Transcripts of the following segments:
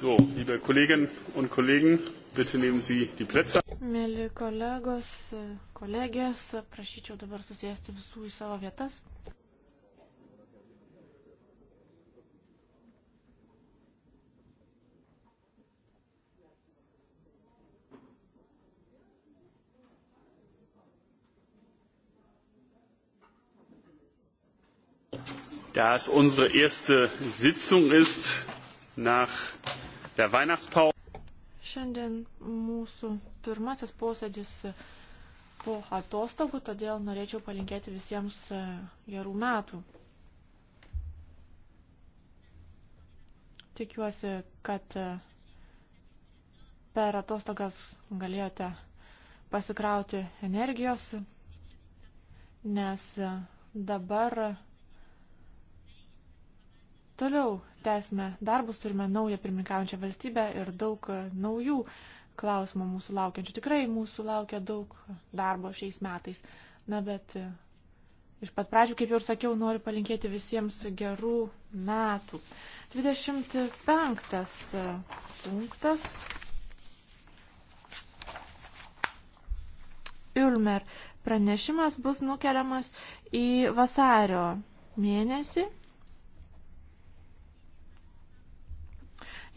So, liebe Kolleginnen und Kollegen, bitte nehmen Sie die Plätze. Mėly kolegos, kolegės, prašyčiau dabar susėsti visų į savo vietas. Da es unsere erste Sitzung ist nach Der Weihnachtspause. Šiandien mūsų pirmasis posėdis po atostogų, todėl norėčiau palinkėti visiems e, gerų metų. Tikiuosi, kad e, per atostogas galėjote pasikrauti energijos, nes e, dabar Toliau tęsime darbus, turime naują pirmininkaujančią valstybę ir daug e, naujų klausimų mūsų laukiančių. Tikrai mūsų laukia daug darbo šiais metais. Na bet e, iš pat pradžių, kaip jau ir sakiau, noriu palinkėti visiems gerų metų. 25 e, punktas. Ulmer pranešimas bus nukeliamas į vasario mėnesį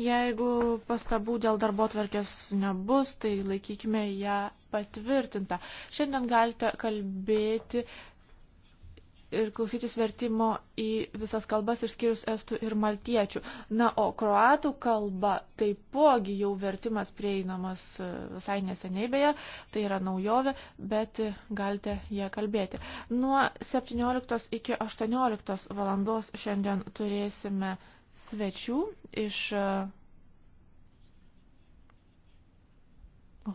Jeigu pastabų dėl darbo tvarkės nebus, tai laikykime ją patvirtintą. Šiandien galite kalbėti ir klausytis vertimo į visas kalbas išskyrus estų ir maltiečių. Na, o kroatų kalba taipogi jau vertimas prieinamas e, visai neseniai beje, tai yra naujovė, bet e, galite ją kalbėti. Nuo 17 iki 18 valandos šiandien turėsime svečių iš e,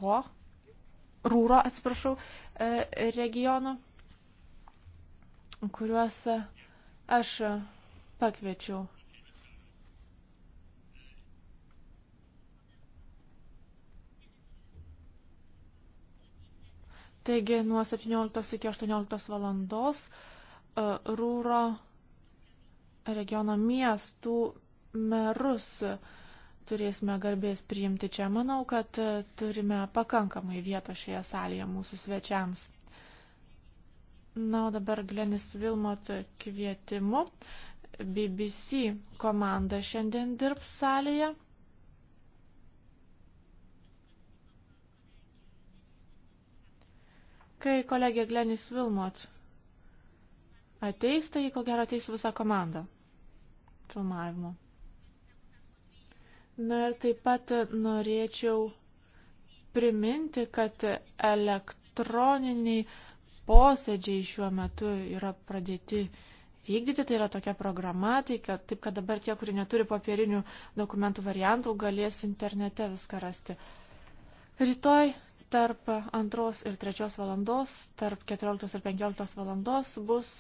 Ro, Rūro, atsiprašau, e, regionų, kuriuos aš pakviečiau. Taigi nuo 17 iki 18 valandos e, Rūro regiono miestų merus turėsime garbės priimti čia. Manau, kad e, turime pakankamai vietos šioje salėje mūsų svečiams. Na, o dabar Glenis Vilmot kvietimu. BBC komanda šiandien dirbs salėje. Kai kolegė Glenis Vilmot ateis, tai ko gero ateis visa komanda filmavimu. Na ir taip pat norėčiau priminti, kad elektroniniai posėdžiai šiuo metu yra pradėti vykdyti, tai yra tokia programa, tai kad, taip kad dabar tie, kurie neturi papirinių dokumentų variantų, galės internete viską rasti. Rytoj tarp 2 ir 3 valandos, tarp 14 ir 15 valandos bus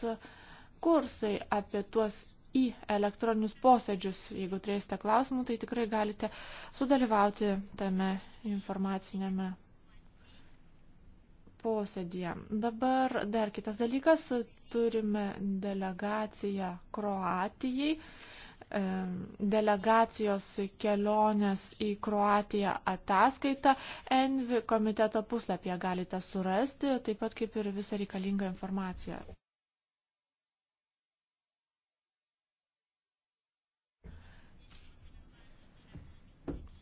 kursai apie tuos į elektroninius posėdžius. Jeigu turėsite klausimų, tai tikrai galite sudalyvauti tame informacinėme posėdėje. Dabar dar kitas dalykas. Turime delegaciją Kroatijai. Delegacijos kelionės į Kroatiją ataskaitą Envi komiteto puslapyje galite surasti, taip pat kaip ir visą reikalingą informaciją.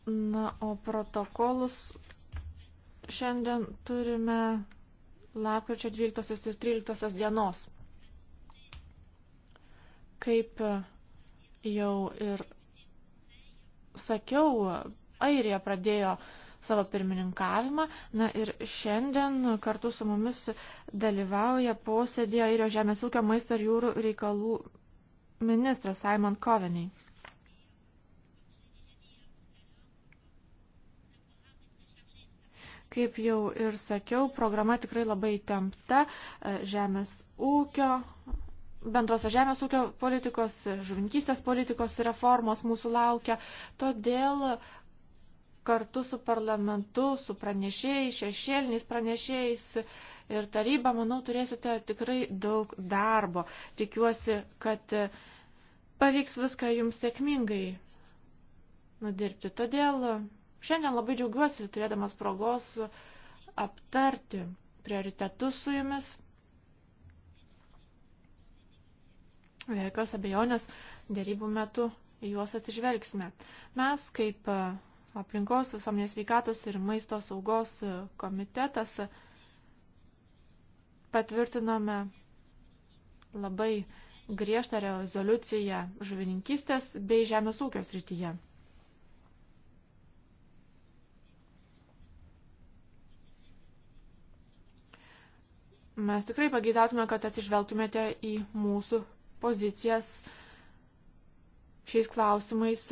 Na, o protokolus šiandien turime lapkričio 12 ir 13 dienos. Kaip jau ir sakiau, Airija pradėjo savo pirmininkavimą. Na ir šiandien kartu su mumis dalyvauja posėdėje Airijos žemės ūkio maisto ir jūrų reikalų ministras Simon Coveney. Kaip jau ir sakiau, programa tikrai labai tempta e, žemės ūkio, bendrosios žemės ūkio politikos, žuvinkystės politikos reformos mūsų laukia. Todėl kartu su parlamentu, su pranešėjais, šešėliniais pranešėjais ir taryba, manau, turėsite tikrai daug darbo. Tikiuosi, kad e, pavyks viską jums sėkmingai nudirbti. Todėl Šiandien labai džiaugiuosi turėdamas progos aptarti prioritetus su jumis. Be jokios abejonės, dėrybų metu į juos atsižvelgsime. Mes kaip e, aplinkos visuomenės veikatos ir maisto saugos e, komitetas patvirtinome labai griežtą rezoliuciją žuvininkistės bei žemės ūkio srityje. Mes tikrai pageidautume, kad atsižvelgtumėte į mūsų pozicijas šiais klausimais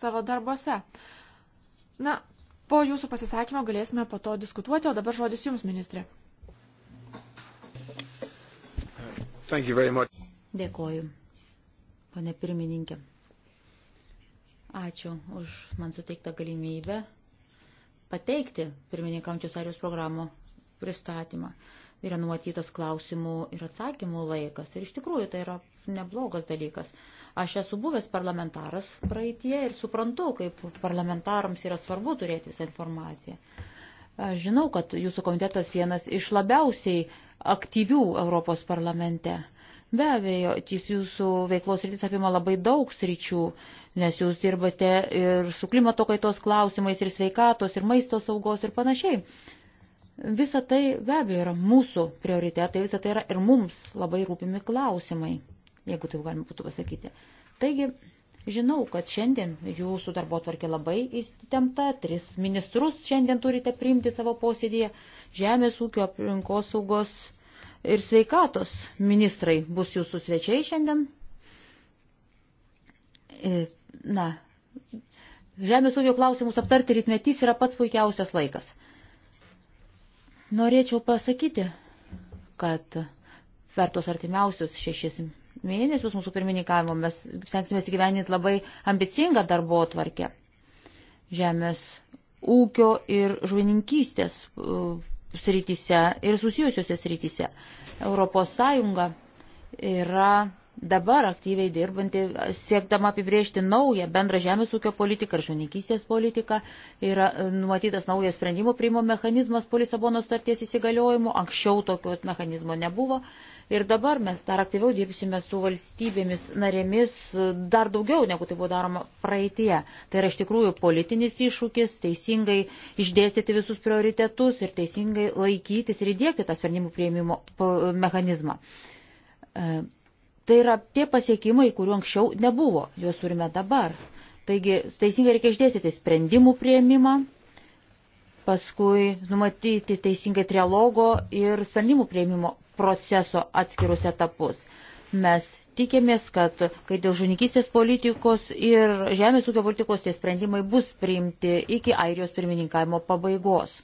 savo darbose. Na, po jūsų pasisakymo galėsime po to diskutuoti, o dabar žodis jums, ministrė. Dėkoju, pane pirmininkė. Ačiū už man suteiktą galimybę pateikti pirmininkamčios arijos programų pristatymą. Yra numatytas klausimų ir atsakymų laikas. Ir iš tikrųjų tai yra neblogas dalykas. Aš esu buvęs parlamentaras praeitie ir suprantu, kaip parlamentarams yra svarbu turėti visą informaciją. Aš žinau, kad jūsų komitetas vienas iš labiausiai aktyvių Europos parlamente. Be abejo, jis jūsų veiklos rytis apima labai daug sričių, nes jūs dirbate ir su klimato kaitos klausimais, ir sveikatos, ir maisto saugos, ir panašiai. Visa tai be abejo yra mūsų prioritetai, visa tai yra ir mums labai rūpimi klausimai, jeigu taip galima būtų pasakyti. Taigi, žinau, kad šiandien jūsų darbo tvarkė labai įsitempta, tris ministrus šiandien turite priimti savo posėdėje, žemės ūkio aplinkosaugos ir sveikatos ministrai bus jūsų svečiai šiandien. E, na, žemės ūkio klausimus aptarti rytmetys yra pats puikiausias laikas. Norėčiau pasakyti, kad per tuos artimiausius šešis mėnesius mūsų pirmininkavimo mes stengsime įgyveninti labai ambicingą darbo tvarkę žemės ūkio ir žuvininkystės uh, srityse ir susijusiuose srityse. Europos Sąjunga yra dabar aktyviai dirbanti, siekdama apibriežti naują bendrą žemės ūkio politiką ir žuvininkystės politiką. Yra e, numatytas naujas sprendimų priimo mechanizmas po Lisabono starties įsigaliojimo. Anksčiau tokio mechanizmo nebuvo. Ir dabar mes dar aktyviau dirbsime su valstybėmis narėmis e, dar daugiau, negu tai buvo daroma praeitie. Tai yra iš tikrųjų politinis iššūkis, teisingai išdėstyti visus prioritetus ir teisingai laikytis ir įdėkti tą sprendimų prieimimo mechanizmą e, Tai yra tie pasiekimai, kurių anksčiau nebuvo, juos turime dabar. Taigi, teisingai reikia išdėstyti sprendimų prieimimą, paskui numatyti teisingai trialogo ir sprendimų prieimimo proceso atskirus etapus. Mes tikėmės, kad kai dėl žunikistės politikos ir žemės ūkio politikos tie sprendimai bus priimti iki Airijos pirmininkavimo pabaigos.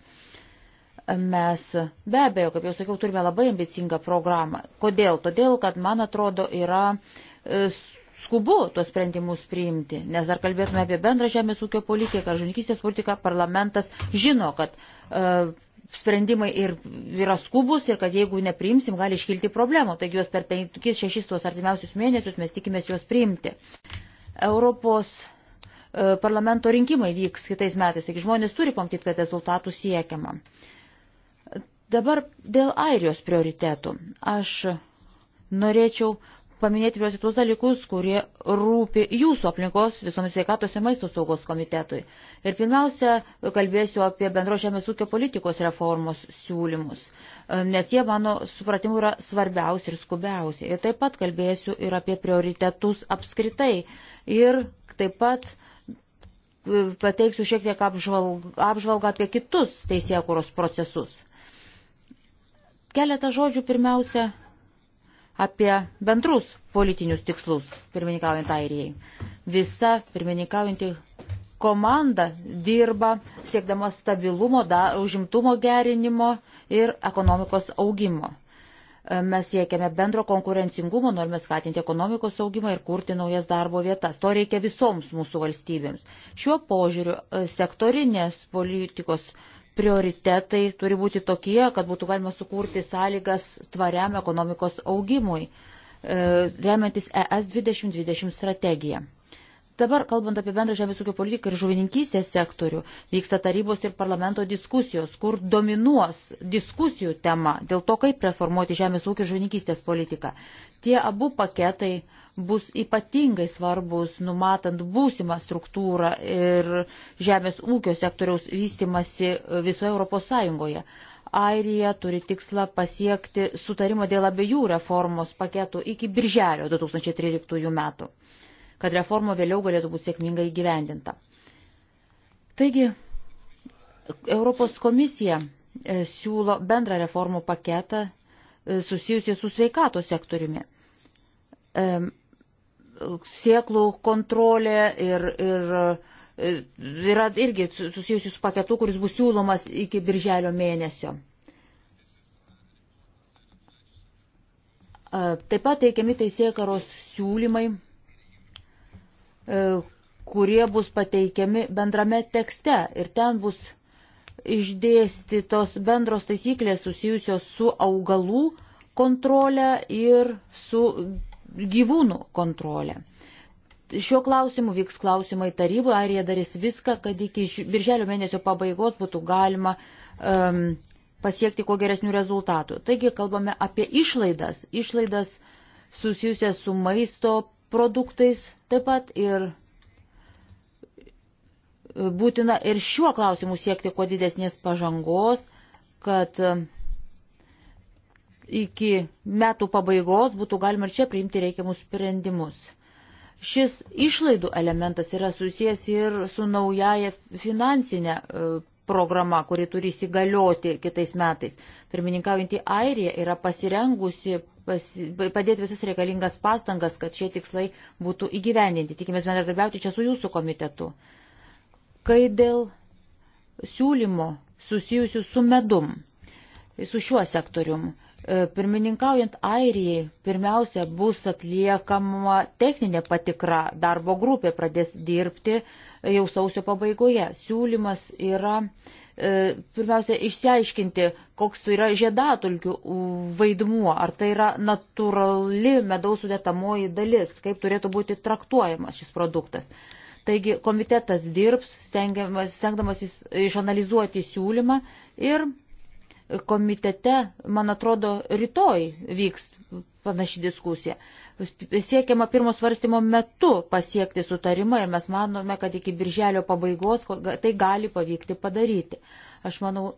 Mes be abejo, kaip jau sakiau, turime labai ambicingą programą. Kodėl? Todėl, kad, man atrodo, yra e, skubu tuos sprendimus priimti, nes dar kalbėtume apie bendrą žemės ūkio politiką, žunikistės politiką, parlamentas žino, kad e, sprendimai ir yra skubus ir kad jeigu nepriimsim, gali iškilti problemų. Taigi juos per 5-6 tuos artimiausius mėnesius mes tikimės juos priimti. Europos e, parlamento rinkimai vyks kitais metais, taigi žmonės turi pamatyti, kad rezultatų siekiama. E, Dabar dėl Airijos prioritetų. Aš norėčiau paminėti vėliausiai tuos dalykus, kurie rūpi jūsų aplinkos visomis sveikatos ir maisto saugos komitetui. Ir pirmiausia, kalbėsiu apie bendro žemės ūkio politikos reformos siūlymus, nes jie, mano supratimu, yra svarbiausi ir skubiausi. Ir taip pat kalbėsiu ir apie prioritetus apskritai. Ir taip pat e, pateiksiu šiek tiek apžvalgą, apžvalgą apie kitus teisėkuros procesus. Keletą žodžių pirmiausia apie bendrus politinius tikslus pirmininkaujant Airijai. Visa pirmininkaujanti komanda dirba siekdama stabilumo, da, užimtumo gerinimo ir ekonomikos augimo. Mes siekiame bendro konkurencingumo, norime skatinti ekonomikos augimą ir kurti naujas darbo vietas. To reikia visoms mūsų valstybėms. Šiuo požiūriu e, sektorinės politikos prioritetai turi būti tokie, kad būtų galima sukurti sąlygas tvariam ekonomikos augimui, e, remiantis ES 2020 strategiją. Dabar, kalbant apie bendrą žemės ūkio politiką ir žuvininkystės sektorių, vyksta tarybos ir parlamento diskusijos, kur dominuos diskusijų tema dėl to, kaip reformuoti žemės ūkio žuvininkystės politiką. Tie abu paketai uh, bus ypatingai svarbus, numatant būsimą struktūrą ir žemės ūkio sektoriaus vystimasi visoje ES. Airija turi tikslą pasiekti sutarimo dėl abiejų reformos paketų iki birželio 2013 metų, kad reforma vėliau galėtų būti sėkmingai įgyvendinta. Taigi, Europos komisija e, siūlo bendrą reformų paketą e, susijusi su sveikato sektoriumi sieklų kontrolė ir, ir e, yra irgi susijusi su paketu, kuris bus siūlomas iki birželio mėnesio. E, taip pat teikiami teisėkaros siūlymai, e, kurie bus pateikiami bendrame tekste ir ten bus išdėstytos bendros taisyklės susijusios su augalų kontrolę ir su gyvūnų kontrolę. Šiuo klausimu vyks klausimai taryboje, ar jie darys viską, kad iki birželio mėnesio pabaigos būtų galima um, pasiekti kuo geresnių rezultatų. Taigi kalbame apie išlaidas, išlaidas susijusias su maisto produktais taip pat ir būtina ir šiuo klausimu siekti kuo didesnės pažangos, kad um, iki metų pabaigos būtų galima ir čia priimti reikiamus sprendimus. Šis išlaidų elementas yra susijęs ir su naujaja finansinė e, programa, kuri turi įsigalioti kitais metais. Pirmininkaujantį Airiją yra pasirengusi pasi, padėti visas reikalingas pastangas, kad šie tikslai būtų įgyvendinti. Tikimės bendradarbiauti čia su jūsų komitetu. Kai dėl siūlymo susijusių su medum su šiuo sektorium. E, pirmininkaujant Airijai, pirmiausia, bus atliekama techninė patikra, darbo grupė pradės dirbti jau sausio pabaigoje. Siūlymas yra, e, pirmiausia, išsiaiškinti, koks yra žiedatulkių vaidmuo, ar tai yra natūrali medaus sudėtamoji dalis, kaip turėtų būti traktuojamas šis produktas. Taigi komitetas dirbs, stengdamas išanalizuoti siūlymą ir komitete, man atrodo, rytoj vyks panaši diskusija. Siekiama pirmo svarstymo metu pasiekti sutarimą ir mes manome, kad iki birželio pabaigos tai gali pavykti padaryti. Aš manau,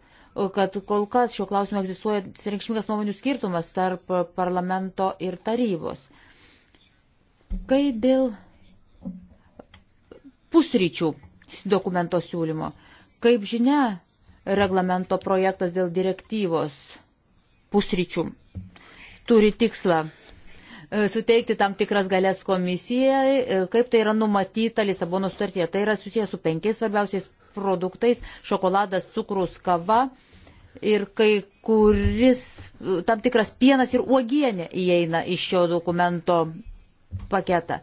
kad kol kas šio klausimo egzistuoja reikšmingas nuomonių skirtumas tarp parlamento ir tarybos. Kai dėl pusryčių dokumento siūlymo, kaip žinia, reglamento projektas dėl direktyvos pusryčių turi tikslą e, suteikti tam tikras galės komisijai, e, kaip tai yra numatyta Lisabono sutartyje. Tai yra susijęs su penkiais svarbiausiais produktais - šokoladas, cukrus, kava ir kai kuris e, tam tikras pienas ir uogienė įeina iš šio dokumento paketą.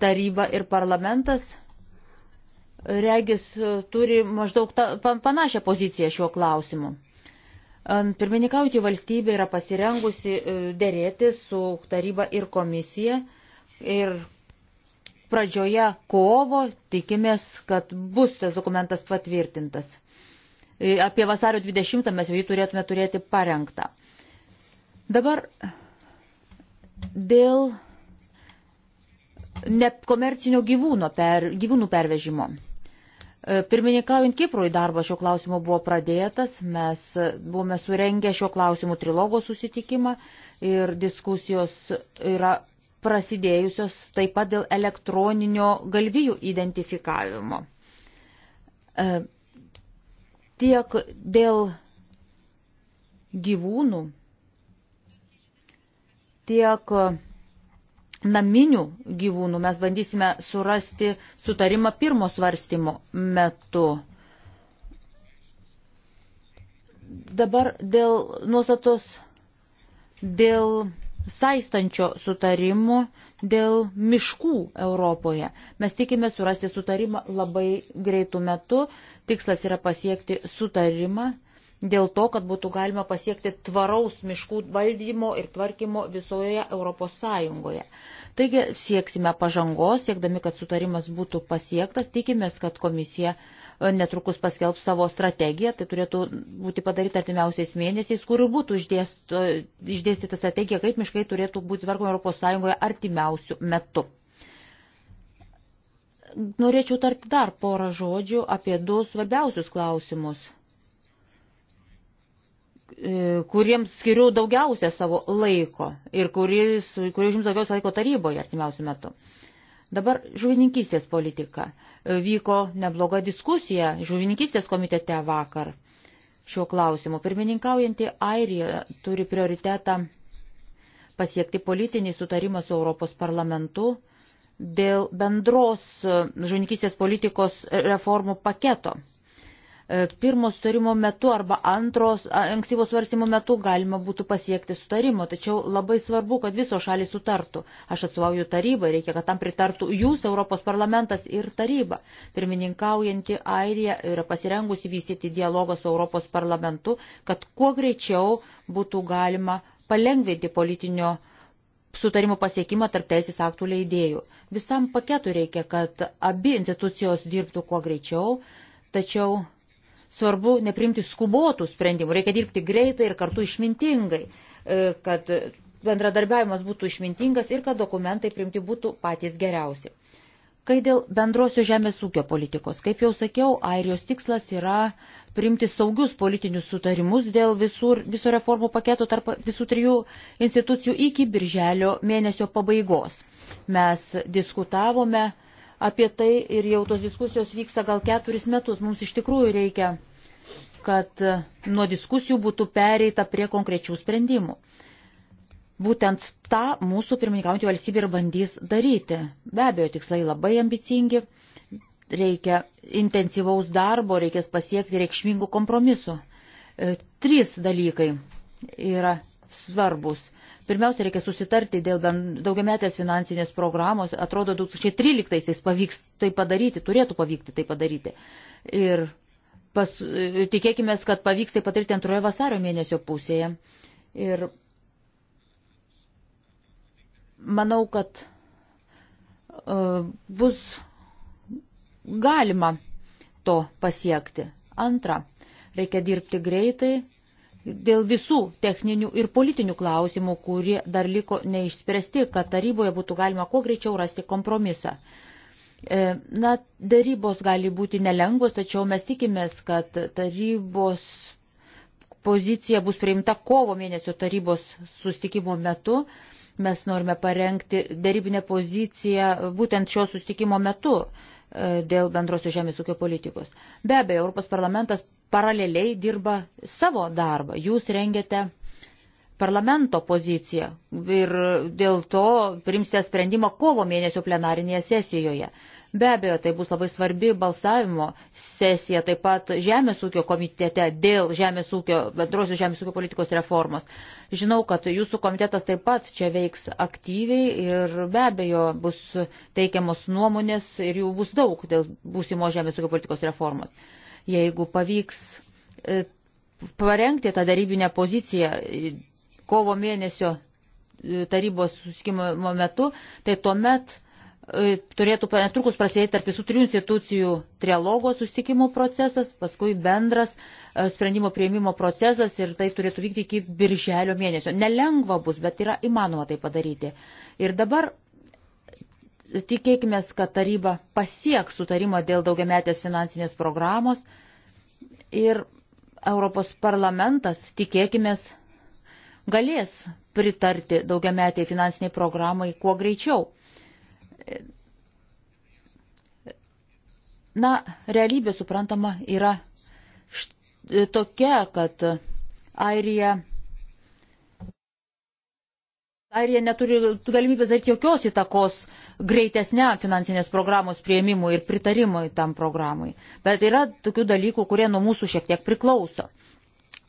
Taryba ir parlamentas regis turi maždaug ta, panašią poziciją šiuo klausimu. Pirmininkauti valstybė yra pasirengusi e, dėrėti su taryba ir komisija ir pradžioje kovo tikimės, kad bus tas dokumentas patvirtintas. E, apie vasario 20 mes jau jį turėtume turėti parengtą. Dabar dėl nekomercinio gyvūno per, gyvūnų pervežimo. Pirmininkaujant Kiprui darbas šio klausimo buvo pradėtas, mes buvome surengę šio klausimų trilogo susitikimą ir diskusijos yra prasidėjusios taip pat dėl elektroninio galvijų identifikavimo. E, tiek dėl gyvūnų, tiek naminių gyvūnų. Mes bandysime surasti sutarimą pirmo svarstymo metu. Dabar dėl nuostatos, dėl saistančio sutarimo, dėl miškų Europoje. Mes tikime surasti sutarimą labai greitų metų. Tikslas yra pasiekti sutarimą dėl to, kad būtų galima pasiekti tvaraus miškų valdymo ir tvarkymo visoje Europos Sąjungoje. Taigi sieksime pažangos, siekdami, kad sutarimas būtų pasiektas, tikimės, kad komisija e, netrukus paskelbs savo strategiją, tai turėtų būti padaryta artimiausiais mėnesiais, kuriuo būtų išdėstyta strategija, kaip miškai turėtų būti tvarkomi Europos Sąjungoje artimiausių metų. Norėčiau tarti dar porą žodžių apie du svarbiausius klausimus E, kuriems skiriu daugiausia savo laiko ir kuris, kuris užims daugiausia laiko taryboje artimiausių metų. Dabar žuvininkystės politika. E, vyko nebloga diskusija žuvininkystės komitete vakar šiuo klausimu. Pirmininkaujanti Airija turi prioritetą pasiekti politinį sutarimą su Europos parlamentu dėl bendros žuvininkystės politikos reformų paketo. E, pirmo sutarimo metu arba antros ankstyvo svarstymo metu galima būtų pasiekti sutarimo, tačiau labai svarbu, kad visos šalis sutartų. Aš atsuvauju tarybai, reikia, kad tam pritartų jūs, Europos parlamentas ir taryba. Pirmininkaujanti Airija yra pasirengusi vystyti dialogą su Europos parlamentu, kad kuo greičiau būtų galima palengvinti politinio sutarimo pasiekimą tarp teisės aktų leidėjų. Visam paketui reikia, kad abi institucijos dirbtų kuo greičiau, tačiau Svarbu neprimti skubotų sprendimų, reikia dirbti greitai ir kartu išmintingai, e, kad bendradarbiavimas būtų išmintingas ir kad dokumentai primti būtų patys geriausi. Kai dėl bendrosios žemės ūkio politikos, kaip jau sakiau, airijos tikslas yra priimti saugius politinius sutarimus dėl visų, viso reformų paketo tarp visų trijų institucijų iki birželio mėnesio pabaigos. Mes diskutavome uh, apie tai ir jau tos diskusijos vyksta gal keturis metus. Mums iš tikrųjų reikia, kad e, nuo diskusijų būtų pereita prie konkrečių sprendimų. Būtent tą mūsų pirmininkaujantį valstybę ir bandys daryti. Be abejo, tikslai labai ambicingi, reikia intensyvaus darbo, reikės pasiekti reikšmingų kompromisų. E, trys dalykai yra svarbus Pirmiausia, reikia susitarti dėl daugiametės finansinės programos. Atrodo, 2013-aisiais pavyks tai padaryti, turėtų pavykti tai padaryti. Ir pas, tikėkime, kad pavyks tai padaryti antroje vasario mėnesio pusėje. Ir manau, kad uh, bus galima to pasiekti. Antra, reikia dirbti greitai dėl visų techninių ir politinių klausimų, kurie dar liko neišspręsti, kad taryboje būtų galima kuo greičiau rasti kompromisą. E, na, darybos gali būti nelengvos, tačiau mes tikimės, kad tarybos pozicija bus priimta kovo mėnesio tarybos sustikimo metu. Mes norime parengti darybinę poziciją būtent šio sustikimo metu. E, dėl bendrosios žemės ūkio politikos. Be abejo, Europos parlamentas paraleliai dirba savo darbą. Jūs rengiate parlamento poziciją ir dėl to primsite sprendimą kovo mėnesio plenarinėje sesijoje. Be abejo, tai bus labai svarbi balsavimo sesija taip pat Žemės ūkio komitete dėl Žemės ūkio, bendrosios Žemės ūkio politikos reformos. Žinau, kad jūsų komitetas taip pat čia veiks aktyviai ir be abejo bus teikiamos nuomonės ir jų bus daug dėl būsimo Žemės ūkio politikos reformos. Jeigu pavyks e, parengti tą darybinę poziciją kovo mėnesio e, tarybos susikimo metu, tai tuomet E, turėtų netrukus prasidėti tarp visų trijų institucijų trialogo sustikimų procesas, paskui bendras e, sprendimo prieimimo procesas ir tai turėtų vykti iki birželio mėnesio. Nelengva bus, bet yra įmanoma tai padaryti. Ir dabar tikėkime, kad taryba pasieks sutarimą dėl daugiametės finansinės programos ir Europos parlamentas, tikėkime, galės pritarti daugiametiai finansiniai programai kuo greičiau na, realybė suprantama yra tokia, kad Airija. Airija neturi galimybės daryti jokios įtakos greitesniam finansinės programos prieimimui ir pritarimui tam programui. Bet yra tokių dalykų, kurie nuo mūsų šiek tiek priklauso.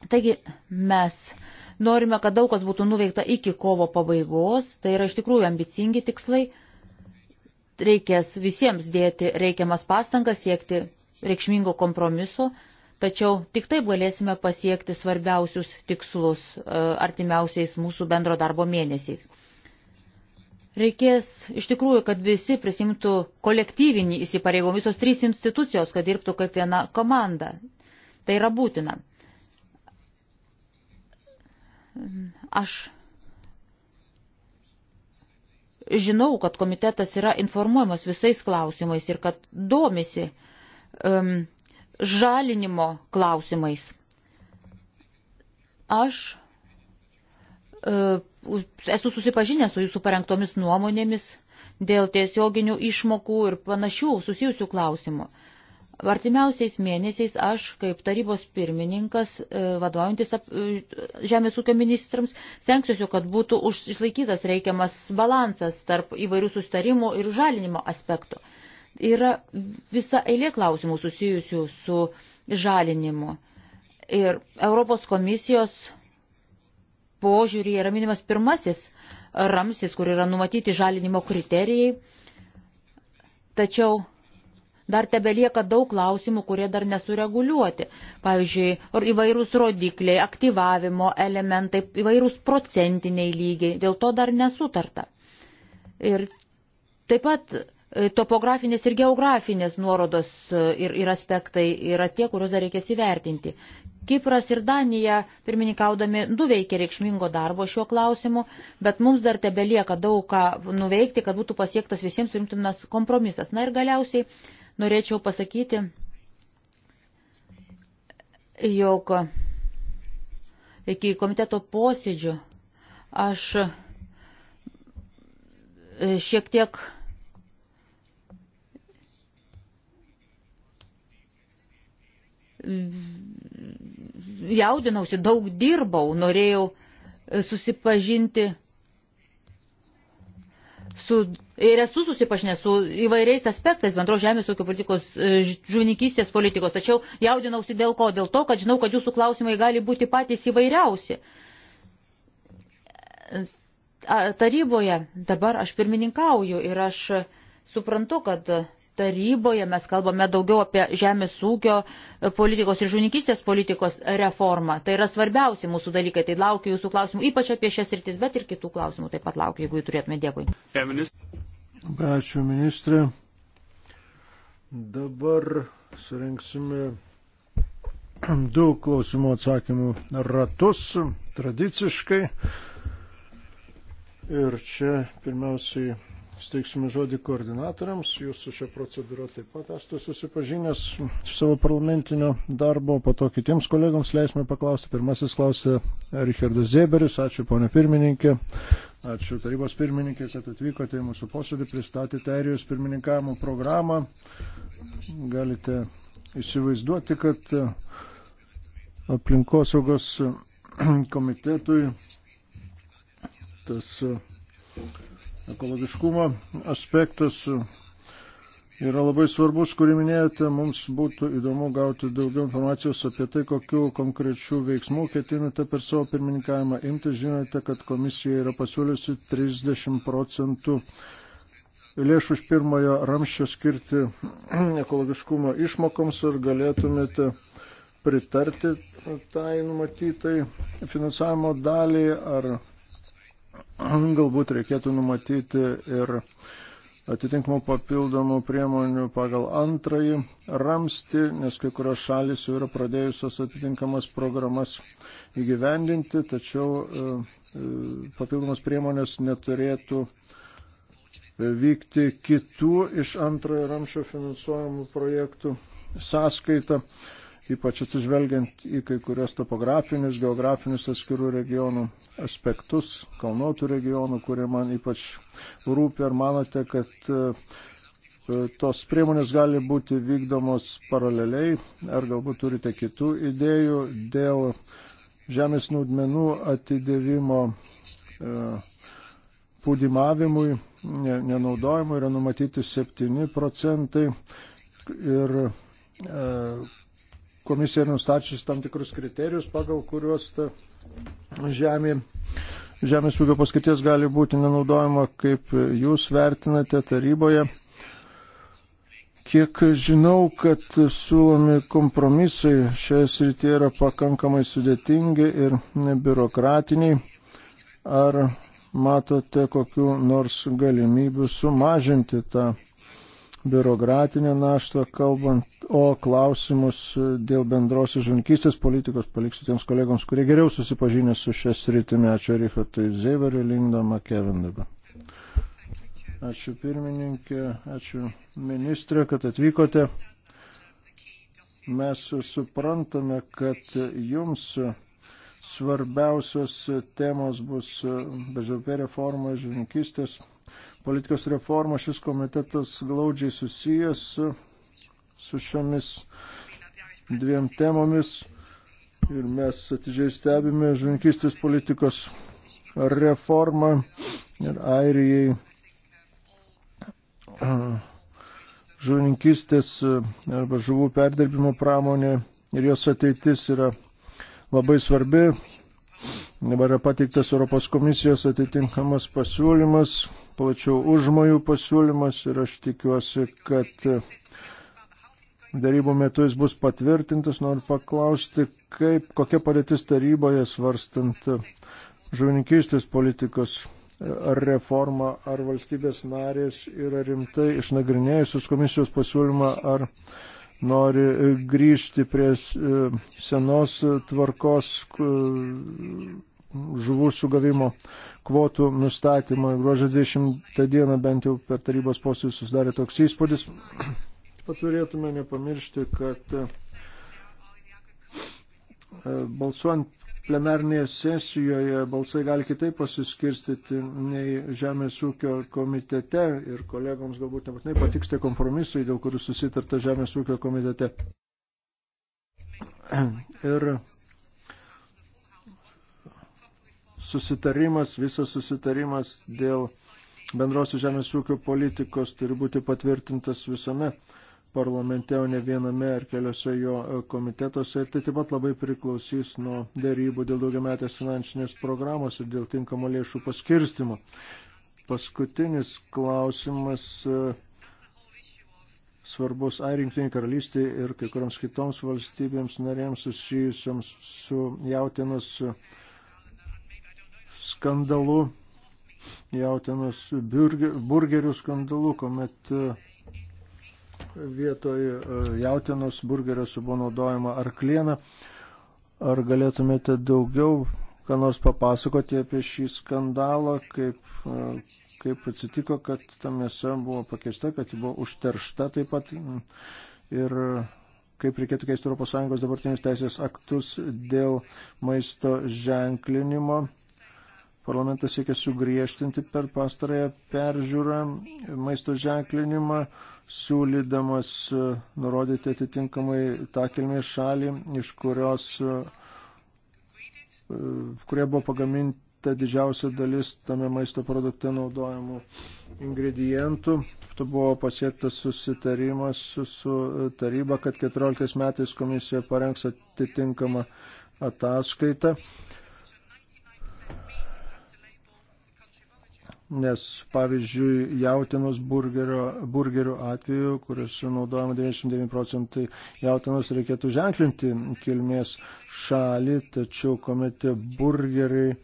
Taigi mes norime, kad daug kas būtų nuveikta iki kovo pabaigos. Tai yra iš tikrųjų ambicingi tikslai reikės visiems dėti reikiamas pastangas siekti reikšmingo kompromiso, tačiau tik taip galėsime pasiekti svarbiausius tikslus e, artimiausiais mūsų bendro darbo mėnesiais. Reikės iš tikrųjų, kad visi prisimtų kolektyvinį įsipareigomą, visos trys institucijos, kad dirbtų kaip viena komanda. Tai yra būtina. Aš žinau, kad komitetas yra informuojamas visais klausimais ir kad domisi um, žalinimo klausimais. Aš uh, esu susipažinęs su jūsų parengtomis nuomonėmis dėl tiesioginių išmokų ir panašių susijusių klausimų. Uh, Artimiausiais mėnesiais aš, kaip tarybos pirmininkas, e, vadovaujantis e, žemės ūkio ministrams, stengsiuosi, kad būtų išlaikytas reikiamas balansas tarp įvairių sustarimų ir žalinimo aspektų. Yra visa eilė klausimų susijusių su žalinimu. Ir Europos komisijos požiūrį yra minimas pirmasis ramsis, kur yra numatyti žalinimo kriterijai. Tačiau dar tebelieka daug klausimų, kurie dar nesureguliuoti. Pavyzdžiui, įvairūs rodikliai, aktyvavimo elementai, įvairūs procentiniai lygiai, dėl to dar nesutarta. Ir taip pat e, topografinės ir geografinės nuorodos e, ir, ir aspektai yra tie, kuriuos dar reikės įvertinti. Kipras ir Danija, pirmininkaudami, nuveikė reikšmingo darbo šiuo klausimu, bet mums dar tebelieka daug ką nuveikti, kad būtų pasiektas visiems rimtinas kompromisas. Na ir galiausiai norėčiau pasakyti, jog iki komiteto posėdžio aš šiek tiek jaudinausi, daug dirbau, norėjau susipažinti su ir esu susipažinęs su įvairiais aspektais bendros žemės ūkio politikos, e, žuvininkystės politikos, tačiau jaudinausi dėl ko? Dėl to, kad žinau, kad jūsų klausimai gali būti patys įvairiausi. Taryboje dabar aš pirmininkauju ir aš suprantu, kad taryboje mes kalbame daugiau apie žemės ūkio e, politikos ir žuvininkystės politikos reformą. Tai yra svarbiausi mūsų dalykai. Tai laukiu jūsų klausimų, ypač apie šias rytis, bet ir kitų klausimų taip pat laukiu, jeigu jų turėtume. Dėkui. Feminist. Ačiū ministrė. Dabar surinksime du klausimų atsakymų ratus tradiciškai. Ir čia pirmiausiai steiksime žodį koordinatoriams. Jūs su šia procedūra taip pat esate susipažinęs iš savo parlamentinio darbo, po to kitiems kolegams leisime paklausti. Pirmasis klausė Richardas Zieberis, ačiū ponė pirmininkė, Ačiū tarybos pirmininkės, atvykote į mūsų posėdį, pristatėte airijos pirmininkavimo programą. Galite įsivaizduoti, kad aplinkosaugos komitetui tas ekologiškumo aspektas yra labai svarbus, kurį minėjote. Mums būtų įdomu gauti daugiau informacijos apie tai, kokiu konkrečiu veiksmu ketinate per savo pirmininkavimą imti. Žinote, kad komisija yra pasiūliusi 30 procentų lėšų iš pirmojo ramščio skirti ekologiškumo išmokoms ir galėtumėte pritarti tai numatytai finansavimo daliai ar galbūt reikėtų numatyti ir uh, atitinkamų papildomų priemonių pagal antrąjį ramsti, nes kai kurios šalis jau yra pradėjusios atitinkamas programas įgyvendinti, tačiau e, e, papildomas priemonės neturėtų e, vykti kitų iš antrojo ramšio finansuojamų projektų sąskaita ypač atsižvelgiant į kai kurios topografinius, geografinius atskirų regionų aspektus, kalnuotų regionų, kurie man ypač rūpi. Ar manote, kad e, tos priemonės gali būti vykdomos paraleliai, ar galbūt turite kitų idėjų dėl žemės naudmenų atidėvimo e, pūdimavimui, nenaudojimui yra numatyti 7 procentai ir e, komisija nustačius tam tikrus kriterijus, pagal kuriuos ta žemė, žemės ūkio paskirties gali būti nenaudojama, kaip jūs vertinate taryboje. Kiek žinau, kad siūlomi kompromisai šioje srityje yra pakankamai sudėtingi ir biurokratiniai. Ar matote kokiu nors galimybių sumažinti tą biurokratinę naštą kalbant, o klausimus dėl bendros žunkystės politikos paliksiu tiems kolegoms, kurie geriau susipažinę su šią sritimį. Ačiū Richardui Zeveriu, Lindamą, Kevin dabar. Ačiū pirmininkė, ačiū ministrė, kad atvykote. Mes suprantame, kad jums svarbiausios temos bus BŽP reforma, žininkistės politikos reforma. Šis komitetas glaudžiai susijęs su, su šiomis dviem temomis ir mes atidžiai stebime žvinkistės politikos reformą ir Airijai žuvininkistės arba žuvų perdirbimo pramonė ir jos ateitis yra labai svarbi. Dabar yra pateiktas Europos komisijos atitinkamas pasiūlymas, plačių užmojų pasiūlymas ir aš tikiuosi, kad darybų metu jis bus patvirtintas. Noriu paklausti, kaip, kokia padėtis taryboje svarstant žuvininkystės politikos ar reformą, ar valstybės narės yra rimtai išnagrinėjusios komisijos pasiūlymą, ar nori grįžti prie e, senos tvarkos, žuvų sugavimo kvotų nustatymą. Gruožio 20 dieną bent jau per tarybos posėdį susidarė toks įspūdis. Paturėtume nepamiršti, kad e, balsuojant plenarnėje sesijoje balsai gali kitaip pasiskirstyti nei Žemės ūkio komitete ir kolegoms galbūt nebūtinai patiks tie kompromisai, dėl kurių susitarta Žemės ūkio komitete. Ir susitarimas, visas susitarimas dėl bendrosios žemės ūkio politikos turi būti patvirtintas visame parlamente, o ne viename ar keliose jo e, komitetuose. Ir tai taip pat labai priklausys nuo dėrybų dėl daugiametės finansinės programos ir dėl tinkamo lėšų paskirstimo. Paskutinis klausimas e, svarbus ar Junktiniai karalystiai ir kai kuriams kitoms valstybėms narėms susijusiams su jautinos skandalu, jautienos burgerių skandalu, kuomet e, vietoj e, jautienos burgeriuose buvo naudojama arkliena. Ar galėtumėte daugiau, ką nors papasakoti apie šį skandalą, kaip, e, kaip atsitiko, kad ta mėsa buvo pakeista, kad ji buvo užteršta taip pat ir kaip reikėtų keisti ES dabartinius teisės aktus dėl maisto ženklinimo Parlamentas siekia sugriežtinti per pastarąją peržiūrą maisto ženklinimą, siūlydamas e, nurodyti atitinkamai tą kilmės šalį, iš kurios, e, kurie buvo pagaminta didžiausia dalis tame maisto produkte naudojamų ingredientų. Tu buvo pasiektas susitarimas su, su taryba, kad 14 metais komisija parengs atitinkamą ataskaitą nes pavyzdžiui jautinos burgerio, burgerio atveju, kuris naudojama 99 procentai jautinos, reikėtų ženklinti kilmės šalį, tačiau kuomet tie burgeriai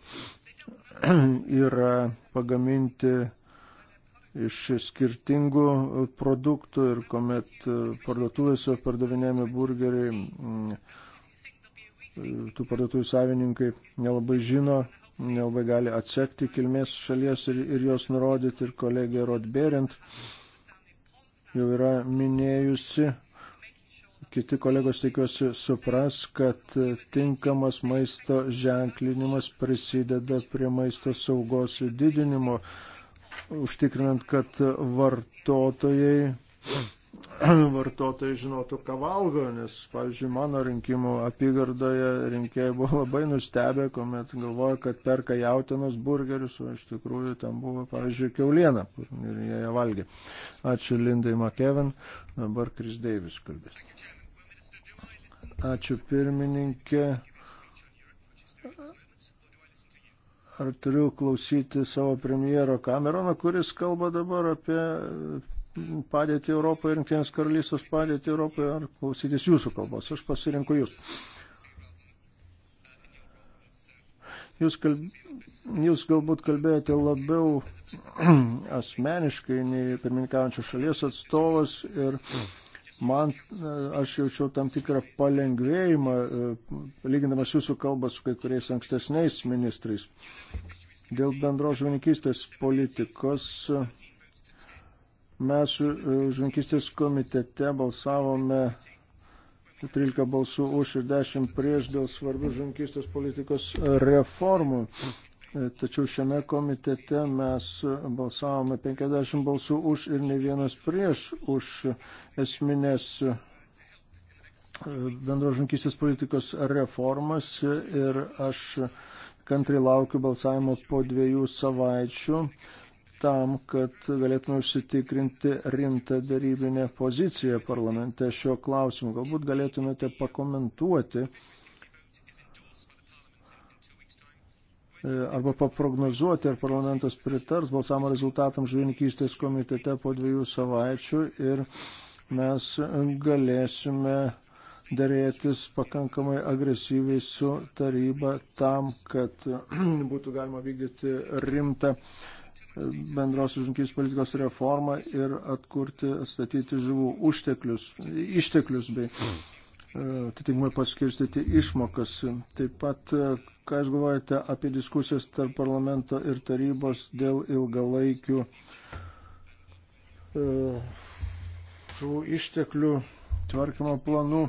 yra pagaminti iš skirtingų produktų ir kuomet parduotuvėse pardavinėjami burgeriai, mm, tų parduotuvių savininkai nelabai žino, nelabai gali atsekti kilmės šalies ir, ir jos nurodyti. Ir kolegė Rodberint jau yra minėjusi, kiti kolegos tikiuosi supras, kad tinkamas maisto ženklinimas prisideda prie maisto saugos didinimo, užtikrinant, kad vartotojai vartotojai žinotų, ką valgo, nes, pavyzdžiui, mano rinkimų apygardoje rinkėjai buvo labai nustebę, kuomet galvoja, kad perka jautinos burgerius, o iš tikrųjų ten buvo, pavyzdžiui, keuliena ir jie ją valgė. Ačiū Lindai Makeven, dabar Kris Deivis kalbės. Ačiū pirmininkė. Ar turiu klausyti savo premjero Kameroną, kuris kalba dabar apie padėtį Europoje, rinktinės karalystės padėtį Europoje, ar klausytis jūsų kalbos. Aš pasirinku jūs. Jūs, kalb... jūs galbūt kalbėjote labiau asmeniškai nei pirmininkaujančios šalies atstovas ir man aš jaučiau tam tikrą palengvėjimą, e, lygindamas jūsų kalbą su kai kuriais ankstesniais ministrais. Dėl bendros žvininkystės politikos Mes e, žunkistės komitete balsavome 13 balsų už ir 10 prieš dėl svarbių žunkistės politikos reformų. E, tačiau šiame komitete mes balsavome 50 balsų už ir ne vienas prieš už esminės e, bendro žunkistės politikos reformas ir aš kantri laukiu balsavimo po dviejų savaičių tam, kad galėtume užsitikrinti rimtą darybinę poziciją parlamente šiuo klausimu. Galbūt galėtumėte pakomentuoti e, arba paprognozuoti, ar parlamentas pritars balsavimo rezultatams žuvininkystės komitete po dviejų savaičių ir mes galėsime dėrėtis pakankamai agresyviai su taryba tam, kad būtų galima vykdyti rimtą bendrosios žunkys politikos reformą ir atkurti, atstatyti žuvų užteklius, išteklius bei e, atitinkamai paskirstyti išmokas. Taip pat, e, ką jūs galvojate apie diskusijas tarp parlamento ir tarybos dėl ilgalaikių e, žuvų išteklių tvarkymo planų.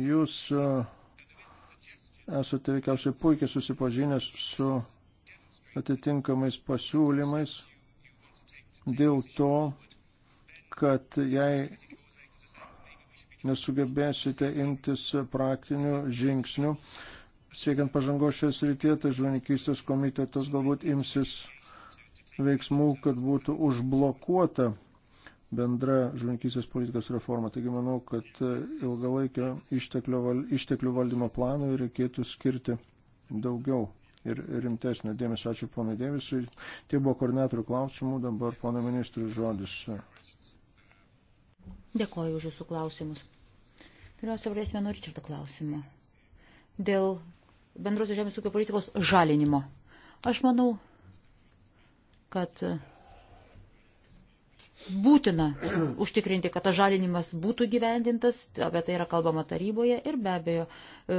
Jūs esate veikiausiai puikiai susipažinęs su atitinkamais pasiūlymais dėl to, kad jei nesugebėsite imtis praktinių žingsnių, siekiant pažangos šioje srityje, tai žuvininkystės komitetas galbūt imsis veiksmų, kad būtų užblokuota bendra žuvininkystės politikos reforma. Taigi manau, kad ilgalaikio išteklių valdymo planui reikėtų skirti daugiau ir rimtesnio dėmesio. Ačiū ponai Dėvisui. Tai buvo koordinatorių klausimų, dabar ponai ministrų žodis. Dėkoju už jūsų klausimus. Pirmiausia, pradėsime nuo Ričardo klausimo. Dėl bendrosios žemės ūkio politikos žalinimo. Aš manau, kad būtina užtikrinti, kad tas žalinimas būtų gyvendintas, apie tai yra kalbama taryboje ir be abejo e,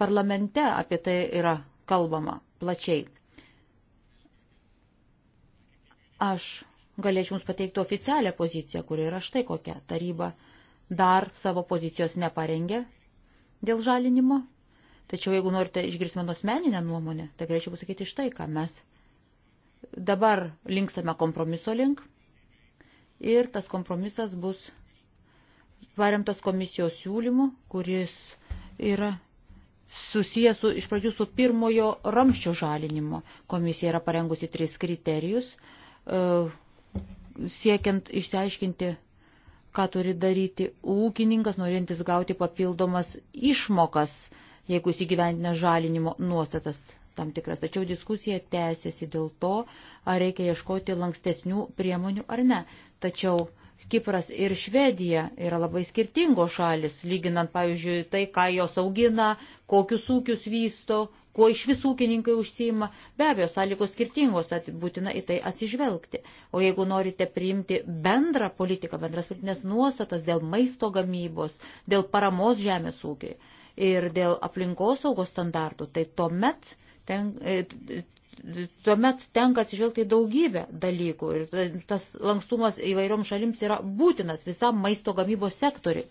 parlamente apie tai yra kalbama plačiai. Aš galėčiau Jums pateikti oficialią poziciją, kuri yra štai kokia. Taryba dar savo pozicijos neparengė dėl žalinimo. Tačiau jeigu norite išgirsti mano asmeninę nuomonę, tai galėčiau pasakyti štai, ką mes dabar linksame kompromiso link. Ir tas kompromisas bus paremtas komisijos siūlymu, kuris yra susijęs su, iš pradžių su pirmojo ramščio žalinimo. Komisija yra parengusi tris kriterijus, e, siekiant išsiaiškinti, ką turi daryti ūkininkas, norintis gauti papildomas išmokas, jeigu įsigyvendina žalinimo nuostatas tam tikras. Tačiau diskusija tęsiasi dėl to, ar reikia ieškoti lankstesnių priemonių ar ne. Tačiau Kipras ir Švedija yra labai skirtingos šalis, lyginant, pavyzdžiui, tai, ką jos augina, kokius ūkius vysto, kuo iš visų ūkininkai užsima. Be abejo, sąlygos skirtingos, būtina į tai atsižvelgti. O jeigu norite priimti bendrą politiką, bendras politinės nuostatas dėl maisto gamybos, dėl paramos žemės ūkiai ir dėl aplinkosaugos standartų, tai tuomet ten, e, tuomet tenka atsižvelgti daugybę dalykų ir tas lankstumas įvairiom šalims yra būtinas visam maisto gamybos sektoriui.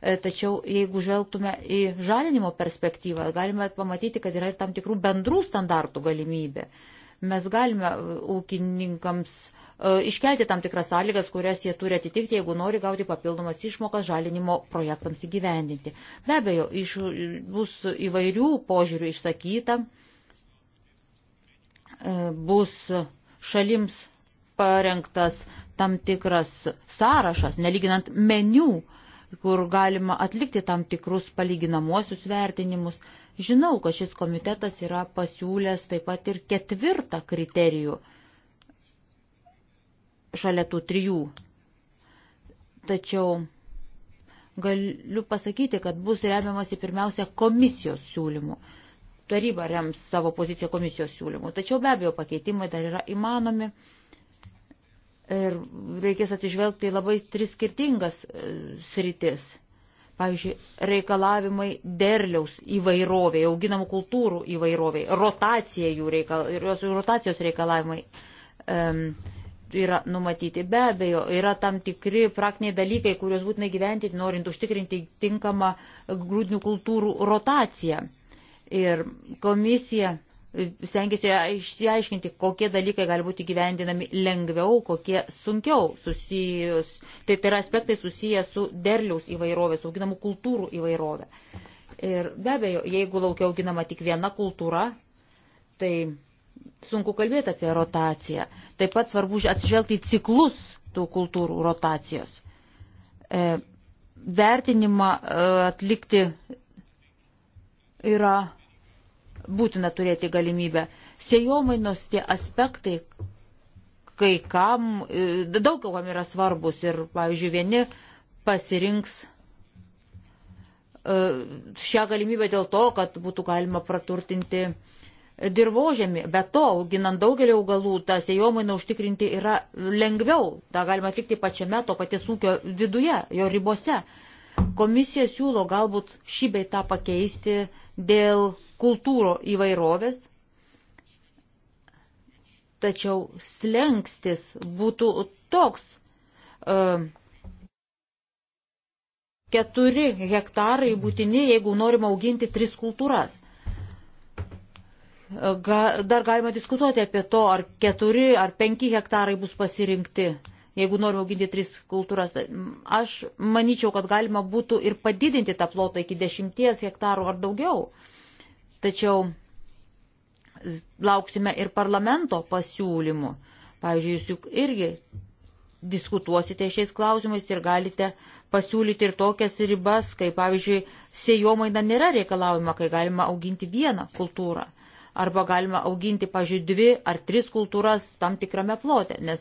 E, tačiau jeigu žvelgtume į žalinimo perspektyvą, galime pamatyti, kad yra ir tam tikrų bendrų standartų galimybė. Mes galime ūkininkams e, iškelti tam tikras sąlygas, kurias jie turi atitikti, jeigu nori gauti papildomas išmokas žalinimo projektams įgyvendinti. Be abejo, iš, bus įvairių požiūrių išsakyta, E, bus šalims parengtas tam tikras sąrašas, neliginant meniu, kur galima atlikti tam tikrus palyginamosius vertinimus. Žinau, kad šis komitetas yra pasiūlęs taip pat ir ketvirtą kriterijų šalia tų trijų. Tačiau galiu pasakyti, kad bus remiamasi pirmiausia komisijos siūlymų taryba rems savo poziciją komisijos siūlymų. Tačiau be abejo pakeitimai dar yra įmanomi ir reikės atsižvelgti į labai tris skirtingas e, sritis. Pavyzdžiui, reikalavimai derliaus įvairoviai, auginamų kultūrų įvairoviai, rotacija jų reikal, rotacijos reikalavimai um, yra numatyti. Be abejo, yra tam tikri praktiniai dalykai, kuriuos būtinai gyventi, norint užtikrinti tinkamą grūdinių kultūrų rotaciją. Uh, Ir komisija stengiasi išsiaiškinti, kokie dalykai gali būti gyvendinami lengviau, kokie sunkiau susijus. Tai, tai yra aspektai susiję su derliaus įvairovės, auginamų kultūrų įvairovė. Ir be abejo, jeigu laukia auginama tik viena kultūra, tai sunku kalbėti apie rotaciją. Taip pat svarbu atsižvelgti į ciklus tų kultūrų rotacijos. E, vertinimą e, atlikti yra būtina turėti galimybę. Sėjomainos tie aspektai, kai kam, e, daug kam yra svarbus ir, pavyzdžiui, vieni pasirinks e, šią galimybę dėl to, kad būtų galima praturtinti dirbožėmį. Be to, auginant daugelį augalų, tą sėjomainą užtikrinti yra lengviau. Ta galima atlikti pačiame to paties ūkio viduje, jo ribose. Komisija siūlo galbūt šį bei tą pakeisti dėl kultūro įvairovės, tačiau slengstis būtų toks. Uh, keturi hektarai būtini, jeigu norima auginti tris kultūras. E, ga, dar galima diskutuoti apie to, ar keturi ar penki hektarai bus pasirinkti jeigu norime auginti tris kultūras. Aš manyčiau, kad galima būtų ir padidinti tą plotą iki dešimties hektarų ar daugiau. Tačiau lauksime ir parlamento pasiūlymų. Pavyzdžiui, jūs juk irgi diskutuosite šiais klausimais ir galite pasiūlyti ir tokias ribas, kai pavyzdžiui, sėjomaina nėra reikalaujama, kai galima auginti vieną kultūrą. Arba galima auginti, pavyzdžiui, dvi ar tris kultūras tam tikrame plote, nes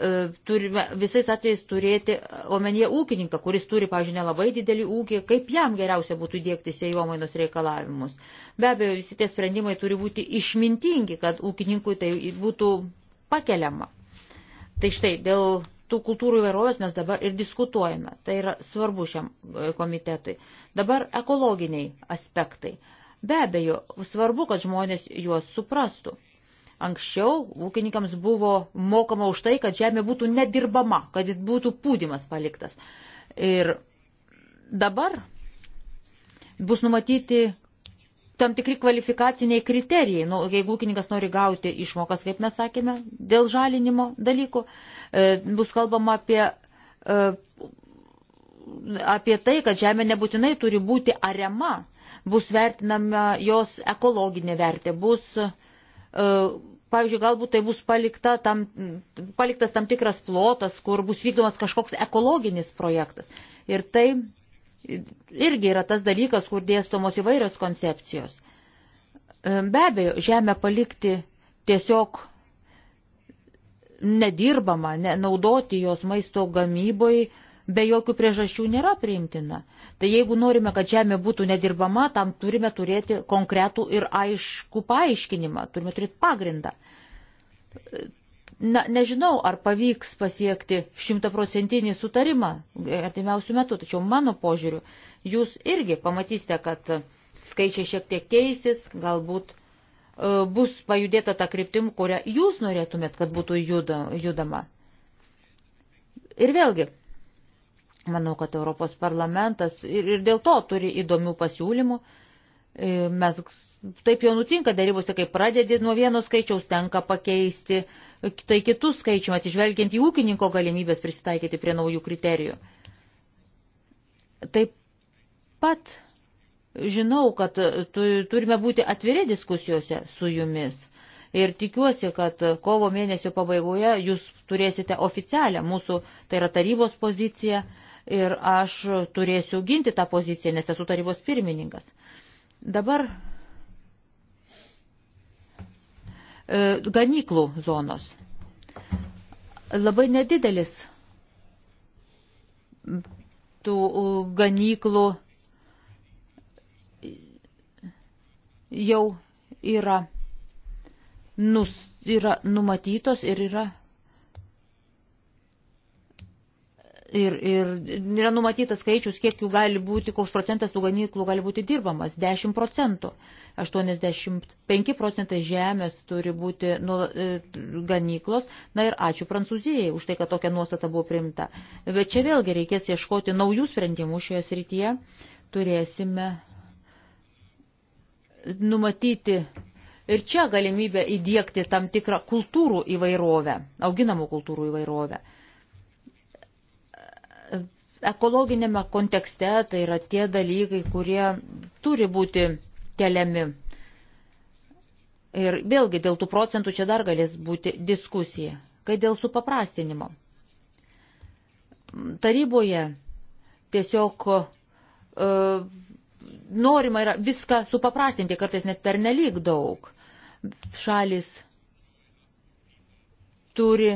E, turime visais atvejais turėti omenyje ūkininką, kuris turi, pažiūrėjau, nelabai didelį ūkį, kaip jam geriausia būtų dėkti sėjomainos reikalavimus. Be abejo, visi tie sprendimai turi būti išmintingi, kad ūkininkui tai būtų pakeliama. Tai štai, dėl tų kultūrų įvairovės mes dabar ir diskutuojame. Tai yra svarbu šiam e, komitetui. Dabar ekologiniai aspektai. Be abejo, svarbu, kad žmonės juos suprastų. Anksčiau ūkininkams buvo mokama už tai, kad žemė būtų nedirbama, kad būtų pūdymas paliktas. Ir dabar bus numatyti tam tikri kvalifikaciniai kriterijai, nu, jeigu ūkininkas nori gauti išmokas, kaip mes sakėme, dėl žalinimo dalykų, e, bus kalbama apie, e, apie tai, kad žemė nebūtinai turi būti ariama, bus vertinama jos ekologinė vertė, bus e, Pavyzdžiui, galbūt tai bus palikta tam, paliktas tam tikras plotas, kur bus vykdomas kažkoks ekologinis projektas. Ir tai irgi yra tas dalykas, kur dėstomos įvairios koncepcijos. Be abejo, žemę palikti tiesiog nedirbama, nenaudoti jos maisto gamybai be jokių priežasčių nėra priimtina. Tai jeigu norime, kad žemė būtų nedirbama, tam turime turėti konkretų ir aišku paaiškinimą, turime turėti pagrindą. Na, nežinau, ar pavyks pasiekti šimtaprocentinį sutarimą artimiausių metų, tačiau mano požiūriu, jūs irgi pamatysite, kad skaičiai šiek tiek keisis, galbūt e, bus pajudėta tą kryptim, kurią jūs norėtumėt, kad būtų juda, judama. Ir vėlgi, Manau, kad Europos parlamentas ir, ir dėl to turi įdomių pasiūlymų. E, mes taip jau nutinka darybose, kai pradedi nuo vieno skaičiaus, tenka pakeisti tai kitų skaičių, atsižvelgiant į ūkininko galimybės prisitaikyti prie naujų kriterijų. Taip pat žinau, kad tu, turime būti atviri diskusijose su jumis. Ir tikiuosi, kad kovo mėnesio pabaigoje jūs turėsite oficialią mūsų, tai yra tarybos poziciją ir aš turėsiu ginti tą poziciją, nes esu tarybos pirmininkas. Dabar e, ganyklų zonos. Labai nedidelis tų e, ganyklų jau yra, nus, yra numatytos ir yra Ir, ir yra numatytas skaičius, kiek jų gali būti, koks procentas tų ganyklų gali būti dirbamas - 10 procentų. 85 procentai žemės turi būti nu, e, ganyklos. Na ir ačiū Prancūzijai už tai, kad tokia nuostata buvo priimta. Bet čia vėlgi reikės ieškoti naujų sprendimų šioje srityje. Turėsime numatyti ir čia galimybę įdėkti tam tikrą kultūrų įvairovę, auginamų kultūrų įvairovę. Ekologinėme kontekste tai yra tie dalykai, kurie turi būti keliami. Ir vėlgi dėl tų procentų čia dar galės būti diskusija, kai dėl supaprastinimo. Taryboje tiesiog e, norima yra viską supaprastinti, kartais net per nelik daug. Šalis turi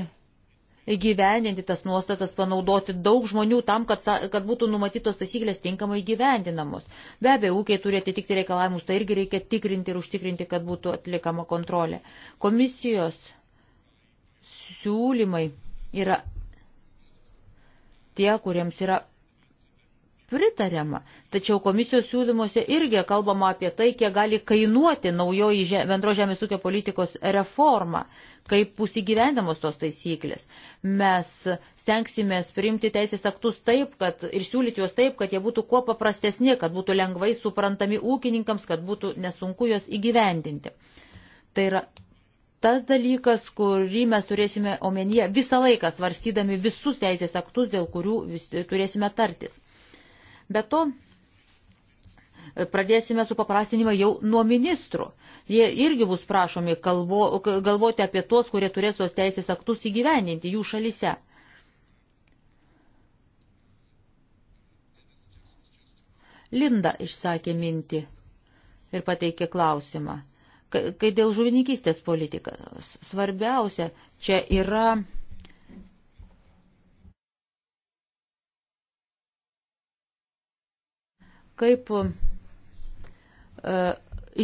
įgyvendinti tas nuostatas, panaudoti daug žmonių tam, kad, kad būtų numatytos taisyklės tinkamai įgyvendinamos. Be abejo, ūkiai turi atitikti reikalavimus, tai irgi reikia tikrinti ir užtikrinti, kad būtų atlikama kontrolė. Komisijos siūlymai yra tie, kuriems yra pritariama. Tačiau komisijos siūlymuose irgi kalbama apie tai, kiek gali kainuoti naujoji bendro žemės ūkio politikos reforma, kaip bus įgyvendamos tos taisyklės. Mes stengsimės priimti teisės aktus taip, kad ir siūlyti juos taip, kad jie būtų kuo paprastesni, kad būtų lengvai suprantami ūkininkams, kad būtų nesunku juos įgyvendinti. Tai yra tas dalykas, kurį mes turėsime omenyje visą laiką svarstydami visus teisės aktus, dėl kurių vis, turėsime tartis. Be to, pradėsime su paprastinimą jau nuo ministrų. Jie irgi bus prašomi kalbo, galvoti apie tuos, kurie turės tos teisės aktus įgyvendinti jų šalise. Linda išsakė mintį ir pateikė klausimą. Kai dėl žuvininkystės politikas, svarbiausia čia yra kaip e,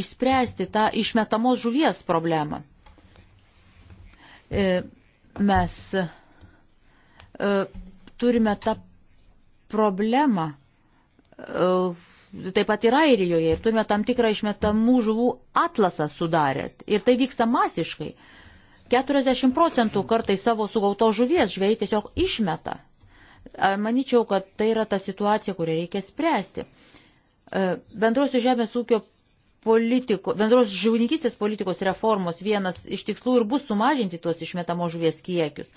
išspręsti tą išmetamos žuvies problemą. E, mes e, turime tą problemą. E, taip pat ir Airijoje, ir turime tam tikrą išmetamų žuvų atlasą sudarėt. Ir tai vyksta masiškai. 40 procentų kartai savo sugauto žuvies žvėjai tiesiog išmeta. Maničiau, kad tai yra ta situacija, kurią reikia spręsti. E, bendrosios žemės ūkio politiko, bendros žuvininkystės politikos reformos vienas iš tikslų ir bus sumažinti tuos išmetamo žuvies kiekius.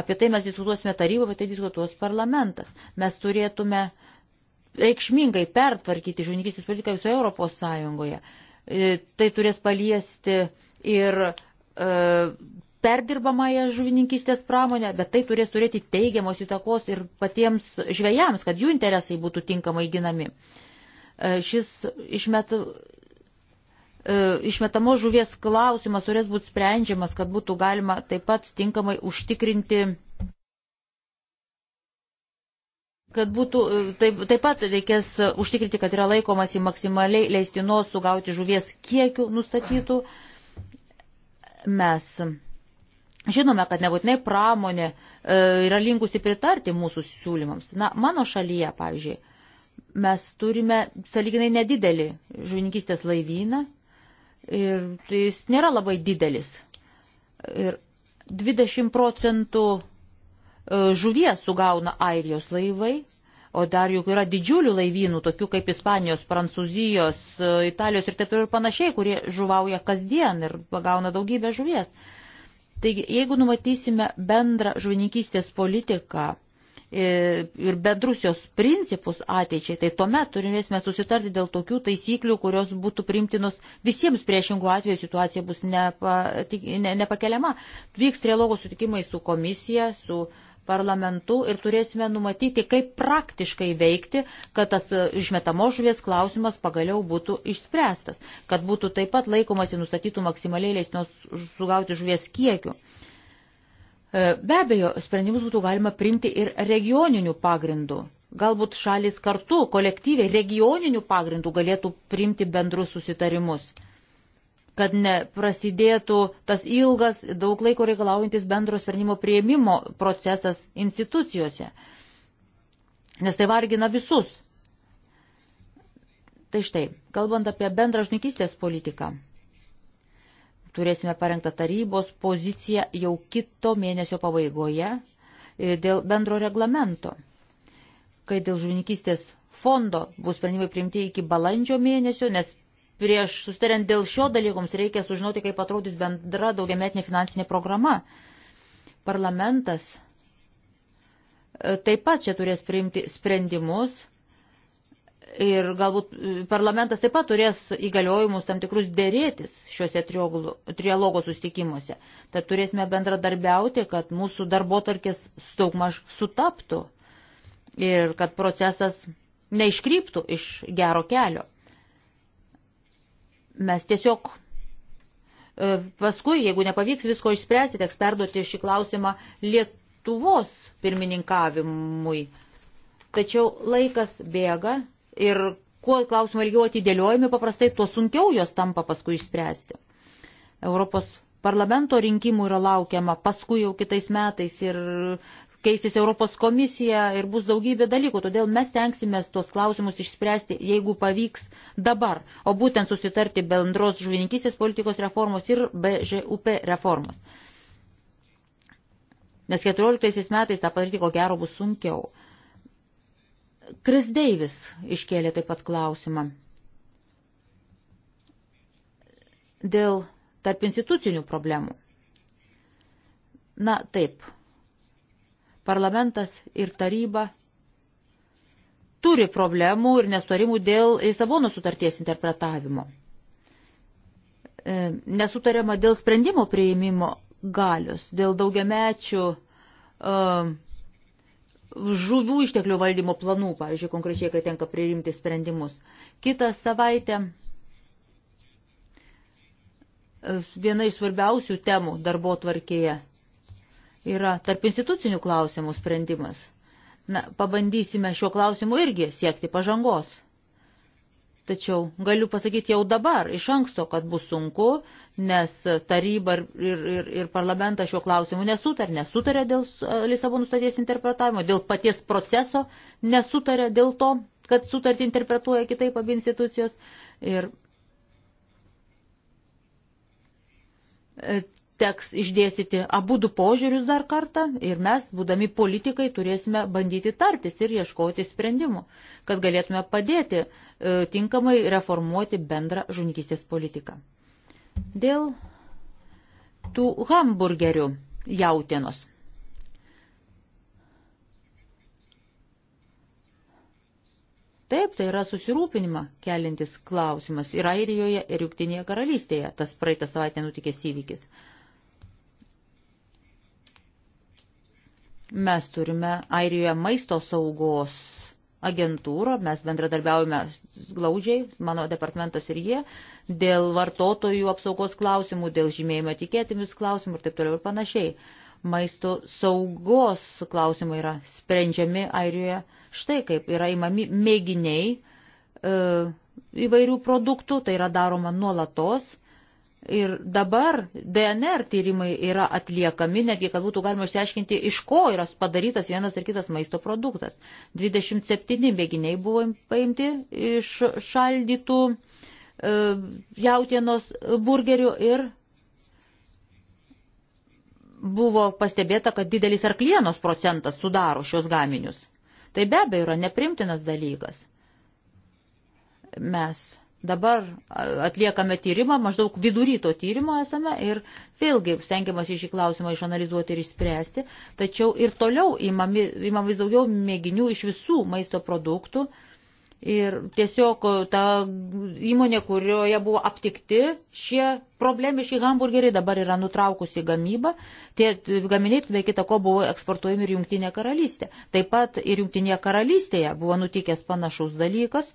Apie tai mes diskutuosime tarybą, apie tai diskutuos parlamentas. Mes turėtume reikšmingai pertvarkyti žuvininkystės politiką visoje Europos Sąjungoje. E, tai turės paliesti ir e, perdirbamąją žuvininkystės pramonę, bet tai turės turėti teigiamos įtakos ir patiems žvėjams, kad jų interesai būtų tinkamai ginami. E, E, šis išmet, e, išmetamo žuvies klausimas turės būti sprendžiamas, kad būtų galima taip pat tinkamai užtikrinti kad būtų, e, taip, taip pat reikės užtikrinti, kad yra laikomasi maksimaliai leistinos sugauti žuvies kiekių nustatytų. Mes žinome, kad nebūtinai pramonė e, yra linkusi pritarti mūsų siūlymams. Na, mano šalyje, pavyzdžiui, mes turime saliginai nedidelį žuvininkystės laivyną ir tai jis nėra labai didelis. Ir 20 procentų e, žuvies sugauna airijos laivai, o dar juk yra didžiulių laivynų, tokių kaip Ispanijos, Prancūzijos, e, Italijos ir taip ir panašiai, kurie žuvauja kasdien ir pagauna daugybę žuvies. Taigi, jeigu numatysime bendrą žuvininkystės politiką, E, ir bendrus jos principus ateičiai, tai tuomet turėsime susitarti dėl tokių taisyklių, kurios būtų primtinos visiems priešingų atveju situacija bus nepa, ne, nepakeliama. Vyks trialogo sutikimai su komisija, su parlamentu ir turėsime numatyti, kaip praktiškai veikti, kad tas išmetamo žuvies klausimas pagaliau būtų išspręstas, kad būtų taip pat laikomasi nustatytų maksimaliai leisnos sugauti žuvies kiekių. Uh, E, be abejo, sprendimus būtų galima priimti ir regioninių pagrindų. Galbūt šalis kartu, kolektyviai, regioninių pagrindų galėtų priimti bendrus susitarimus, kad neprasidėtų tas ilgas, daug laiko reikalaujantis bendro sprendimo prieimimo procesas institucijose, nes tai vargina visus. Tai štai, kalbant apie bendrą žnikystės politiką, turėsime parengtą tarybos poziciją jau kito mėnesio pabaigoje e, dėl bendro reglamento. Kai dėl žuvininkystės fondo bus sprendimai priimti iki balandžio mėnesio, nes prieš sustariant dėl šio dalykoms reikia sužinoti, kaip atrodys bendra daugiametinė finansinė programa. Parlamentas e, taip pat čia turės priimti sprendimus Ir galbūt e, parlamentas taip pat turės įgaliojimus tam tikrus dėrėtis šiuose trialogo sustikimuose. Tad turėsime bendradarbiauti, kad mūsų darbo tarkės daugmaž sutaptų ir kad procesas neiškryptų iš gero kelio. Mes tiesiog e, paskui, jeigu nepavyks visko išspręsti, teks perduoti šį klausimą Lietuvos pirmininkavimui. Tačiau laikas bėga ir kuo klausimai ilgiau atidėliojami, paprastai tuo sunkiau jos tampa paskui išspręsti. Europos parlamento rinkimų yra laukiama, paskui jau kitais metais ir keisis Europos komisija ir bus daugybė dalykų, todėl mes tenksimės tuos klausimus išspręsti, jeigu pavyks dabar, o būtent susitarti bendros žuvininkysės politikos reformos ir BŽUP reformos. Nes 14 metais tą padaryti ko gero bus sunkiau. Kris Deivis iškėlė taip pat klausimą dėl tarp institucinių problemų. Na taip, parlamentas ir taryba turi problemų ir nesutarimų dėl Lisabono sutarties interpretavimo. E, nesutariama dėl sprendimo prieimimo galius, dėl daugiamečių uh, žuvų išteklių valdymo planų, pavyzdžiui, konkrečiai, kai tenka priimti sprendimus. Kitą savaitę e, viena iš svarbiausių temų darbo tvarkėje yra tarp institucinių klausimų sprendimas. Na, pabandysime šiuo klausimu irgi siekti pažangos. Tačiau galiu pasakyti jau dabar, iš anksto, kad bus sunku, nes taryba ir, ir, ir parlamentas šiuo klausimu nesutarė, nesutarė dėl Lisabonų stadės interpretavimo, dėl paties proceso nesutarė dėl to, kad sutartį interpretuoja kitaip abi institucijos. Ir e, teks išdėstyti abu du požiūrius dar kartą ir mes, būdami politikai, turėsime bandyti tartis ir ieškoti sprendimų, kad galėtume padėti e, tinkamai reformuoti bendrą žunikistės politiką. Dėl tų hamburgerių jautienos. Taip, tai yra susirūpinimą kelintis klausimas ir Airijoje, ir Juktinėje karalystėje tas praeitą savaitę nutikęs įvykis. Mes turime Airijoje maisto saugos agentūrą, mes bendradarbiaujame glaudžiai, mano departamentas ir jie, dėl vartotojų apsaugos klausimų, dėl žymėjimo etiketėmis klausimų ir taip toliau ir panašiai. Maisto saugos klausimai yra sprendžiami Airijoje štai kaip yra įmami mėginiai e, įvairių produktų, tai yra daroma nuolatos Ir dabar DNR tyrimai yra atliekami, netgi kad būtų galima išsiaiškinti, iš ko yra padarytas vienas ar kitas maisto produktas. 27 mėginiai buvo paimti iš šaldytų e, jautienos burgerių ir buvo pastebėta, kad didelis arklienos procentas sudaro šios gaminius. Tai be abejo yra neprimtinas dalykas. Mes dabar atliekame tyrimą, maždaug vidury to tyrimo esame ir vėlgi stengiamas į šį klausimą išanalizuoti ir išspręsti, tačiau ir toliau imami, imam vis daugiau mėginių iš visų maisto produktų ir tiesiog ta įmonė, kurioje buvo aptikti šie problemiški hamburgeriai, dabar yra nutraukusi gamybą, tie gaminiai be kita ko buvo eksportuojami ir Junktinė karalystė. Taip pat ir Junktinėje karalystėje buvo nutikęs panašus dalykas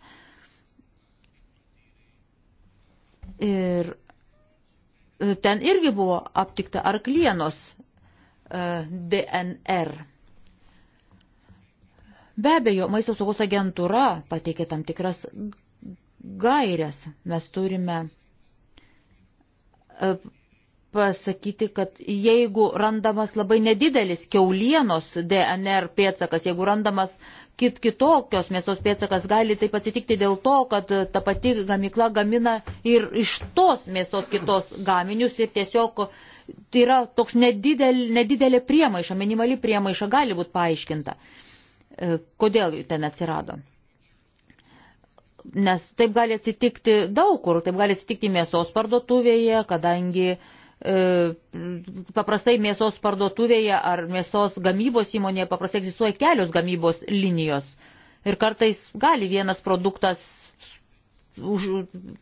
Ir e, ten irgi buvo aptikta arklienos e, DNR. Be abejo, Maisto saugos agentūra pateikė tam tikras gairias. Mes turime e, pasakyti, kad jeigu randamas labai nedidelis keulienos DNR pėtsakas, jeigu randamas kit, kitokios mėsos pėtsakas gali taip atsitikti dėl to, kad e, ta pati gamykla gamina ir iš tos mėsos kitos gaminius ir tiesiog tai yra toks nedidel, nedidelė priemaiša, minimali priemaiša gali būti paaiškinta, e, kodėl ten atsirado. Nes taip gali atsitikti daug kur, taip gali atsitikti mėsos parduotuvėje, kadangi uh, E, paprastai mėsos parduotuvėje ar mėsos gamybos įmonėje paprastai egzistuoja kelios gamybos linijos. Ir kartais gali vienas produktas už,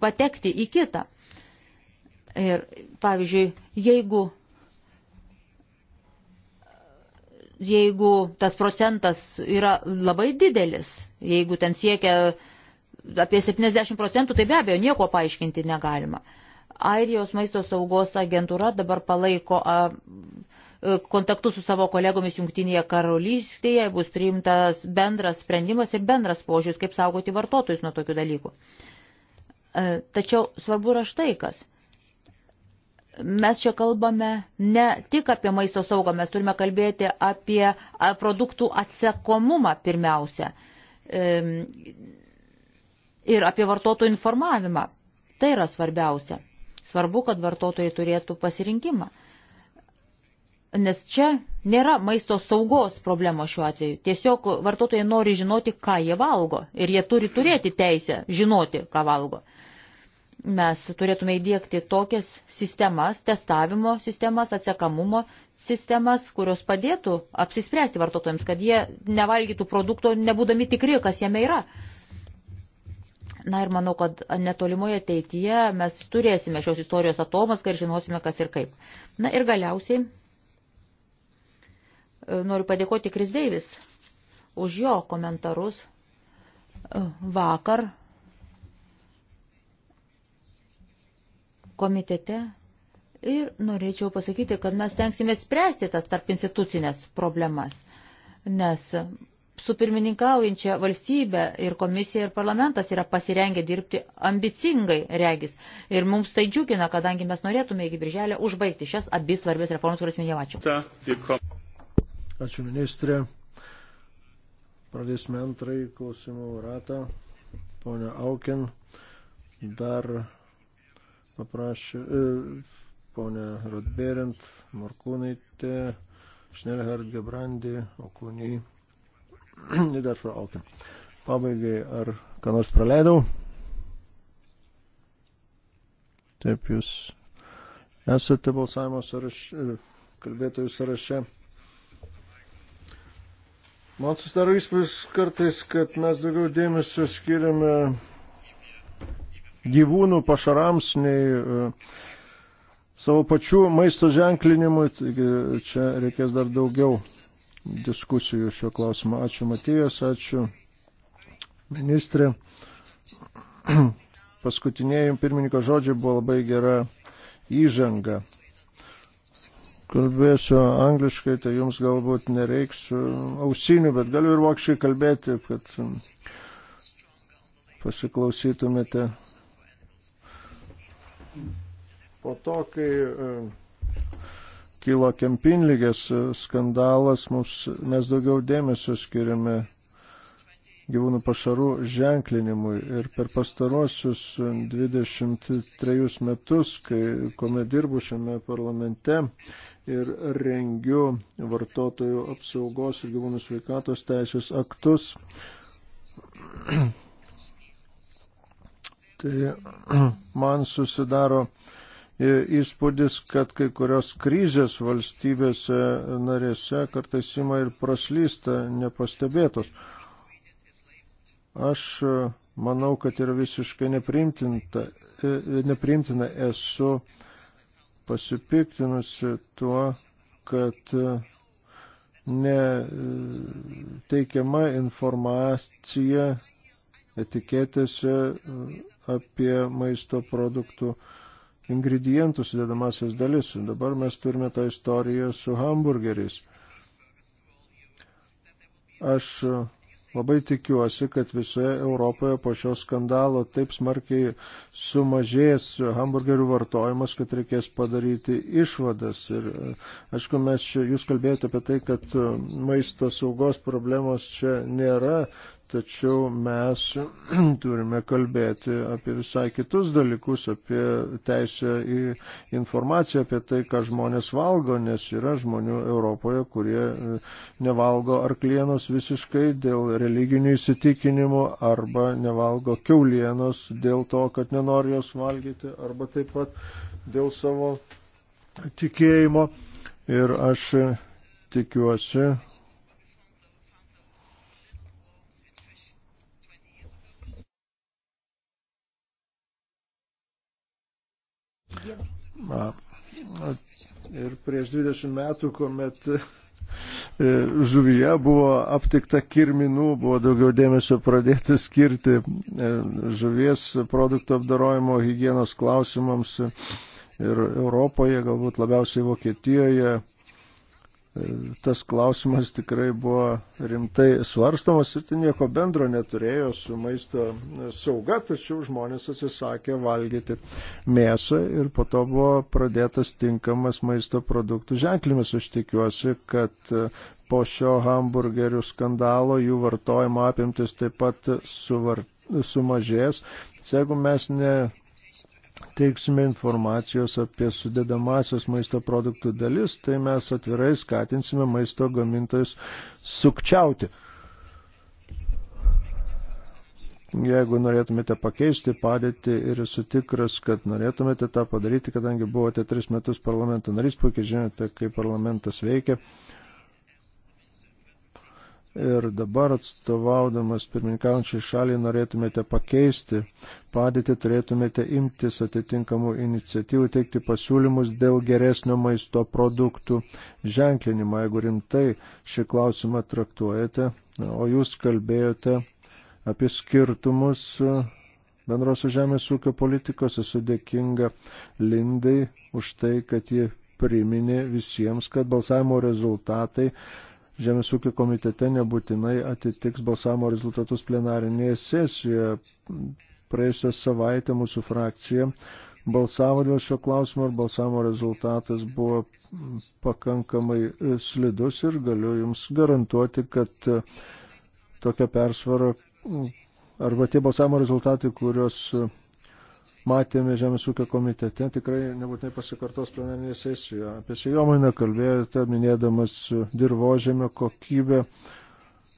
patekti į kitą. Ir pavyzdžiui, jeigu, jeigu tas procentas yra labai didelis, jeigu ten siekia apie 70 procentų, tai be abejo nieko paaiškinti negalima. Uh, Airijos maisto saugos agentūra dabar palaiko e, kontaktus su savo kolegomis Junktinėje karalystėje, bus priimtas bendras sprendimas ir bendras požiūris, kaip saugoti vartotojus nuo tokių dalykų. E, tačiau svarbu yra štai kas. Mes čia kalbame ne tik apie maisto saugą, mes turime kalbėti apie produktų atsekomumą pirmiausia e, ir apie vartotojų informavimą. Tai yra svarbiausia. Svarbu, kad vartotojai turėtų pasirinkimą. Nes čia nėra maisto saugos problemos šiuo atveju. Tiesiog vartotojai nori žinoti, ką jie valgo. Ir jie turi turėti teisę žinoti, ką valgo mes turėtume įdėkti tokias sistemas, testavimo sistemas, atsekamumo sistemas, kurios padėtų apsispręsti vartotojams, kad jie nevalgytų produkto, nebūdami tikri, kas jame yra. Na ir manau, kad netolimoje ateityje mes turėsime šios istorijos atomas, kai žinosime, kas ir kaip. Na ir galiausiai e, noriu padėkoti Kris Deivis už jo komentarus e, vakar komitete. Ir norėčiau pasakyti, kad mes tenksime spręsti tas tarp institucinės problemas, nes su pirmininkaujančia valstybė ir komisija ir parlamentas yra pasirengę dirbti ambicingai, regis. Ir mums tai džiugina, kadangi mes norėtume iki birželio užbaigti šias abi svarbės reformas, kurias minėjau. Ačiū. Ačiū ministrė. Pradėsime antrąjį klausimų ratą. Pone Aukin, dar paprašė, e, ponė Rodberint, Markūnaitė, Šnelhard Gebrandi, Okūniai. Dar Auken. Pabaigai, ar ką nors praleidau? Taip, jūs esate balsavimo sąraše, kalbėtojų sąraše. Man susidaro įspūdis kartais, kad mes daugiau dėmesio skiriame gyvūnų pašarams nei e, savo pačių maisto ženklinimui, taigi čia reikės dar daugiau diskusijų šio klausimo. Ačiū Matijas, ačiū ministrė. Paskutiniai pirmininko žodžiai buvo labai gera įžanga. Kalbėsiu angliškai, tai jums galbūt nereiks ausinių, bet galiu ir vokščiai kalbėti, kad um, pasiklausytumėte. Po to, kai um, kilo kempinlygės e, skandalas, mums, mes daugiau dėmesio skiriame gyvūnų pašarų ženklinimui. Ir per pastaruosius 23 e, metus, kai, kuomet dirbu šiame parlamente ir rengiu vartotojų apsaugos ir gyvūnų sveikatos teisės aktus, tai man susidaro įspūdis, kad kai kurios krizės valstybėse narėse kartais ima ir praslysta nepastebėtos. Aš e, manau, kad yra visiškai nepriimtina, e, e, nepriimtina esu pasipiktinusi tuo, kad neteikiama informacija etiketėse apie maisto produktų uh, ingredientų sudėdamasias dalis. Dabar mes turime tą istoriją su hamburgeriais. Aš labai tikiuosi, kad visoje Europoje po šio skandalo taip smarkiai sumažės hamburgerių vartojimas, kad reikės padaryti išvadas. Ir aišku, mes čia, jūs kalbėjote apie tai, kad maisto saugos problemos čia nėra Tačiau mes turime kalbėti apie visai kitus dalykus, apie teisę į informaciją, apie tai, ką žmonės valgo, nes yra žmonių Europoje, kurie e, nevalgo arklienos visiškai dėl religinių įsitikinimų arba nevalgo keulienos dėl to, kad nenori jos valgyti arba taip pat dėl savo tikėjimo. Ir aš tikiuosi, Ir prieš 20 metų, kuomet e, žuvyje buvo aptikta kirminų, buvo daugiau dėmesio pradėti skirti e, žuvies produktų apdarojimo hygienos klausimams. Ir Europoje, galbūt labiausiai Vokietijoje, tas klausimas tikrai buvo rimtai svarstomas ir tai nieko bendro neturėjo su maisto sauga, tačiau žmonės atsisakė valgyti mėsą ir po to buvo pradėtas tinkamas maisto produktų ženklimis. Aš tikiuosi, kad po šio hamburgerių skandalo jų vartojimo apimtis taip pat suvar... sumažės. Jeigu mes ne teiksime informacijos apie sudėdamasios maisto produktų dalis, tai mes atvirai skatinsime maisto gamintojus sukčiauti. Jeigu norėtumėte pakeisti padėtį ir esu tikras, kad norėtumėte tą padaryti, kadangi buvote tris metus parlamento narys, puikiai žinote, kaip parlamentas veikia. Uh, ir dabar atstovaudamas pirmininkaujančiai šaliai norėtumėte pakeisti padėtį, turėtumėte imtis atitinkamų iniciatyvų, teikti pasiūlymus dėl geresnio maisto produktų ženklinimo, jeigu rimtai šį klausimą traktuojate, o jūs kalbėjote apie skirtumus bendrosios žemės ūkio politikos, esu dėkinga Lindai už tai, kad ji priminė visiems, kad balsavimo rezultatai Žemės ūkio komitete nebūtinai atitiks balsavimo rezultatus plenarinėje sesijoje. Praėjusią savaitę mūsų frakcija balsavo dėl šio klausimo ir balsavimo rezultatas buvo pakankamai slidus ir galiu Jums garantuoti, kad tokia persvara arba tie balsavimo rezultatai, kuriuos matėme Žemės ūkio komitete, tikrai nebūtinai pasikartos plenarinėje sesijoje. Apie sėjomainą kalbėjote, minėdamas dirbožėmio kokybę.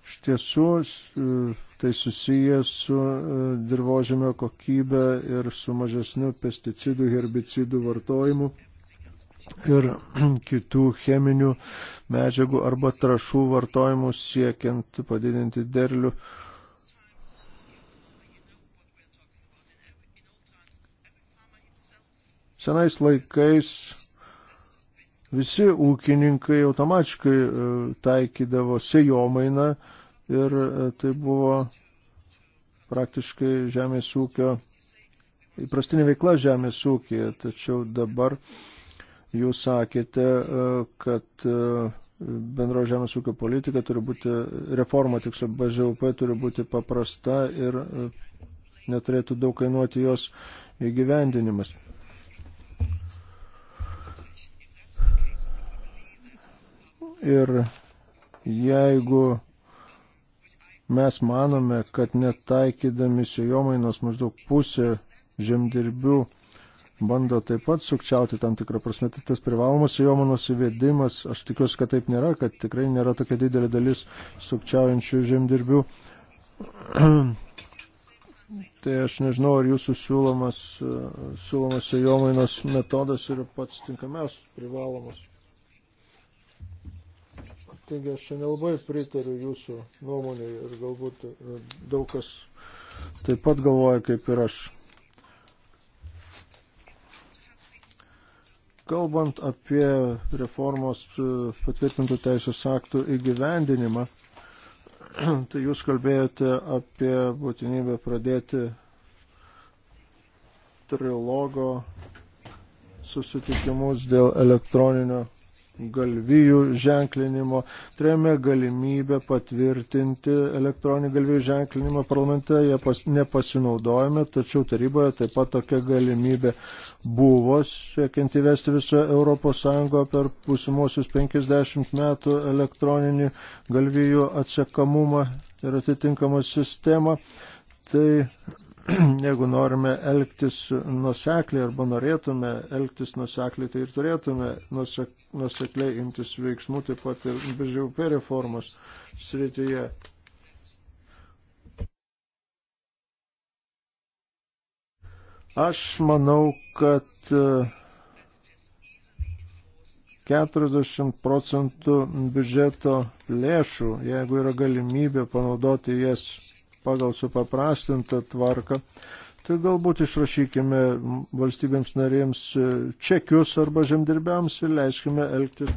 Iš tiesų, e, tai susijęs su e, dirbožėmio kokybė ir su mažesniu pesticidų, herbicidų vartojimu ir kitų cheminių medžiagų arba trašų vartojimu siekiant padidinti derlių Senais laikais visi ūkininkai automatiškai e, taikydavo sejomainą ir e, tai buvo praktiškai žemės ūkio, įprastinė veikla žemės ūkija, tačiau dabar jūs sakėte, e, kad bendro žemės ūkio politika turi būti, reforma tiksliau BŽUP turi būti paprasta ir neturėtų daug kainuoti jos įgyvendinimas. Ir jeigu mes manome, kad netaikydami sėjomainos maždaug pusė žemdirbių bando taip pat sukčiauti tam tikrą prasme, tai tas privalomas sėjomainos įvedimas, aš tikiuosi, kad taip nėra, kad tikrai nėra tokia didelė dalis sukčiaujančių žemdirbių. Tai aš nežinau, ar jūsų siūlomas, siūlomas sėjomainos metodas yra pats tinkamiausias privalomas. Taigi aš čia nelabai pritariu jūsų nuomonė ir galbūt e, daug kas taip pat galvoja kaip ir aš. Kalbant apie reformos e, patvirtintų teisės aktų įgyvendinimą, tai jūs kalbėjote apie būtinybę pradėti trilogo susitikimus dėl elektroninio galvijų ženklinimo. Turėjome galimybę patvirtinti elektroninį galvijų ženklinimą parlamente, jie pas, nepasinaudojame, tačiau taryboje taip pat tokia galimybė buvo, siekiant įvesti visą ES per pusimuosius 50 metų elektroninį galvijų atsekamumą ir atitinkamą sistemą. Tai jeigu norime elgtis nusekliai arba norėtume elgtis nusekliai, tai ir turėtume nusek, nusekliai imtis veiksmų, taip pat ir BŽUP reformos srityje. Aš manau, kad 40 e, procentų biudžeto lėšų, jeigu yra galimybė panaudoti jas pagal supaprastintą tvarką, Tai galbūt išrašykime valstybėms narėms e, čekius arba žemdirbiams ir leiskime elgtis,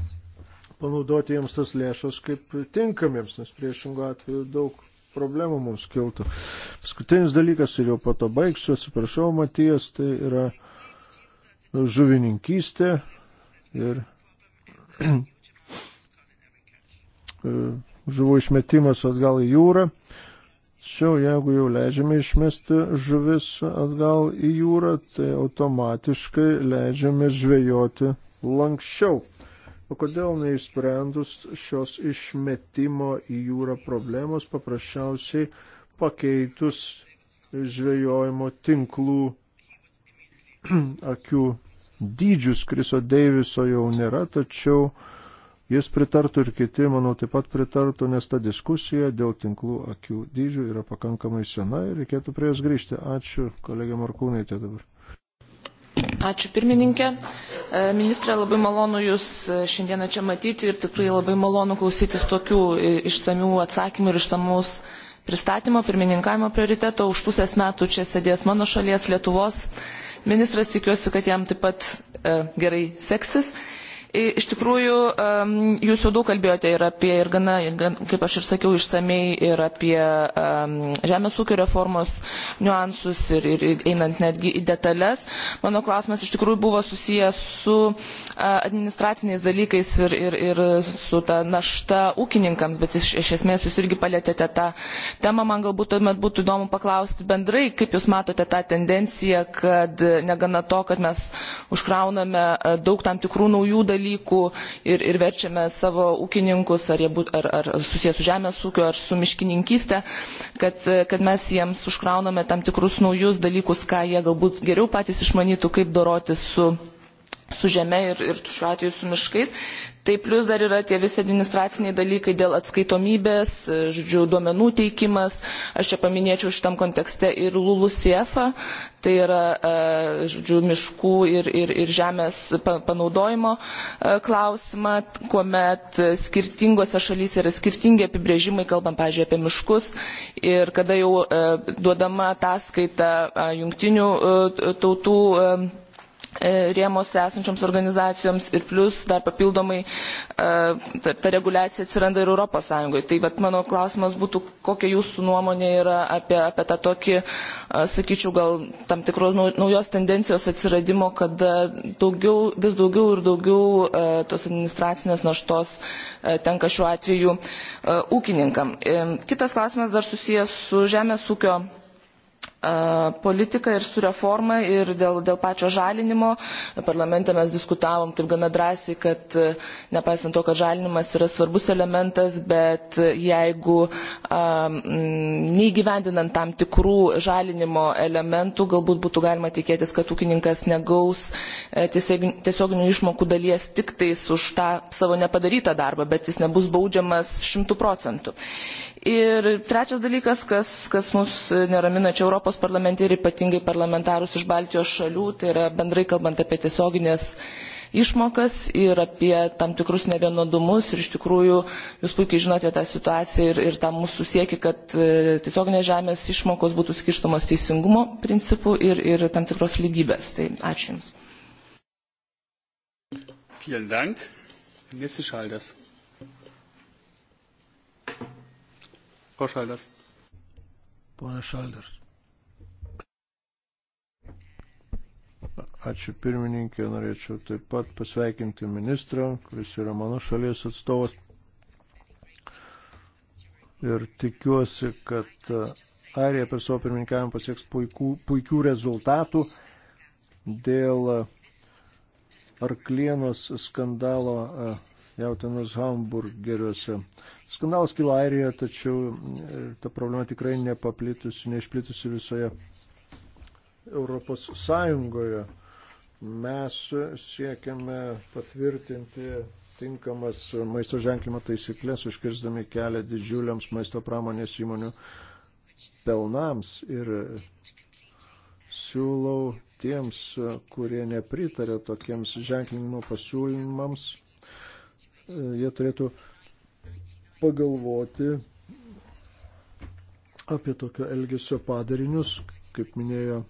panaudoti jiems tas lėšas kaip tinkamiems, nes priešingų atveju daug problemų mums kiltų. Paskutinis dalykas ir jau po to baigsiu, atsiprašau, Matijas, tai yra žuvininkystė ir e, žuvų išmetimas atgal į jūrą. Tačiau jeigu jau leidžiame išmesti žuvis atgal į jūrą, tai automatiškai leidžiame žvejoti lankščiau. O kodėl neįsprendus šios išmetimo į jūrą problemos, paprasčiausiai pakeitus žvejojimo tinklų akių dydžius, Kriso Deiviso jau nėra, tačiau uh, Jis pritartų ir kiti, manau, taip pat pritartų, nes ta diskusija dėl tinklų akių dydžių yra pakankamai sena ir reikėtų prie jos grįžti. Ačiū, kolegė Markūnaitė dabar. Ačiū pirmininkė. E, Ministrė, labai malonu Jūs e, šiandieną čia matyti ir tikrai labai malonu klausytis tokių e, išsamių atsakymų ir išsamaus pristatymo, pirmininkavimo prioriteto. Už pusės metų čia sėdės mano šalies Lietuvos ministras, tikiuosi, kad jam taip pat gerai seksis. Iš tikrųjų, jūs jau daug kalbėjote ir apie, ir gana, kaip aš ir sakiau, išsamei ir apie žemės ūkio reformos niuansus ir, ir einant netgi į detalės. Mano klausimas iš tikrųjų buvo susijęs su administraciniais dalykais ir, ir, ir su ta našta ūkininkams, bet iš, iš esmės jūs irgi palėtėte tą temą. Man galbūt tuomet būtų įdomu paklausti bendrai, kaip jūs matote tą tendenciją, kad negana to, kad mes užkrauname daug tam tikrų naujų dalykų, dalykų ir, ir verčiame savo ūkininkus, ar, būt, ar, ar susijęs su žemės ūkiu, ar su miškininkystė, kad, kad mes jiems užkrauname tam tikrus naujus dalykus, ką jie galbūt geriau patys išmanytų, kaip dorotis su su žeme ir, ir šiuo atveju su miškais. Tai plus dar yra tie visi administraciniai dalykai dėl atskaitomybės, e, žodžiu, duomenų teikimas. Aš čia paminėčiau šitam kontekste ir LULUSIEFą, tai yra, e, žodžiu, miškų ir, ir, ir žemės panaudojimo e, klausimą, kuomet skirtingose šalyse yra skirtingi apibrėžimai, kalbant, pažiūrėjau, apie miškus ir kada jau duodama ataskaita jungtinių tautų E, rėmose esančioms organizacijoms ir plus dar papildomai e, ta, ta reguliacija atsiranda ir Europos Sąjungoje. Tai vat, mano klausimas būtų, kokia jūsų nuomonė yra apie, apie tą tokį, e, sakyčiau, gal tam tikros naujos tendencijos atsiradimo, kad daugiau, vis daugiau ir daugiau tos administracinės naštos tenka šiuo atveju ūkininkam. Kitas klausimas dar susijęs su žemės ūkio politiką ir su reforma ir dėl, dėl pačio žalinimo. Parlamente mes diskutavom taip gana drąsiai, kad nepaisant to, kad žalinimas yra svarbus elementas, bet jeigu um, neįgyvendinant tam tikrų žalinimo elementų, galbūt būtų galima tikėtis, kad ūkininkas negaus e, tiesioginių išmokų dalies tik tais už tą savo nepadarytą darbą, bet jis nebus baudžiamas šimtų procentų. Ir trečias dalykas, kas, kas mus neramina čia Europos parlamente ir ypatingai parlamentarus iš Baltijos šalių, tai yra bendrai kalbant apie tiesioginės išmokas ir apie tam tikrus nevienodumus ir iš tikrųjų jūs puikiai žinote tą situaciją ir, ir tą mūsų siekį, kad e, tiesioginės žemės išmokos būtų skirstamos teisingumo principų ir, ir tam tikros lygybės. Tai ačiū Jums. Vielen Dank. Nessi Schalders. Frau Schalders. Pone Šalders. Ačiū pirmininkė, norėčiau taip pat pasveikinti ministrą, kuris yra mano šalies atstovas. Ir tikiuosi, kad Airija per savo pirmininkavimą pasieks puikų, puikių rezultatų dėl arklienos skandalo jautinos hamburgeriuose. Skandalas kilo Airijoje, tačiau e, ta problema tikrai nepaplitusi, neišplitusi visoje Europos Sąjungoje. Mes siekiame patvirtinti tinkamas maisto ženklimo taisyklės, užkirstami kelią didžiuliams maisto pramonės įmonių pelnams ir siūlau tiems, kurie nepritarė tokiems ženklinimo pasiūlymams, jie turėtų pagalvoti apie tokio elgesio padarinius, kaip minėjo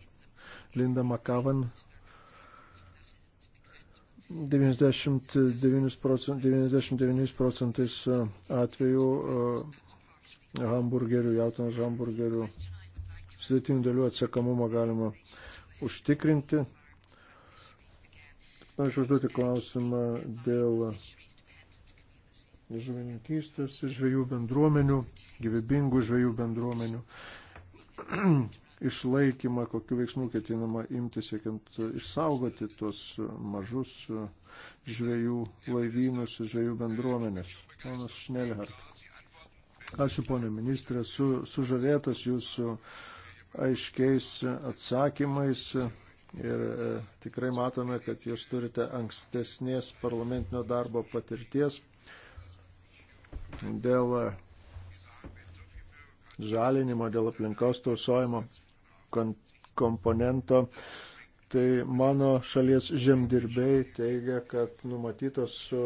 Linda Makavan. 99 procentais, procentais atvejų e, hamburgerių, jautinos hamburgerių sudėtinių dalių atsekamumą galima užtikrinti. Aš užduoti klausimą dėl žuvininkystės ir žvėjų bendruomenių, gyvybingų žvėjų bendruomenių išlaikymą, kokiu veiksmu ketinama imti, siekiant išsaugoti tuos mažus žvėjų laivynus ir žvėjų bendruomenės. Ponas Šnelhart. Ačiū, ponė ministrė, su, sužavėtas jūsų aiškiais atsakymais ir e, tikrai matome, kad jūs turite ankstesnės parlamentinio darbo patirties dėl e, žalinimo, dėl aplinkos tausojimo komponento. Tai mano šalies žemdirbiai teigia, kad numatytos su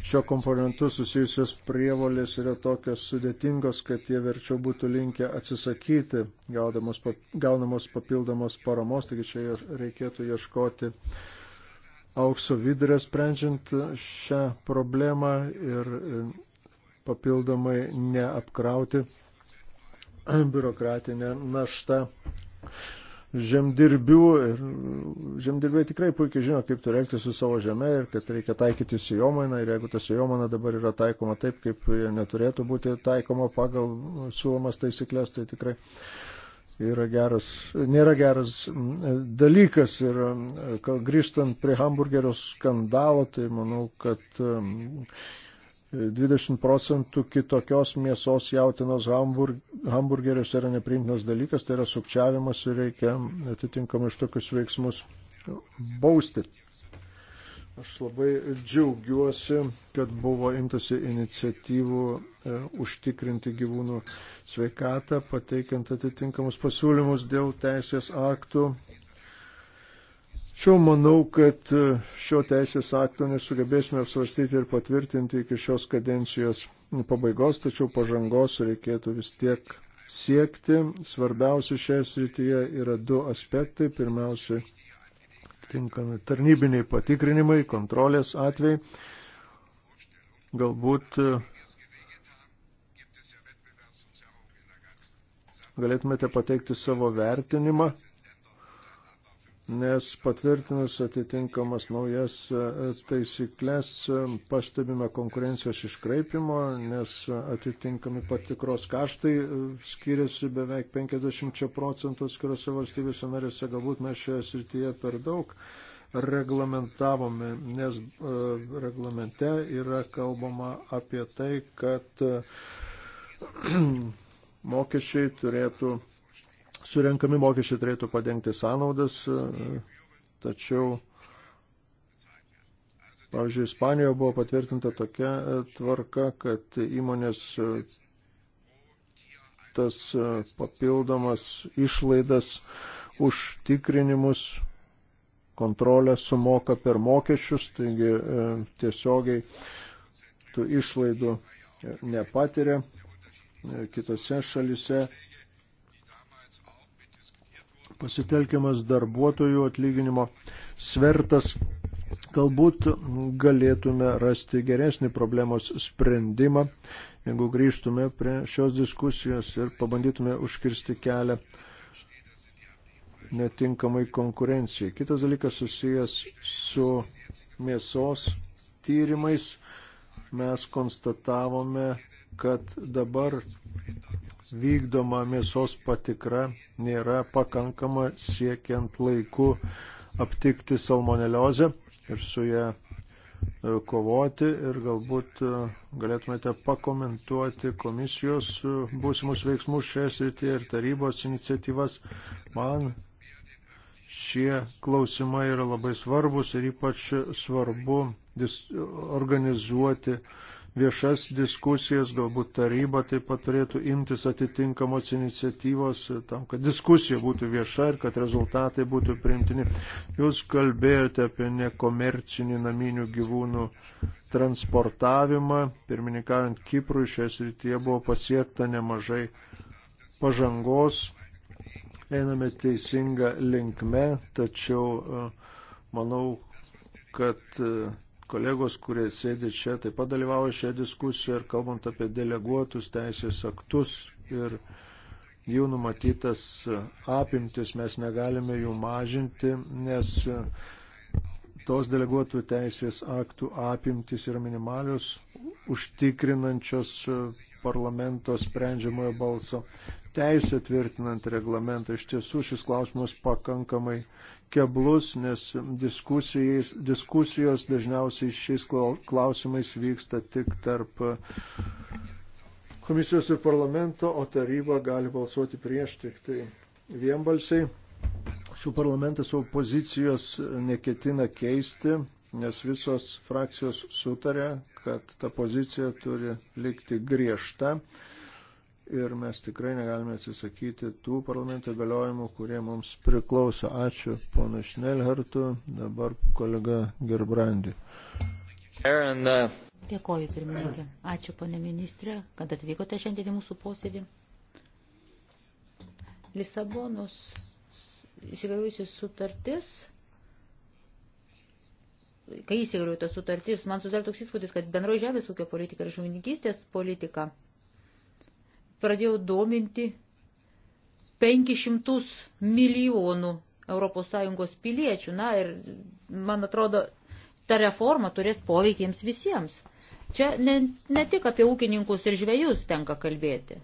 šio komponentu susijusios prievolės yra tokios sudėtingos, kad jie verčiau būtų linkę atsisakyti gaudamos, gaunamos papildomos paramos, taigi čia reikėtų ieškoti aukso vidurio sprendžiant šią problemą ir papildomai neapkrauti biurokratinę naštą žemdirbių ir žemdirbiai tikrai puikiai žino, kaip turi elgtis su savo žeme ir kad reikia taikyti sijomainą ir jeigu ta sijomaina dabar yra taikoma taip, kaip neturėtų būti taikoma pagal siūlomas taisyklės, tai tikrai yra geras, nėra geras dalykas ir e, grįžtant prie hamburgerio skandalo, tai manau, kad e, 20 procentų kitokios mėsos jautinos hamburg, hamburgerius yra nepriimtinas dalykas, tai yra sukčiavimas ir reikia atitinkamai iš tokius veiksmus bausti. Aš labai džiaugiuosi, kad buvo imtasi iniciatyvų e, užtikrinti gyvūnų sveikatą, pateikiant atitinkamus pasiūlymus dėl teisės aktų Tačiau manau, kad e, šio teisės akto nesugebėsime apsvarstyti ir patvirtinti iki šios kadencijos pabaigos, tačiau pažangos reikėtų vis tiek siekti. Svarbiausia šioje srityje yra du aspektai. Pirmiausia, tinkami tarnybiniai patikrinimai, kontrolės atvejai. Galbūt e, galėtumėte pateikti savo vertinimą nes patvirtinus atitinkamas naujas e, taisyklės e, pastebime konkurencijos iškraipimo, nes atitinkami patikros kaštai e, skiriasi beveik 50 procentų skiriuose valstybėse narėse, galbūt mes šioje srityje per daug reglamentavome, nes reglamente yra kalbama apie tai, kad mokesčiai turėtų surenkami mokesčiai turėtų padengti sąnaudas, tačiau, pavyzdžiui, Ispanijoje buvo patvirtinta tokia tvarka, kad įmonės tas papildomas išlaidas užtikrinimus kontrolę sumoka per mokesčius, taigi e, tiesiogiai tų išlaidų nepatiria. E, kitose šalise pasitelkiamas darbuotojų atlyginimo svertas. Galbūt galėtume rasti geresnį problemos sprendimą, jeigu grįžtume prie šios diskusijos ir pabandytume užkirsti kelią netinkamai konkurencijai. Kitas dalykas susijęs su mėsos tyrimais. Mes konstatavome, kad dabar vykdoma mėsos patikra nėra pakankama siekiant laiku aptikti salmoneliozę ir su ją e, kovoti ir galbūt e, galėtumėte pakomentuoti komisijos e, būsimus veiksmus šioje srityje ir tarybos iniciatyvas. Man šie klausimai yra labai svarbus ir ypač svarbu organizuoti uh, viešas diskusijas, galbūt taryba taip pat turėtų imtis atitinkamos iniciatyvos tam, kad diskusija būtų vieša ir kad rezultatai būtų priimtini. Jūs kalbėjote apie nekomercinį naminių gyvūnų transportavimą. Pirmininkaujant Kiprui šioje srityje buvo pasiekta nemažai pažangos. Einame teisinga linkme, tačiau e, manau, kad e, kolegos, kurie sėdi čia, taip pat dalyvauja šioje diskusijoje ir kalbant apie deleguotus teisės aktus ir jų numatytas apimtis, mes negalime jų mažinti, nes tos deleguotų teisės aktų apimtis yra minimalios, užtikrinančios parlamento sprendžiamojo balso teisę tvirtinant reglamentą. Iš tiesų šis klausimas pakankamai keblus, nes diskusijos dažniausiai šiais klausimais vyksta tik tarp uh, komisijos ir parlamento, o taryba gali balsuoti prieš tik tai vienbalsiai. Šių parlamentas savo pozicijos neketina keisti, nes visos frakcijos sutarė, kad ta pozicija turi likti griežta ir mes tikrai negalime atsisakyti tų parlamento galiojimų, kurie mums priklauso. Ačiū pono Šnelhartu, dabar kolega Gerbrandi. Dėkoju, pirmininkė. Ačiū, ponė ministrė, kad atvykote šiandien į mūsų posėdį. Lisabonos įsigaliojusi sutartis kai įsigaliojo tas sutartis, man susidarė toks įspūdis, kad bendroji žemės ūkio politika ir žuvininkystės politika pradėjo dominti 500 milijonų ES piliečių. Na ir, man atrodo, ta reforma turės poveikį jiems visiems. Čia ne, ne tik apie ūkininkus ir žvėjus tenka kalbėti.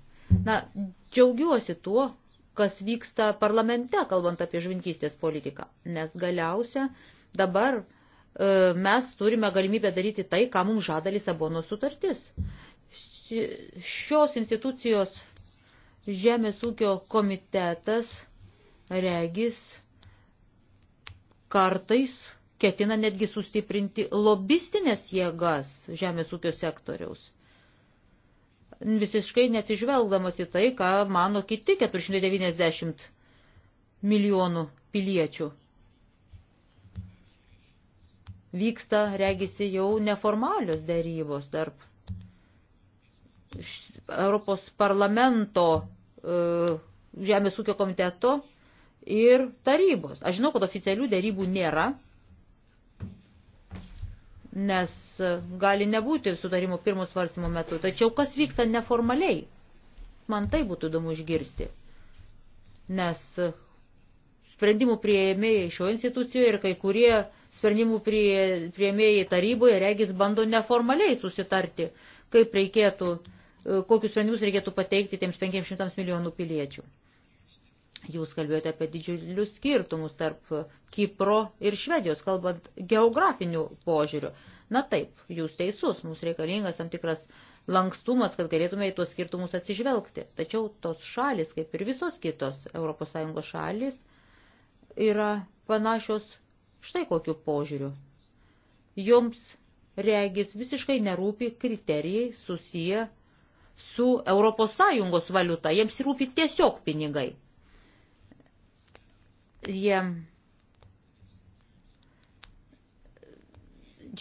Na, džiaugiuosi tuo, kas vyksta parlamente, kalbant apie žvinkystės politiką. Nes galiausia dabar e, mes turime galimybę daryti tai, ką mums žada Lisabono sutartis šios institucijos Žemės ūkio komitetas regis kartais ketina netgi sustiprinti lobistinės jėgas žemės ūkio sektoriaus. Visiškai neatsižvelgdamas į tai, ką mano kiti 490 milijonų piliečių. Vyksta, regisi, jau neformalios dėrybos tarp Europos parlamento e, Žemės ūkio komiteto ir tarybos. Aš žinau, kad oficialių dėrybų nėra, nes gali nebūti sutarimo pirmos svarstymo metu. Tačiau kas vyksta neformaliai? Man tai būtų įdomu išgirsti. Nes sprendimų prieėmėjai šio institucijoje ir kai kurie sprendimų prie, prieėmėjai taryboje regis bando neformaliai susitarti, kaip reikėtų uh, E, kokius sprendimus reikėtų pateikti tiems 500 milijonų piliečių. Jūs kalbėjote apie didžiulius skirtumus tarp Kipro ir Švedijos, kalbant geografinių požiūrių. Na taip, jūs teisus, mums reikalingas tam tikras lankstumas, kad galėtume į tuos skirtumus atsižvelgti. Tačiau tos šalis, kaip ir visos kitos ES šalis, yra panašios štai kokiu požiūriu. Joms regis visiškai nerūpi kriterijai susiję su ES valiuta, jiems rūpi tiesiog pinigai. Jie.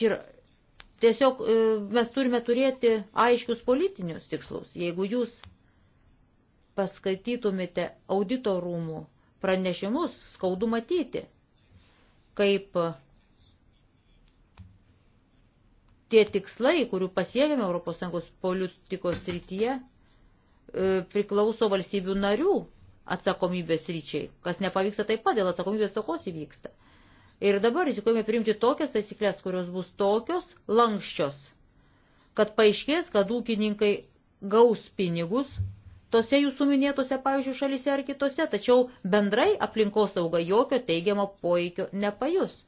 Ir tiesiog e, mes turime turėti aiškius politinius tikslus. Jeigu jūs paskaitytumėte auditorumų pranešimus, skaudu matyti, kaip tie tikslai, kurių pasiekėme ES politikos srityje, e, priklauso valstybių narių atsakomybės ryčiai. Kas nepavyksta taip pat, dėl atsakomybės tokos įvyksta. Ir dabar rizikuojame priimti tokias taisyklės, kurios bus tokios lankščios, kad paaiškės, kad ūkininkai gaus pinigus tose jūsų minėtose, pavyzdžiui, šalise ar kitose, tačiau bendrai aplinkosauga jokio teigiamo poveikio nepajus.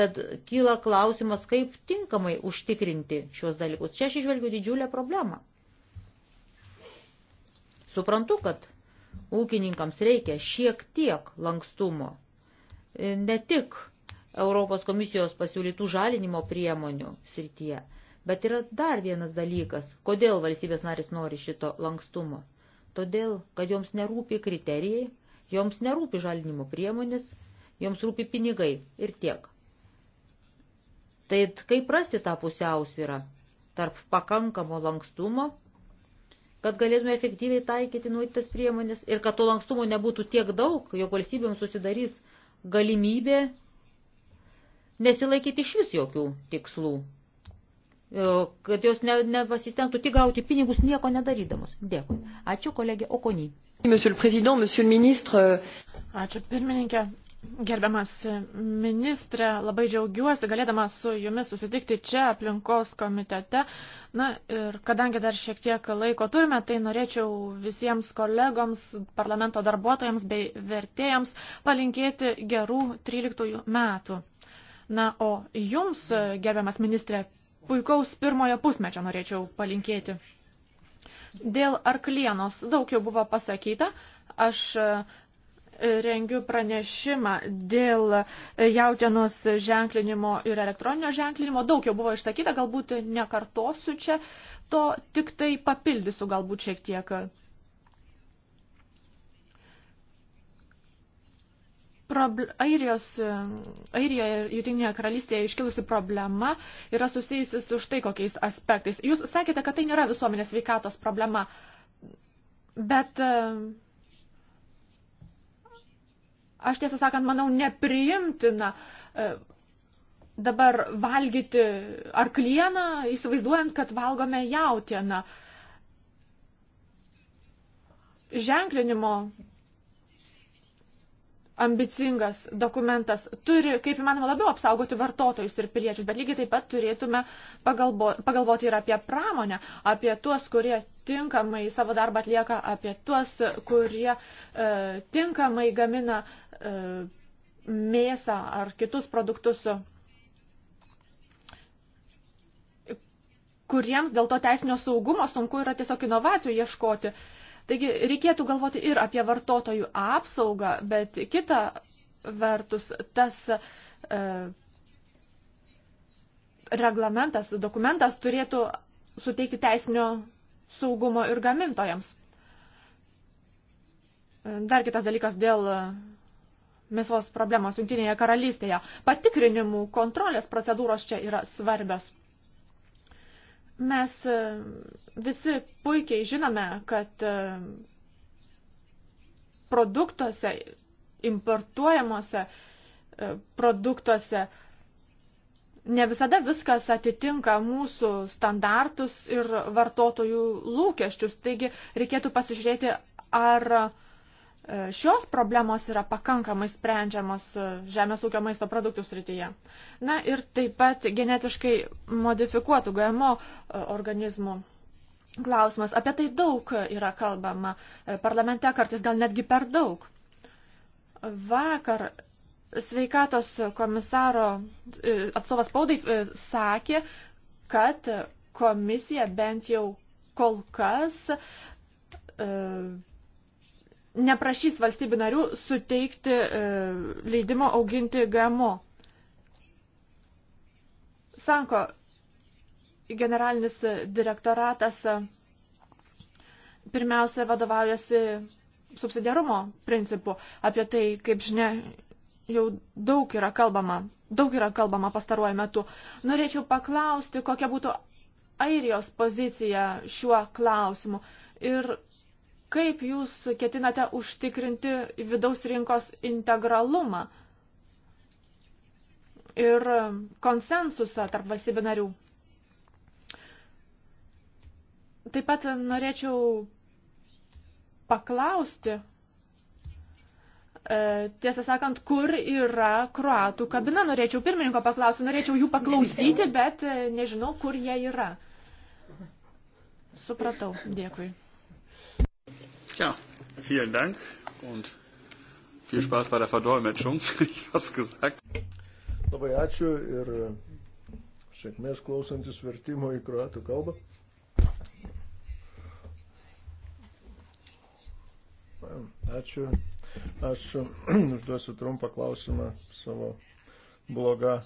Tad kyla klausimas, kaip tinkamai užtikrinti šios dalykus. Čia aš išvelgiu didžiulę problemą. Suprantu, kad ūkininkams reikia šiek tiek lankstumo. Ne tik Europos komisijos pasiūlytų žalinimo priemonių srityje, bet yra dar vienas dalykas, kodėl valstybės narys nori šito lankstumo. Todėl, kad joms nerūpi kriterijai, joms nerūpi žalinimo priemonės, joms rūpi pinigai ir tiek. Tai kaip rasti tą pusiausvyrą tarp pakankamo lankstumo, kad galėtume efektyviai taikyti nuotytas priemonės ir kad to lankstumo nebūtų tiek daug, jog valstybėms susidarys galimybė nesilaikyti iš vis jokių tikslų, e, kad jos ne, nepasistengtų tik gauti pinigus nieko nedarydamos. Dėkui. Ačiū kolegė Okony. Ačiū pirmininkė, Gerbiamas ministrė, labai džiaugiuosi galėdama su jumis susitikti čia aplinkos komitete. Na ir kadangi dar šiek tiek laiko turime, tai norėčiau visiems kolegoms, parlamento darbuotojams bei vertėjams palinkėti gerų 13 metų. Na, o jums, gerbiamas ministrė, puikaus pirmojo pusmečio norėčiau palinkėti. Dėl arklienos daug jau buvo pasakyta. Aš rengiu pranešimą dėl jautienos ženklinimo ir elektroninio ženklinimo. Daug jau buvo išsakyta, galbūt nekartosiu čia, to tik tai papildysiu galbūt šiek tiek. Airijos, Airijoje ir Jutinėje karalystėje iškilusi problema yra susijusi su štai kokiais aspektais. Jūs sakėte, kad tai nėra visuomenės veikatos problema, bet uh, Aš tiesą sakant, manau, nepriimtina e, dabar valgyti arklieną, įsivaizduojant, kad valgome jautieną. Ženklinimo ambicingas dokumentas turi, kaip įmanoma, labiau apsaugoti vartotojus ir piliečius, bet lygiai taip pat turėtume pagalbo, pagalvoti ir apie pramonę, apie tuos, kurie tinkamai savo darbą atlieka, apie tuos, kurie e, tinkamai gamina E, mėsą ar kitus produktus, kuriems dėl to teisinio saugumo sunku yra tiesiog inovacijų ieškoti. Taigi reikėtų galvoti ir apie vartotojų apsaugą, bet kita vertus tas e, reglamentas, dokumentas turėtų suteikti teisinio saugumo ir gamintojams. Dar kitas dalykas dėl mėsos problemos Junktinėje karalystėje. Patikrinimų kontrolės procedūros čia yra svarbios. Mes e, visi puikiai žinome, kad e, produktuose, importuojamuose e, produktuose ne visada viskas atitinka mūsų standartus ir vartotojų lūkesčius. Taigi reikėtų pasižiūrėti, ar šios problemos yra pakankamai sprendžiamos e, žemės ūkio maisto produktų srityje. Na ir taip pat genetiškai modifikuotų GMO e, organizmų. Klausimas. Apie tai daug yra kalbama. E, parlamente kartais gal netgi per daug. Vakar sveikatos komisaro atstovas spaudai sakė, kad komisija bent jau kol kas neprašys valstybių narių suteikti e, leidimo auginti GMO. Sanko generalinis direktoratas e, pirmiausia vadovaujasi subsidiarumo principu. Apie tai, kaip žinia, jau daug yra kalbama, daug yra kalbama pastaruoju metu. Norėčiau paklausti, kokia būtų Airijos pozicija šiuo klausimu. Ir Kaip jūs ketinate užtikrinti vidaus rinkos integralumą ir konsensusą tarp valstybių narių? Taip pat norėčiau paklausti, e, tiesą sakant, kur yra kroatų kabina. Norėčiau pirmininko paklausti, norėčiau jų paklausyti, bet e, nežinau, kur jie yra. Supratau, dėkui. Ja, vielen Dank und viel Spaß bei der Verdolmetschung. Ich hab's gesagt. Labai ačiū ir e, sėkmės klausantis vertimo į kruatų kalbą. Ačiū. Aš užduosiu trumpą klausimą savo blogą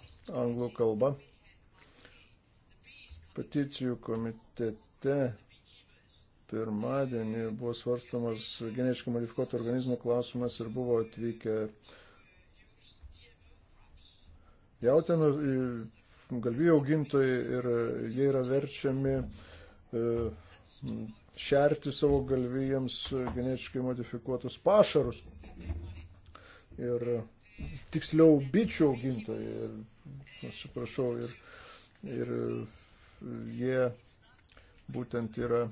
anglų kalbą. Peticijų komitete pirmadienį buvo svarstamas genetiškai modifikuotų organizmų klausimas ir buvo atvykę jautienų galvijų augintojai ir jie yra verčiami e, šerti savo galvijams genetiškai modifikuotus pašarus. Ir tiksliau bičių augintojai, ir, atsiprašau, ir, ir jie būtent yra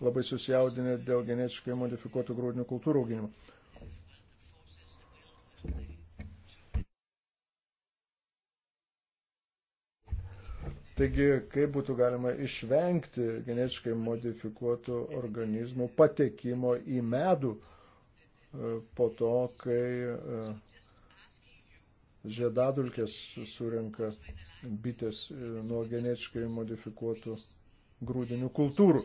labai susijaudinę dėl genetiškai modifikuotų grūdinių kultūrų auginimo. Taigi, kaip būtų galima išvengti genetiškai modifikuotų organizmų patekimo į medų e, po to, kai e, žiedadulkės surenka bitės e, nuo genetiškai modifikuotų grūdinių kultūrų.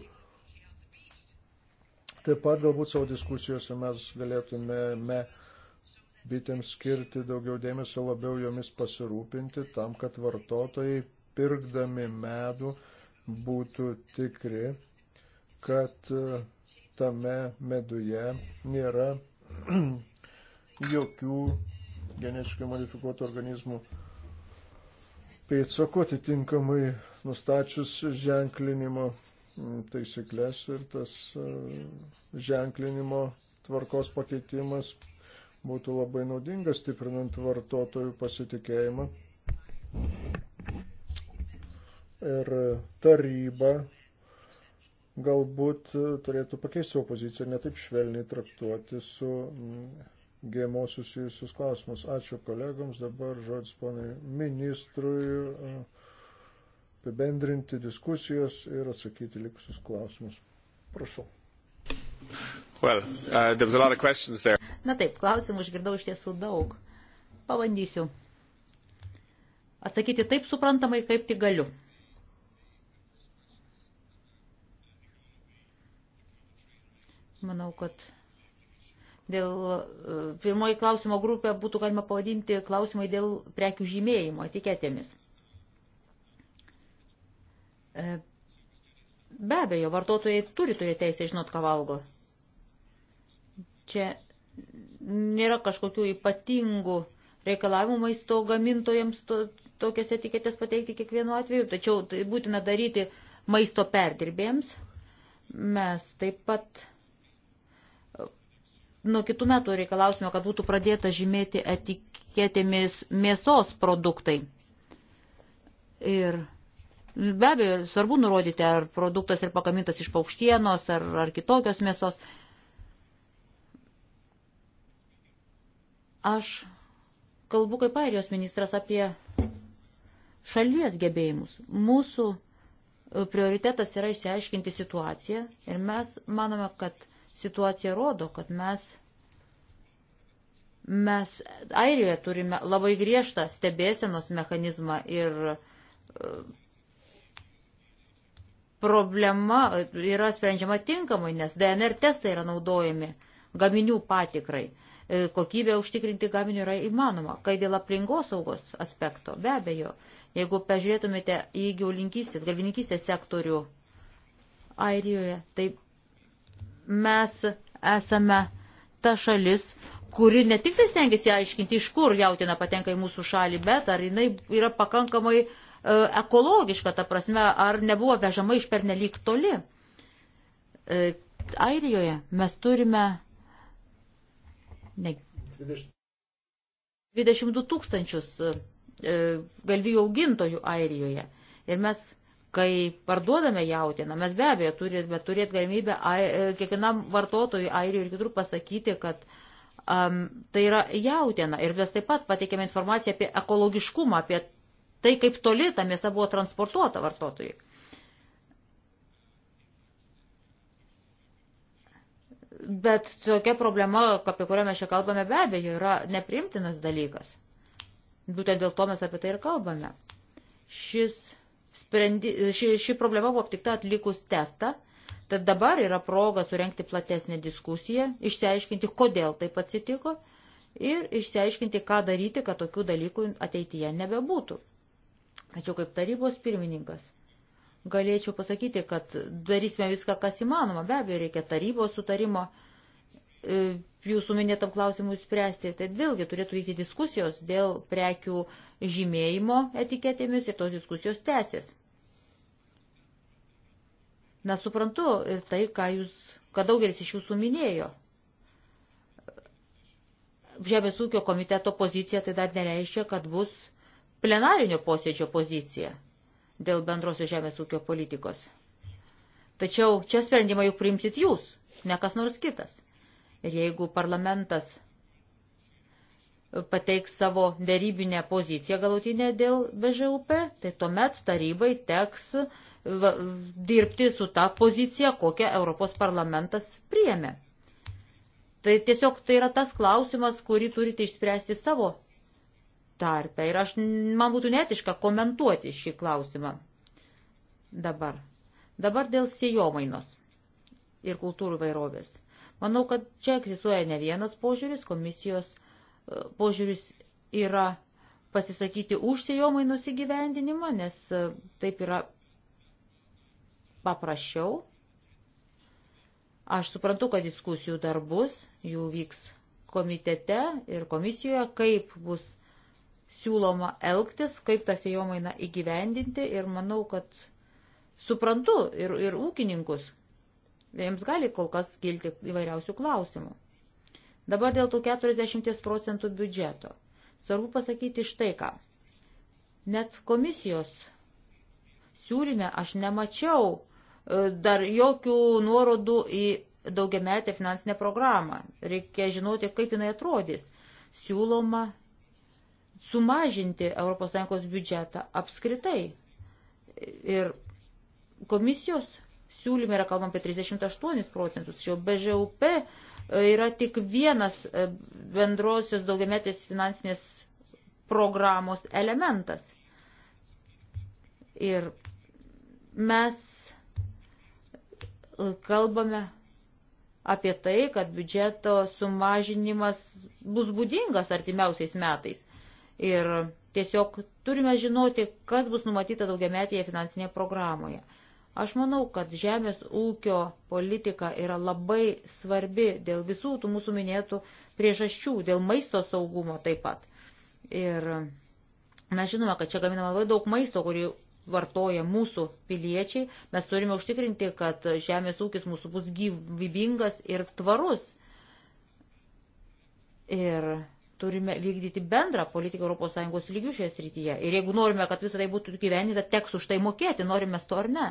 Taip pat galbūt savo diskusijose mes galėtume bitėms skirti daugiau dėmesio, labiau jomis pasirūpinti, tam, kad vartotojai pirkdami medų būtų tikri, kad e, tame meduje nėra jokių genetiškai modifikuotų organizmų pėdsakų atitinkamai nustačius ženklinimo taisyklės ir tas e, ženklinimo tvarkos pakeitimas būtų labai naudingas, stiprinant vartotojų pasitikėjimą. Ir taryba galbūt turėtų pakeisti savo poziciją ir netaip švelniai traktuoti su mm, GMO susijusius klausimus. Ačiū kolegoms, dabar žodis ponai ministrui. Uh, apibendrinti diskusijos ir atsakyti likusius klausimus. Prašau. Well, uh, Na taip, klausimų išgirdau iš tiesų daug. Pabandysiu atsakyti taip suprantamai, kaip tik galiu. Manau, kad dėl e, pirmoji klausimo grupė būtų galima pavadinti klausimai dėl prekių žymėjimo etiketėmis. E, be abejo, vartotojai turi turėti teisę žinot, ką valgo. Čia nėra kažkokių ypatingų reikalavimų maisto gamintojams to, tokias etiketės pateikti kiekvienu atveju, tačiau tai būtina daryti maisto perdirbėjams. Mes taip pat e, nuo kitų metų reikalausime, kad būtų pradėta žymėti etiketėmis mėsos produktai. Ir Be abejo, svarbu nurodyti, ar produktas yra pagamintas iš paukštienos ar, ar kitokios mėsos. Aš kalbu kaip airijos ministras apie šalies gebėjimus. Mūsų e, prioritetas yra išsiaiškinti situaciją ir mes manome, kad situacija rodo, kad mes, mes Airijoje turime labai griežtą stebėsenos mechanizmą ir e, problema yra sprendžiama tinkamai, nes DNR testai yra naudojami gaminių patikrai. E, kokybę užtikrinti gaminių yra įmanoma. Kai dėl aplinkosaugos aspekto, be abejo, jeigu pažiūrėtumėte į gyvulinkystės, galvininkystės sektorių Airijoje, tai mes esame ta šalis, kuri ne tik tai stengiasi aiškinti, iš kur jautina patenka į mūsų šalį, bet ar jinai yra pakankamai uh, E, ekologiška, ta prasme, ar nebuvo vežama iš pernelyg toli. E, Airijoje mes turime ne, 22 tūkstančius e, galvijų augintojų Airijoje. Ir mes, kai parduodame jautieną, mes be abejo turime turėti galimybę kiekvienam vartotojui Airijoje ir kitur pasakyti, kad um, tai yra jautiena. Ir mes taip pat pateikėme informaciją apie ekologiškumą, apie tai, kaip toli ta mėsa buvo transportuota vartotojai. Bet tokia problema, apie kurią mes čia kalbame, be abejo, yra neprimtinas dalykas. Būtent dėl to mes apie tai ir kalbame. Šis sprendi, ši, ši problema buvo aptikta atlikus testą, tad dabar yra proga surenkti platesnę diskusiją, išsiaiškinti, kodėl taip atsitiko ir išsiaiškinti, ką daryti, kad tokių dalykų ateityje nebebūtų. Tačiau kaip tarybos pirmininkas galėčiau pasakyti, kad darysime viską, kas įmanoma. Be abejo, reikia tarybos sutarimo e, jūsų minėtam klausimui spręsti. Tai vėlgi turėtų vykti diskusijos dėl prekių žymėjimo etiketėmis ir tos diskusijos tęsės. Na, suprantu ir tai, ką jūs, ką daugelis iš jūsų minėjo. Žemės ūkio komiteto pozicija tai dar nereiškia, kad bus plenarinio posėdžio poziciją dėl bendrosios žemės ūkio politikos. Tačiau čia sprendimą juk priimsit jūs, ne kas nors kitas. Ir jeigu parlamentas pateiks savo dėrybinę poziciją galutinę dėl BŽUP, tai tuomet tarybai teks dirbti su tą poziciją, kokią Europos parlamentas priėmė. Tai tiesiog tai yra tas klausimas, kurį turite išspręsti savo tarpe. Ir aš, man būtų netiška komentuoti šį klausimą dabar. Dabar dėl sijomainos ir kultūrų vairovės. Manau, kad čia egzistuoja ne vienas požiūris, komisijos e, požiūris yra pasisakyti už sijomainos įgyvendinimą, nes e, taip yra paprasčiau. Aš suprantu, kad diskusijų dar bus, jų vyks komitete ir komisijoje, kaip bus siūloma elgtis, kaip tą sėjomaina įgyvendinti ir manau, kad suprantu ir, ir ūkininkus. Jiems gali kol kas kilti įvairiausių klausimų. Dabar dėl tų 40 procentų biudžeto. Svarbu pasakyti štai ką. Net komisijos siūlyme aš nemačiau e, dar jokių nuorodų į daugiametę finansinę programą. Reikia žinoti, kaip jinai atrodys. Siūloma sumažinti ES biudžetą apskritai. Ir komisijos siūlyme yra kalbam apie 38 procentus, jau BŽUP e, yra tik vienas e, bendrosios daugiametės finansinės programos elementas. Ir mes e, kalbame apie tai, kad biudžeto sumažinimas bus būdingas artimiausiais metais. Ir tiesiog turime žinoti, kas bus numatyta daugiametėje finansinėje programoje. Aš manau, kad žemės ūkio politika yra labai svarbi dėl visų tų mūsų minėtų priežasčių, dėl maisto saugumo taip pat. Ir mes žinome, kad čia gaminama labai daug maisto, kurį vartoja mūsų piliečiai. Mes turime užtikrinti, kad žemės ūkis mūsų bus gyvybingas ir tvarus. Ir turime vykdyti bendrą politiką ES lygių šioje srityje. Ir jeigu norime, kad visą tai būtų gyvenita, teks už tai mokėti, norime to ar ne.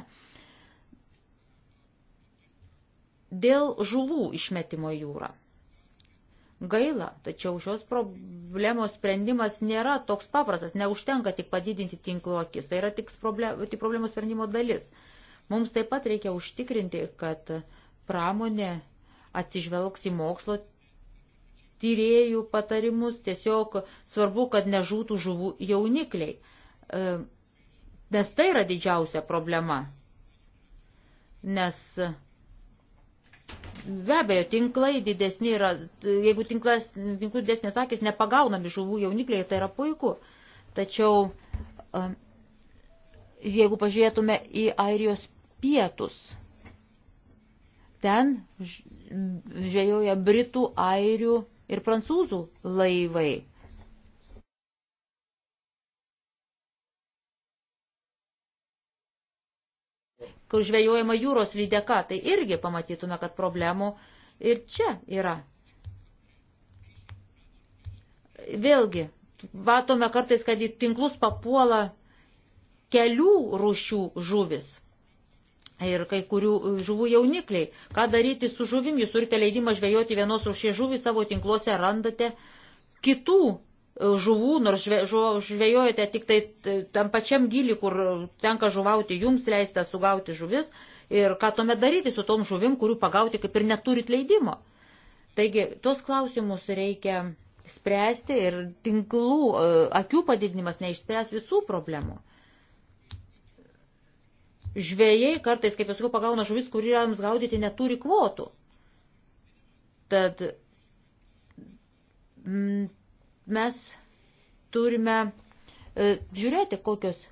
Dėl žuvų išmetimo jūrą. Gaila, tačiau šios problemos sprendimas nėra toks paprastas, neužtenka tik padidinti tinklo akis, tai yra tik, problem, tik problemos sprendimo dalis. Mums taip pat reikia užtikrinti, kad pramonė atsižvelgs į mokslo tyriejų patarimus, tiesiog svarbu, kad nežūtų žuvų jaunikliai. E, nes tai yra didžiausia problema. Nes be abejo, tinklai didesni yra, jeigu tinklas, tinklų didesnės akis, nepagaunami žuvų jaunikliai, tai yra puiku. Tačiau e, jeigu pažiūrėtume į Airijos pietus, ten žvėjoja Britų, Airių ir prancūzų laivai. kur žvejojama jūros lydeka, tai irgi pamatytume, kad problemų ir čia yra. Vėlgi, matome kartais, kad į tinklus papuola kelių rušių žuvis ir kai kurių e, žuvų jaunikliai. Ką daryti su žuvim? Jūs turite leidimą žvejoti vienos rušies žuvį, savo tinkluose randate kitų e, žuvų, nors žvejojate tik tai tam pačiam gilį, kur tenka žuvauti, jums leista sugauti žuvis. Ir ką tuomet daryti su tom žuvim, kurių pagauti kaip ir neturit leidimo. Taigi, tuos klausimus reikia spręsti ir tinklų e, akių padidinimas neišspręs visų problemų žvėjai kartais, kaip jau sakiau, pagauna žuvis, kuriems gaudyti neturi kvotų. Tad mm, mes turime e, žiūrėti, kokios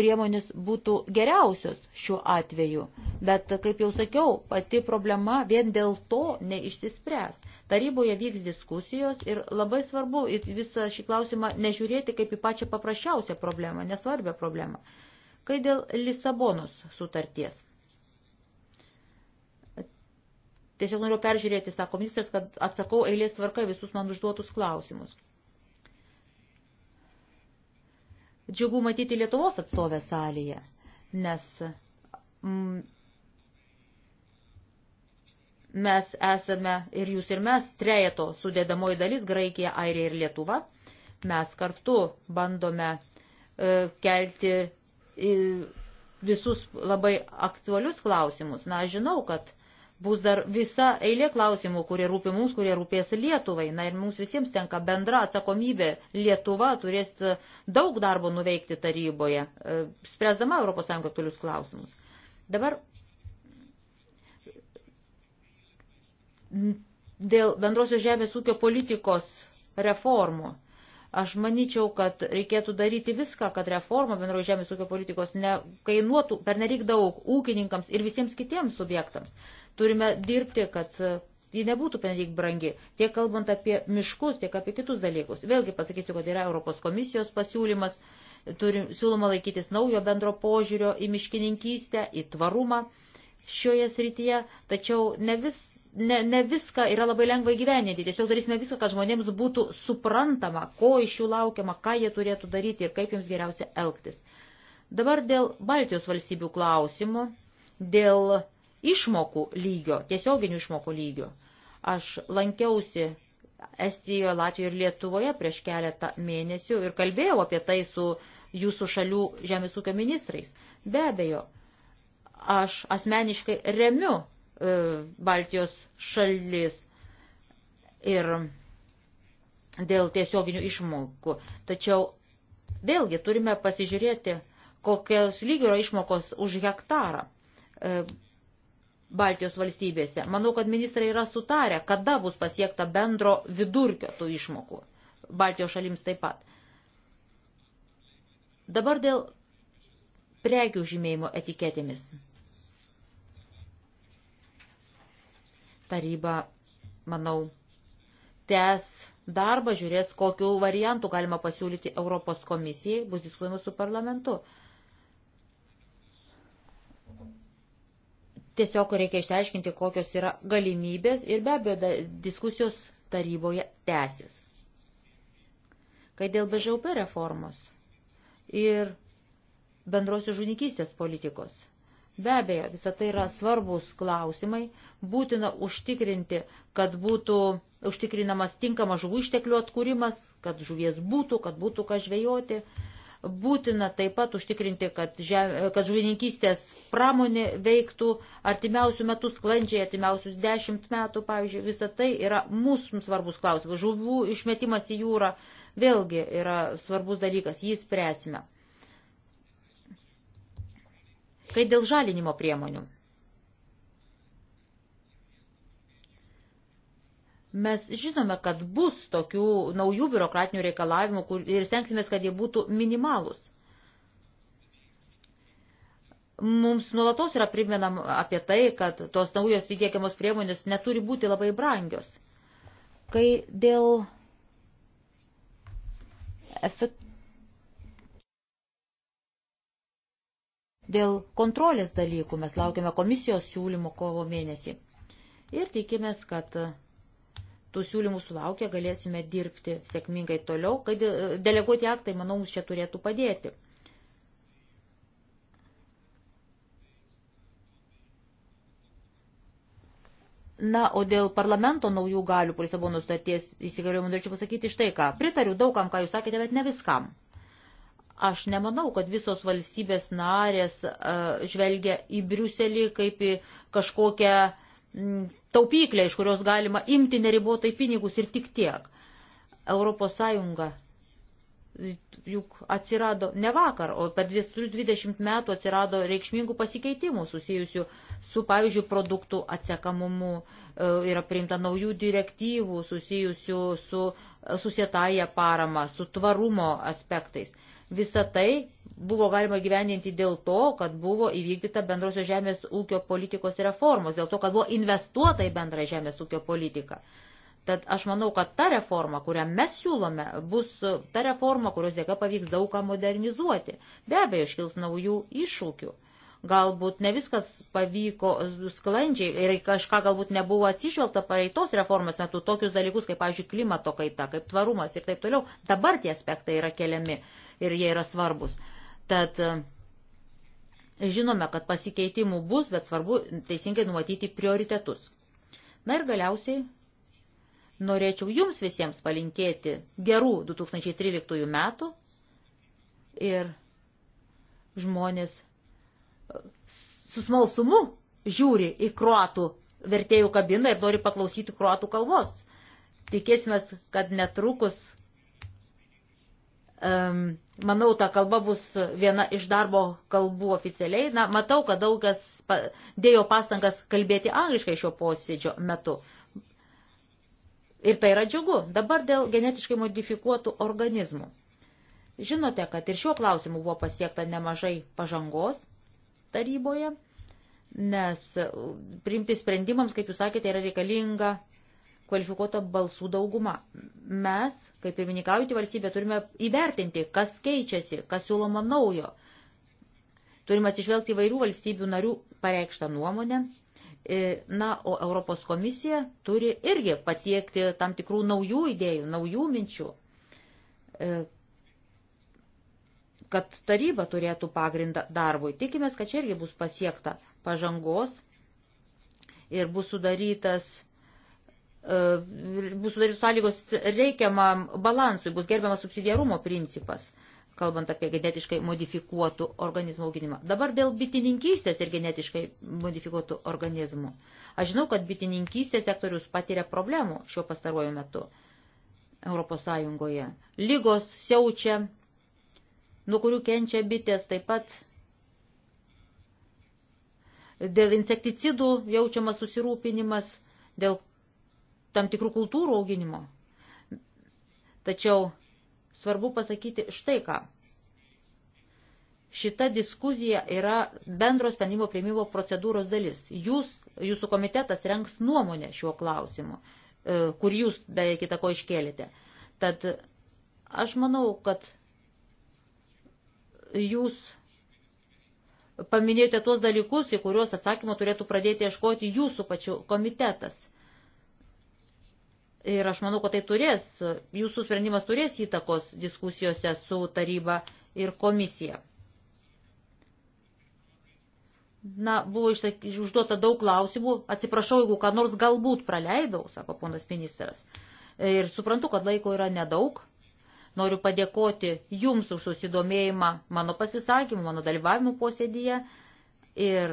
priemonės būtų geriausios šiuo atveju. Bet, kaip jau sakiau, pati problema vien dėl to neišsispręs. Taryboje vyks diskusijos ir labai svarbu visą šį klausimą nežiūrėti kaip į pačią paprasčiausią problemą, nesvarbę problemą. Kai dėl Lisabonos sutarties. Tiesiog noriu peržiūrėti, sako ministras, kad atsakau eilės tvarka visus man užduotus klausimus. Džiugu matyti Lietuvos atstovę salėje, nes mm, mes esame ir jūs ir mes trejeto sudėdamoji dalis Graikija, Airija ir Lietuva. Mes kartu bandome e, kelti visus labai aktualius klausimus. Na, žinau, kad bus dar visa eilė klausimų, kurie rūpi mums, kurie rūpės Lietuvai. Na ir mums visiems tenka bendra atsakomybė. Lietuva turės daug darbo nuveikti taryboje, e, spręsdama ES aktualius klausimus. Dabar dėl bendrosios žemės ūkio politikos reformų. Aš manyčiau, kad reikėtų daryti viską, kad reforma bendroji žemės ūkio politikos nekainuotų per nelik daug ūkininkams ir visiems kitiems subjektams. Turime dirbti, kad e, ji nebūtų penedik brangi, tiek kalbant apie miškus, tiek apie kitus dalykus. Vėlgi pasakysiu, kad yra Europos komisijos pasiūlymas, turim, siūloma laikytis naujo bendro požiūrio į miškininkystę, į tvarumą šioje srityje, tačiau ne vis ne, ne viską yra labai lengva įgyveninti. Tiesiog darysime viską, kad žmonėms būtų suprantama, ko iš jų laukiama, ką jie turėtų daryti ir kaip jums geriausia elgtis. Dabar dėl Baltijos valstybių klausimų, dėl išmokų lygio, tiesioginių išmokų lygio. Aš lankiausi Estijoje, Latvijoje ir Lietuvoje prieš keletą mėnesių ir kalbėjau apie tai su jūsų šalių žemės ūkio ministrais. Be abejo, aš asmeniškai remiu E, Baltijos šalis ir dėl tiesioginių išmokų. Tačiau vėlgi turime pasižiūrėti, kokios lygio yra išmokos už hektarą e, Baltijos valstybėse. Manau, kad ministrai yra sutarę, kada bus pasiekta bendro vidurkio tų išmokų. Baltijos šalims taip pat. Dabar dėl prekių žymėjimo etiketėmis. Taryba, manau, tęs darbą, žiūrės, kokiu variantu galima pasiūlyti Europos komisijai, bus diskutuojama su parlamentu. Tiesiog reikia išsiaiškinti, kokios yra galimybės ir be abejo diskusijos taryboje tęsis. Kai dėl BŽUP reformos ir bendrosios žunikystės politikos – Be abejo, visą tai yra svarbus klausimai. Būtina užtikrinti, kad būtų užtikrinamas tinkamas žuvų išteklių atkūrimas, kad žuvies būtų, kad būtų ką žvejoti. Būtina taip pat užtikrinti, kad, žem, kad žuvininkystės pramonė veiktų artimiausių metų sklandžiai, artimiausius dešimt metų, pavyzdžiui, visa tai yra mūsų svarbus klausimas. Žuvų išmetimas į jūrą vėlgi yra svarbus dalykas, jį spręsime. Kai dėl žalinimo priemonių. Mes žinome, kad bus tokių naujų biurokratinių reikalavimų kur, ir stengsime, kad jie būtų minimalūs. Mums nuolatos yra primenam apie tai, kad tos naujos įdėkiamos priemonės neturi būti labai brangios. Kai dėl efektyvumo Dėl kontrolės dalykų mes laukiame komisijos siūlymų kovo mėnesį. Ir tikimės, kad tų siūlymų sulaukę galėsime dirbti sėkmingai toliau, kad deleguoti aktai, manau, mums čia turėtų padėti. Na, o dėl parlamento naujų galių po Lisabono sutarties įsigaliojimo norėčiau pasakyti štai ką. Pritariu daugam, ką jūs sakėte, bet ne viskam. Aš nemanau, kad visos valstybės narės e, žvelgia į Briuselį kaip į kažkokią taupyklę, iš kurios galima imti neribotai pinigus ir tik tiek. Europos Sąjunga juk atsirado ne vakar, o per 20 metų atsirado reikšmingų pasikeitimų susijusių su, pavyzdžiui, produktų atsekamumu. E, yra priimta naujų direktyvų susijusių su e, susietaja parama, su tvarumo aspektais. Visą tai buvo galima gyveninti dėl to, kad buvo įvykdyta bendrosios žemės ūkio politikos reformos, dėl to, kad buvo investuota į bendrą žemės ūkio politiką. Tad aš manau, kad ta reforma, kurią mes siūlome, bus ta reforma, kurios dėka pavyks daug ką modernizuoti. Be abejo, iškils naujų iššūkių. Galbūt ne viskas pavyko sklandžiai ir kažką galbūt nebuvo atsižvelgta pareitos reformos metu, tokius dalykus kaip, pavyzdžiui, klimato kaita, kaip tvarumas ir taip toliau. Dabar tie aspektai yra keliami. Uh, ir jie yra svarbus. Tad e, žinome, kad pasikeitimų bus, bet svarbu teisingai numatyti prioritetus. Na ir galiausiai norėčiau jums visiems palinkėti gerų 2013 metų ir žmonės e, su smalsumu žiūri į kruatų vertėjų kabiną ir nori paklausyti kruatų kalbos. Tikėsime, kad netrukus um, Manau, ta kalba bus viena iš darbo kalbų oficialiai. Na, matau, kad daug kas dėjo pastangas kalbėti angliškai šio posėdžio metu. Ir tai yra džiugu. Dabar dėl genetiškai modifikuotų organizmų. Žinote, kad ir šiuo klausimu buvo pasiekta nemažai pažangos taryboje, nes priimti sprendimams, kaip jūs sakėte, yra reikalinga kvalifikuota balsų dauguma. Mes, kaip pirmininkaujantį valstybę, turime įvertinti, kas keičiasi, kas siūloma naujo. Turime atsižvelgti įvairių valstybių narių pareikštą nuomonę. E, na, o Europos komisija turi irgi patiekti tam tikrų naujų idėjų, naujų minčių, e, kad taryba turėtų pagrindą darbui. Tikimės, kad čia irgi bus pasiekta pažangos ir bus sudarytas E, bus sudarytos sąlygos reikiamam balansui, bus gerbiamas subsidiarumo principas, kalbant apie genetiškai modifikuotų organizmų auginimą. Dabar dėl bitininkystės ir genetiškai modifikuotų organizmų. Aš žinau, kad bitininkystės sektorius patiria problemų šiuo pastaruoju metu Europos Sąjungoje. Lygos siaučia, nuo kurių kenčia bitės, taip pat dėl insekticidų jaučiamas susirūpinimas, dėl tam tikrų kultūrų auginimo. Tačiau svarbu pasakyti štai ką. Šita diskusija yra bendro sprendimo prieimimo procedūros dalis. Jūs, jūsų komitetas renks nuomonę šiuo klausimu, e, kur jūs beje kitą ko iškėlėte. Tad aš manau, kad jūs paminėjote tuos dalykus, į kuriuos atsakymą turėtų pradėti ieškoti jūsų pačių komitetas. Ir aš manau, kad tai turės, jūsų sprendimas turės įtakos diskusijose su taryba ir komisija. Na, buvo išsak... užduota daug klausimų. Atsiprašau, jeigu ką nors galbūt praleidau, sako ponas ministras. Ir suprantu, kad laiko yra nedaug. Noriu padėkoti Jums už susidomėjimą mano pasisakymu, mano dalyvavimu posėdyje. Ir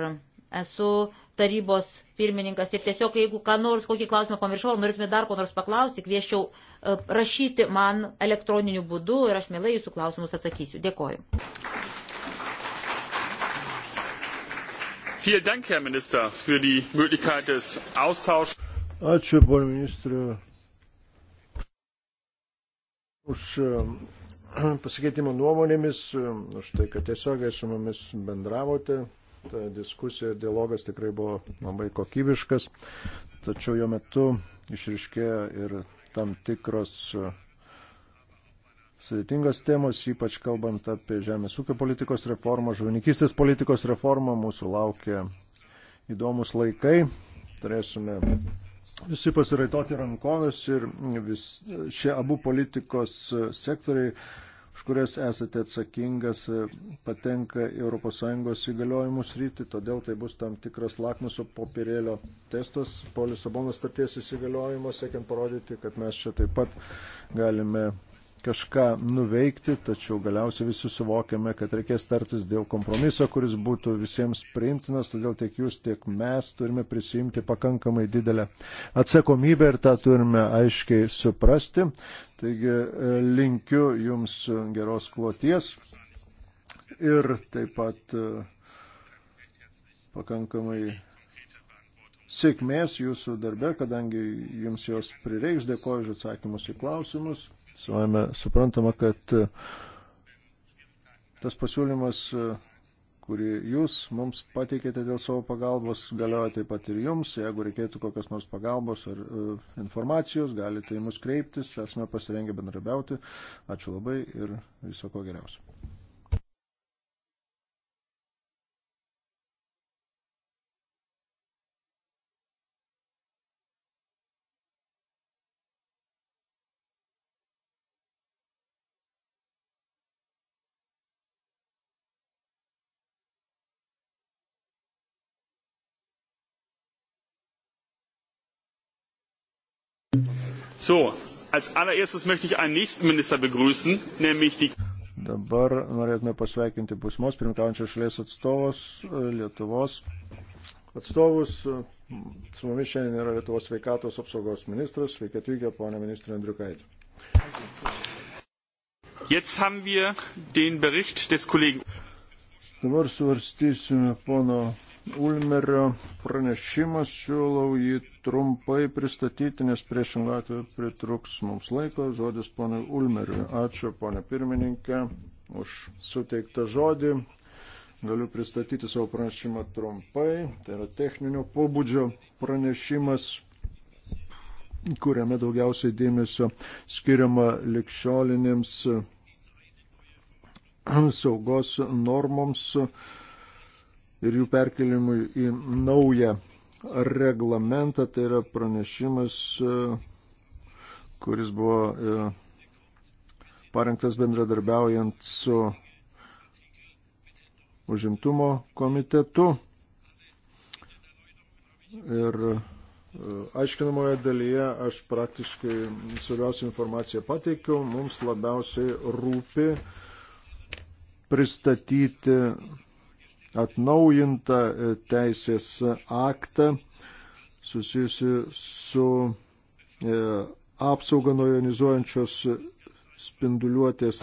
esu tarybos pirmininkas ir tiesiog jeigu ką nors, kokį klausimą pamiršau, ar norėtume dar ko nors paklausti, kvieščiau e, rašyti man elektroniniu būdu ir aš mielai jūsų klausimus atsakysiu. Dėkoju. Vielen Dank, Herr Minister, für die Möglichkeit des Austauschs. Ačiū, pone ministrė, už e, pasikeitimą nuomonėmis, e, už tai, kad tiesiogiai su mumis bendravote. Ta diskusija ir dialogas tikrai buvo labai kokybiškas, tačiau jo metu išriškėjo ir tam tikros e, sudėtingos temos, ypač kalbant apie žemės ūkio politikos reformą, žuvininkystės politikos reformą, mūsų laukia įdomus laikai, turėsime visi pasiraitoti rankovės ir vis, šie abu politikos sektoriai už kurias esate atsakingas, e, patenka ES įgaliojimus rytį, todėl tai bus tam tikras lakmuso popierėlio testas po Lisabono starties įsigaliojimo, siekiant parodyti, kad mes čia taip pat galime kažką nuveikti, tačiau galiausiai visi suvokiame, kad reikės tartis dėl kompromiso, kuris būtų visiems priimtinas, todėl tiek jūs, tiek mes turime prisimti pakankamai didelę atsakomybę ir tą turime aiškiai suprasti. Taigi e, linkiu jums geros kloties ir taip pat e, pakankamai sėkmės jūsų darbe, kadangi jums jos prireiks. Dėkoju už atsakymus į klausimus. Savame suprantama, kad e, tas pasiūlymas, e, kurį jūs mums pateikėte dėl savo pagalbos, galioja taip pat ir jums. Jeigu reikėtų kokios nors pagalbos ar e, informacijos, galite į mus kreiptis, esame pasirengę bendrabiauti. Ačiū labai ir viso ko geriausio. So, als allererstes möchte ich einen nächsten Minister begrüßen, nämlich die. Dabar norėtume pasveikinti būsimos pirmkaujančios šalies atstovos, e, Lietuvos atstovus. Su mumis šiandien yra Lietuvos sveikatos apsaugos ministras. Sveiki atvykę, ponė ministrė Andriukaitė. Jetzt haben wir den Bericht des Kollegen. Dabar svarstysime pono Ulmerio pranešimą, siūlau jį trumpai pristatyti, nes priešingų atveju pritruks mums laiko. Žodis ponui Ulmeriui. Ačiū, ponė pirmininkė, už suteiktą žodį. Galiu pristatyti savo pranešimą trumpai. Tai yra techninio pobūdžio pranešimas, kuriame daugiausiai dėmesio skiriama likščiolinėms saugos normoms ir jų perkelimui į naują reglamentą, tai yra pranešimas, e, kuris buvo e, parengtas bendradarbiaujant su užimtumo komitetu. Ir e, aiškinamoje dalyje aš praktiškai svarbiausią informaciją pateikiau. Mums labiausiai rūpi pristatyti atnaujintą e, teisės aktą susijusi su e, apsauga nuo jonizuojančios spinduliuotės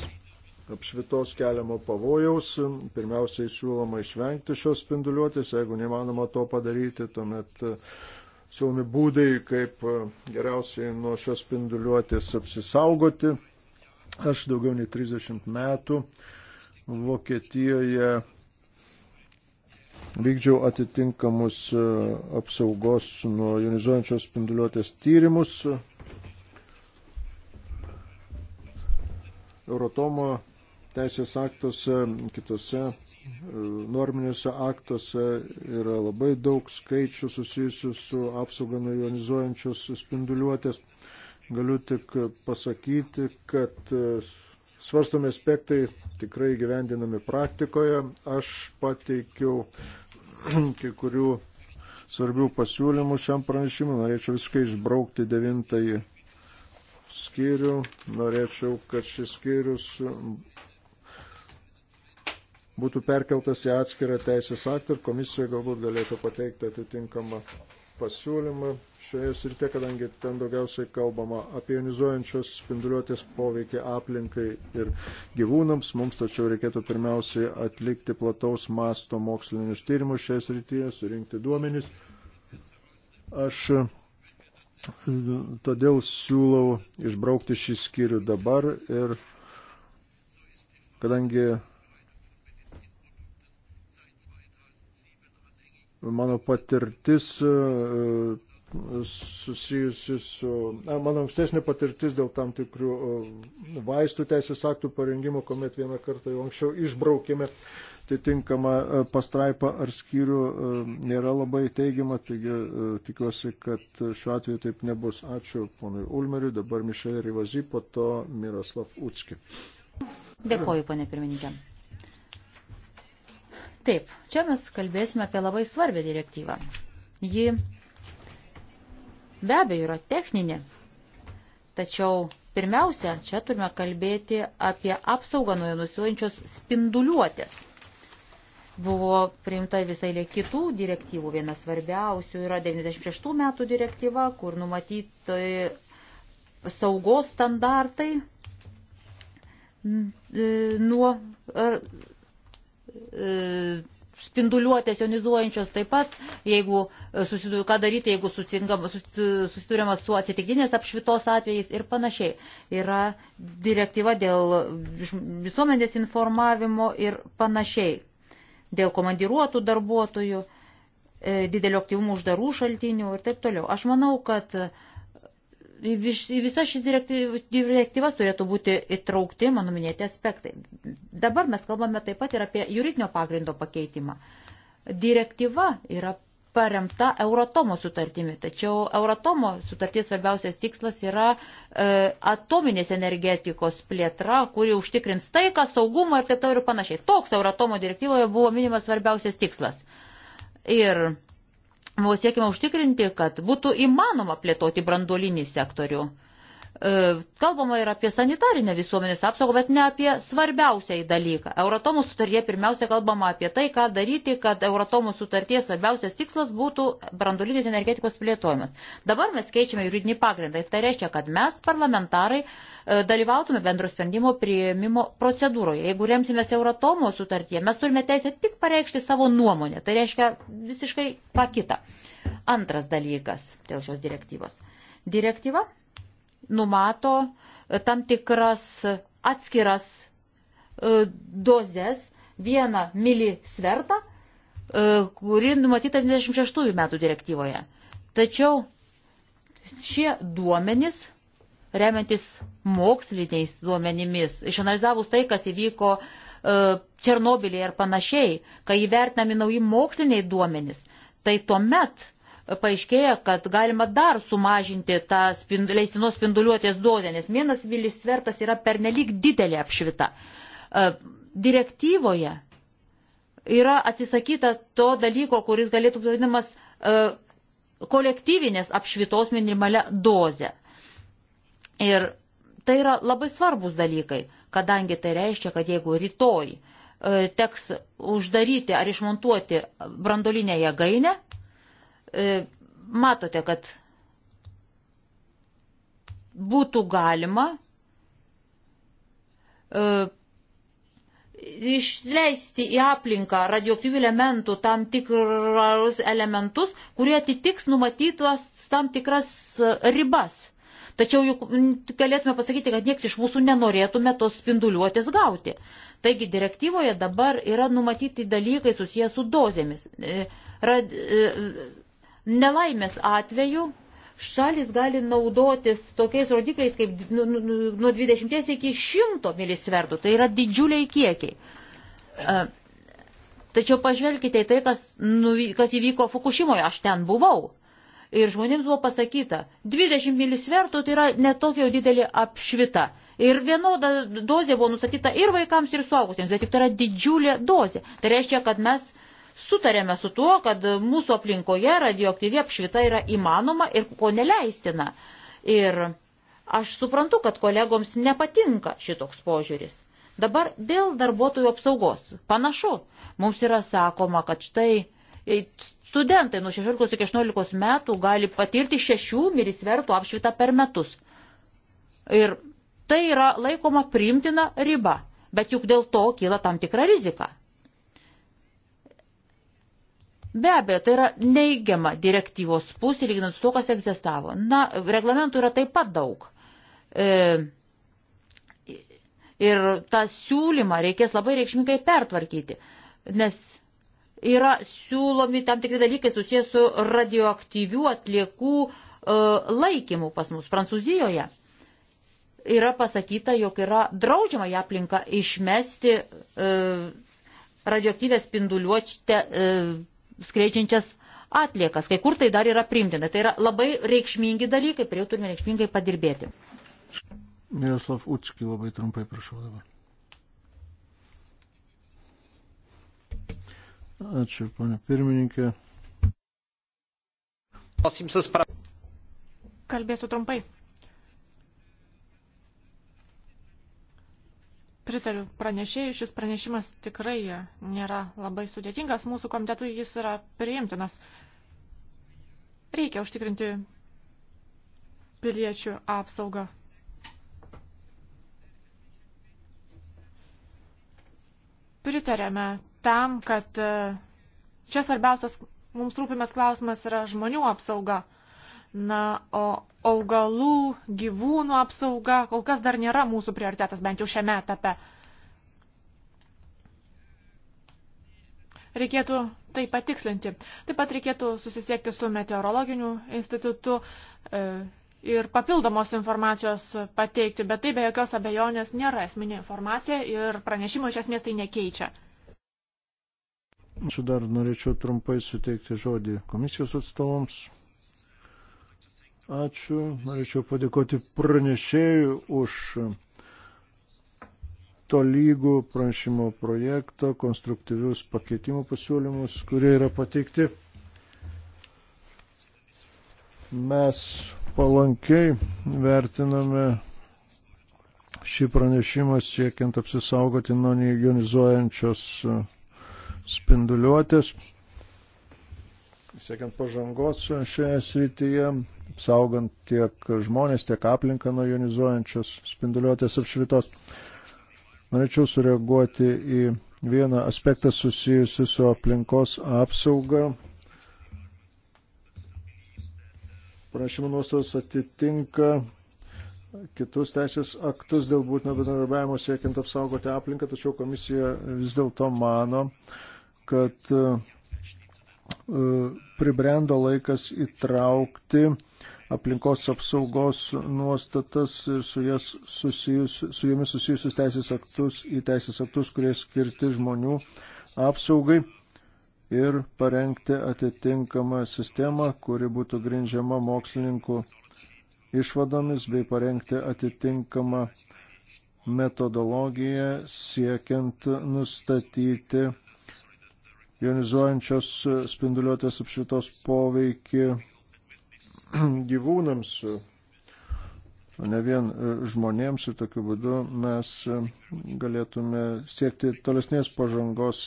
apšvitos keliamo pavojaus. Pirmiausiai siūloma išvengti šios spinduliuotės, jeigu nemanoma to padaryti, tuomet e, siūlomi būdai, kaip geriausiai nuo šios spinduliuotės apsisaugoti. Aš daugiau nei 30 metų Vokietijoje vykdžiau atitinkamus e, apsaugos nuo jonizuojančios spinduliuotės tyrimus. Euratomo teisės aktuose, kitose e, norminėse aktuose yra labai daug skaičių susijusių su apsauga nuo jonizuojančios spinduliuotės. Galiu tik pasakyti, kad e, svarstomi aspektai tikrai gyvendinami praktikoje. Aš pateikiau kai kurių svarbių pasiūlymų šiam pranešimui. Norėčiau visiškai išbraukti devintąjį skyrių. Norėčiau, kad šis skyrius būtų perkeltas į atskirą teisės aktą ir komisija galbūt galėtų pateikti atitinkamą pasiūlymą šioje srityje, kadangi ten daugiausiai kalbama apie jonizuojančios spinduliuotės poveikį aplinkai ir gyvūnams. Mums tačiau reikėtų pirmiausiai atlikti plataus masto mokslinius tyrimus šioje srityje, surinkti duomenys. Aš e, todėl siūlau išbraukti šį skyrių dabar ir kadangi mano patirtis e, e, susijusi su, na, mano ankstesnė patirtis dėl tam tikrų e, vaistų teisės aktų parengimo, kuomet vieną kartą jau anksčiau išbraukėme atitinkamą pastraipą ar skyrių, nėra labai teigiama, taigi tikiuosi, kad šiuo atveju taip nebus. Ačiū ponui Ulmeriui, dabar Mišelė Rivazy, po to Miroslav Utski. Dėkoju, ponė pirmininkė. Taip, čia mes kalbėsime apie labai svarbę direktyvą. Ji be abejo yra techninė, tačiau pirmiausia, čia turime kalbėti apie apsaugą nuo nusiuojančios spinduliuotės. Buvo priimta visai lė kitų direktyvų, viena svarbiausių yra 96 metų direktyva, kur numatyti saugos standartai e, nuo E, spinduliuotės jonizuojančios taip pat, jeigu e, susidūrė, ką daryti, jeigu susidūrėma su atsitiktinės apšvitos atvejais ir panašiai. Yra direktyva dėl visuomenės informavimo ir panašiai. Dėl komandiruotų darbuotojų, e, didelio aktyvumų uždarų šaltinių ir taip toliau. Aš manau, kad uh, į visas šis direktyvas turėtų būti įtraukti mano minėti aspektai. Dabar mes kalbame taip pat ir apie juridinio pagrindo pakeitimą. Direktyva yra paremta Euratomo sutartimi, tačiau Euratomo sutarties svarbiausias tikslas yra e, atominės energetikos plėtra, kuri užtikrins taiką, saugumą ir taip toliau ir panašiai. Toks Euratomo direktyvoje buvo minimas svarbiausias tikslas. Ir Buvo siekima užtikrinti, kad būtų įmanoma plėtoti branduolinį sektorių. E, kalbama ir apie sanitarinę visuomenės apsaugą, bet ne apie svarbiausiai dalyką. Euratomo sutartyje pirmiausia kalbama apie tai, ką daryti, kad Euratomo sutarties svarbiausias tikslas būtų brandulinės energetikos plėtojimas. Dabar mes keičiame juridinį pagrindą ir tai reiškia, kad mes parlamentarai e, dalyvautume bendro sprendimo prieimimo procedūroje. Jeigu remsimės Euratomo sutartyje, mes turime teisę tik pareikšti savo nuomonę. Tai reiškia visiškai ką kita. Antras dalykas dėl šios direktyvos. Direktyva numato e, tam tikras atskiras e, dozes, vieną milisvertą, e, kuri numatyta 96 metų direktyvoje. Tačiau šie duomenys, remiantis moksliniais duomenimis, išanalizavus tai, kas įvyko Černobilėje ir panašiai, kai įvertinami nauji moksliniai duomenys, tai tuomet paaiškėja, kad galima dar sumažinti tą spindu, leistinos spinduliuotės dozę, nes vienas vilis svertas yra pernelyg didelė apšvita. E, direktyvoje yra atsisakyta to dalyko, kuris galėtų būti vadinamas e, kolektyvinės apšvitos minimalia doze. Ir tai yra labai svarbus dalykai, kadangi tai reiškia, kad jeigu rytoj e, teks uždaryti ar išmontuoti brandolinę jėgainę, E, matote, kad būtų galima e, išleisti į aplinką radioaktyvių elementų tam tikrus elementus, kurie atitiks numatytas tam tikras e, ribas. Tačiau juk galėtume pasakyti, kad niekas iš mūsų nenorėtume tos spinduliuotės gauti. Taigi direktyvoje dabar yra numatyti dalykai susijęs su dozėmis. Rad, Nelaimės atveju šalis gali naudotis tokiais rodikliais kaip nu, nu, nu, nuo 20 iki 100 milisvertų. Tai yra didžiuliai kiekiai. Tačiau pažvelkite į tai, kas, nuvy, kas įvyko Fukushimoje. Aš ten buvau. Ir žmonėms buvo pasakyta, 20 milisvertų tai yra netokia jau didelė apšvita. Ir vienoda dozė buvo nustatyta ir vaikams, ir suaugusiems, bet tik tai yra didžiulė dozė. Tai reiškia, kad mes uh, sutarėme su tuo, kad mūsų aplinkoje radioaktyvi apšvita yra įmanoma ir ko neleistina. Ir aš suprantu, kad kolegoms nepatinka šitoks požiūris. Dabar dėl darbuotojų apsaugos. Panašu, mums yra sakoma, kad štai e, studentai nuo 16 iki 18 metų gali patirti 6 milisvertų apšvitą per metus. Ir tai yra laikoma priimtina riba, bet juk dėl to kyla tam tikra rizika. Be abejo, tai yra neigiama direktyvos pusė, lyginant su to, kas egzistavo. Na, reglamentų yra taip pat daug. E, ir tą siūlymą reikės labai reikšmingai pertvarkyti, nes yra siūlomi tam tikri dalykai susijęs su radioaktyvių atliekų e, laikymu pas mus Prancūzijoje. Yra pasakyta, jog yra draudžiama į aplinką išmesti e, radioaktyvę spinduliuočtę. E, skleidžiančias atliekas. Kai kur tai dar yra primtina. Tai yra labai reikšmingi dalykai, prie jų turime reikšmingai padirbėti. Miroslav Utski labai trumpai prašau dabar. Ačiū, ponė pirmininkė. Kalbėsiu trumpai. pritariu pranešėjui, šis pranešimas tikrai nėra labai sudėtingas, mūsų komitetui jis yra priimtinas. Reikia užtikrinti piliečių apsaugą. Pritarėme tam, kad e, čia svarbiausias mums rūpimas klausimas yra žmonių apsauga. Na, o augalų, gyvūnų apsauga kol kas dar nėra mūsų prioritetas, bent jau šiame etape. Reikėtų tai patikslinti. Taip pat reikėtų susisiekti su meteorologiniu institutu e, ir papildomos informacijos pateikti, bet tai be jokios abejonės nėra esminė informacija ir pranešimo iš esmės tai nekeičia. Aš dar norėčiau trumpai suteikti žodį komisijos atstovams. Ačiū. Norėčiau padėkoti pranešėjui už tolygų pranešimo projektą, konstruktyvius pakeitimų pasiūlymus, kurie yra pateikti. Mes palankiai vertiname šį pranešimą siekiant apsisaugoti nuo neionizuojančios spinduliuotės siekiant pažangos šioje srityje, saugant tiek žmonės, tiek aplinką nuo jonizuojančios spinduliuotės apšvitos. Norėčiau sureaguoti į vieną aspektą susijusi su aplinkos apsauga. Prašymo nuostos atitinka kitus teisės aktus dėl būtino bendradarbiavimo siekiant apsaugoti aplinką, tačiau komisija vis dėlto mano, kad uh, E, pribrendo laikas įtraukti aplinkos apsaugos nuostatas ir su, susijus, su jomis susijusius teisės aktus į teisės aktus, kurie skirti žmonių apsaugai ir parengti atitinkamą sistemą, kuri būtų grindžiama mokslininkų išvadomis bei parengti atitinkamą metodologiją siekiant nustatyti jonizuojančios e, spinduliuotės apšvitos poveikį gyvūnams, o ne vien e, žmonėms ir tokiu būdu mes e, galėtume siekti tolesnės pažangos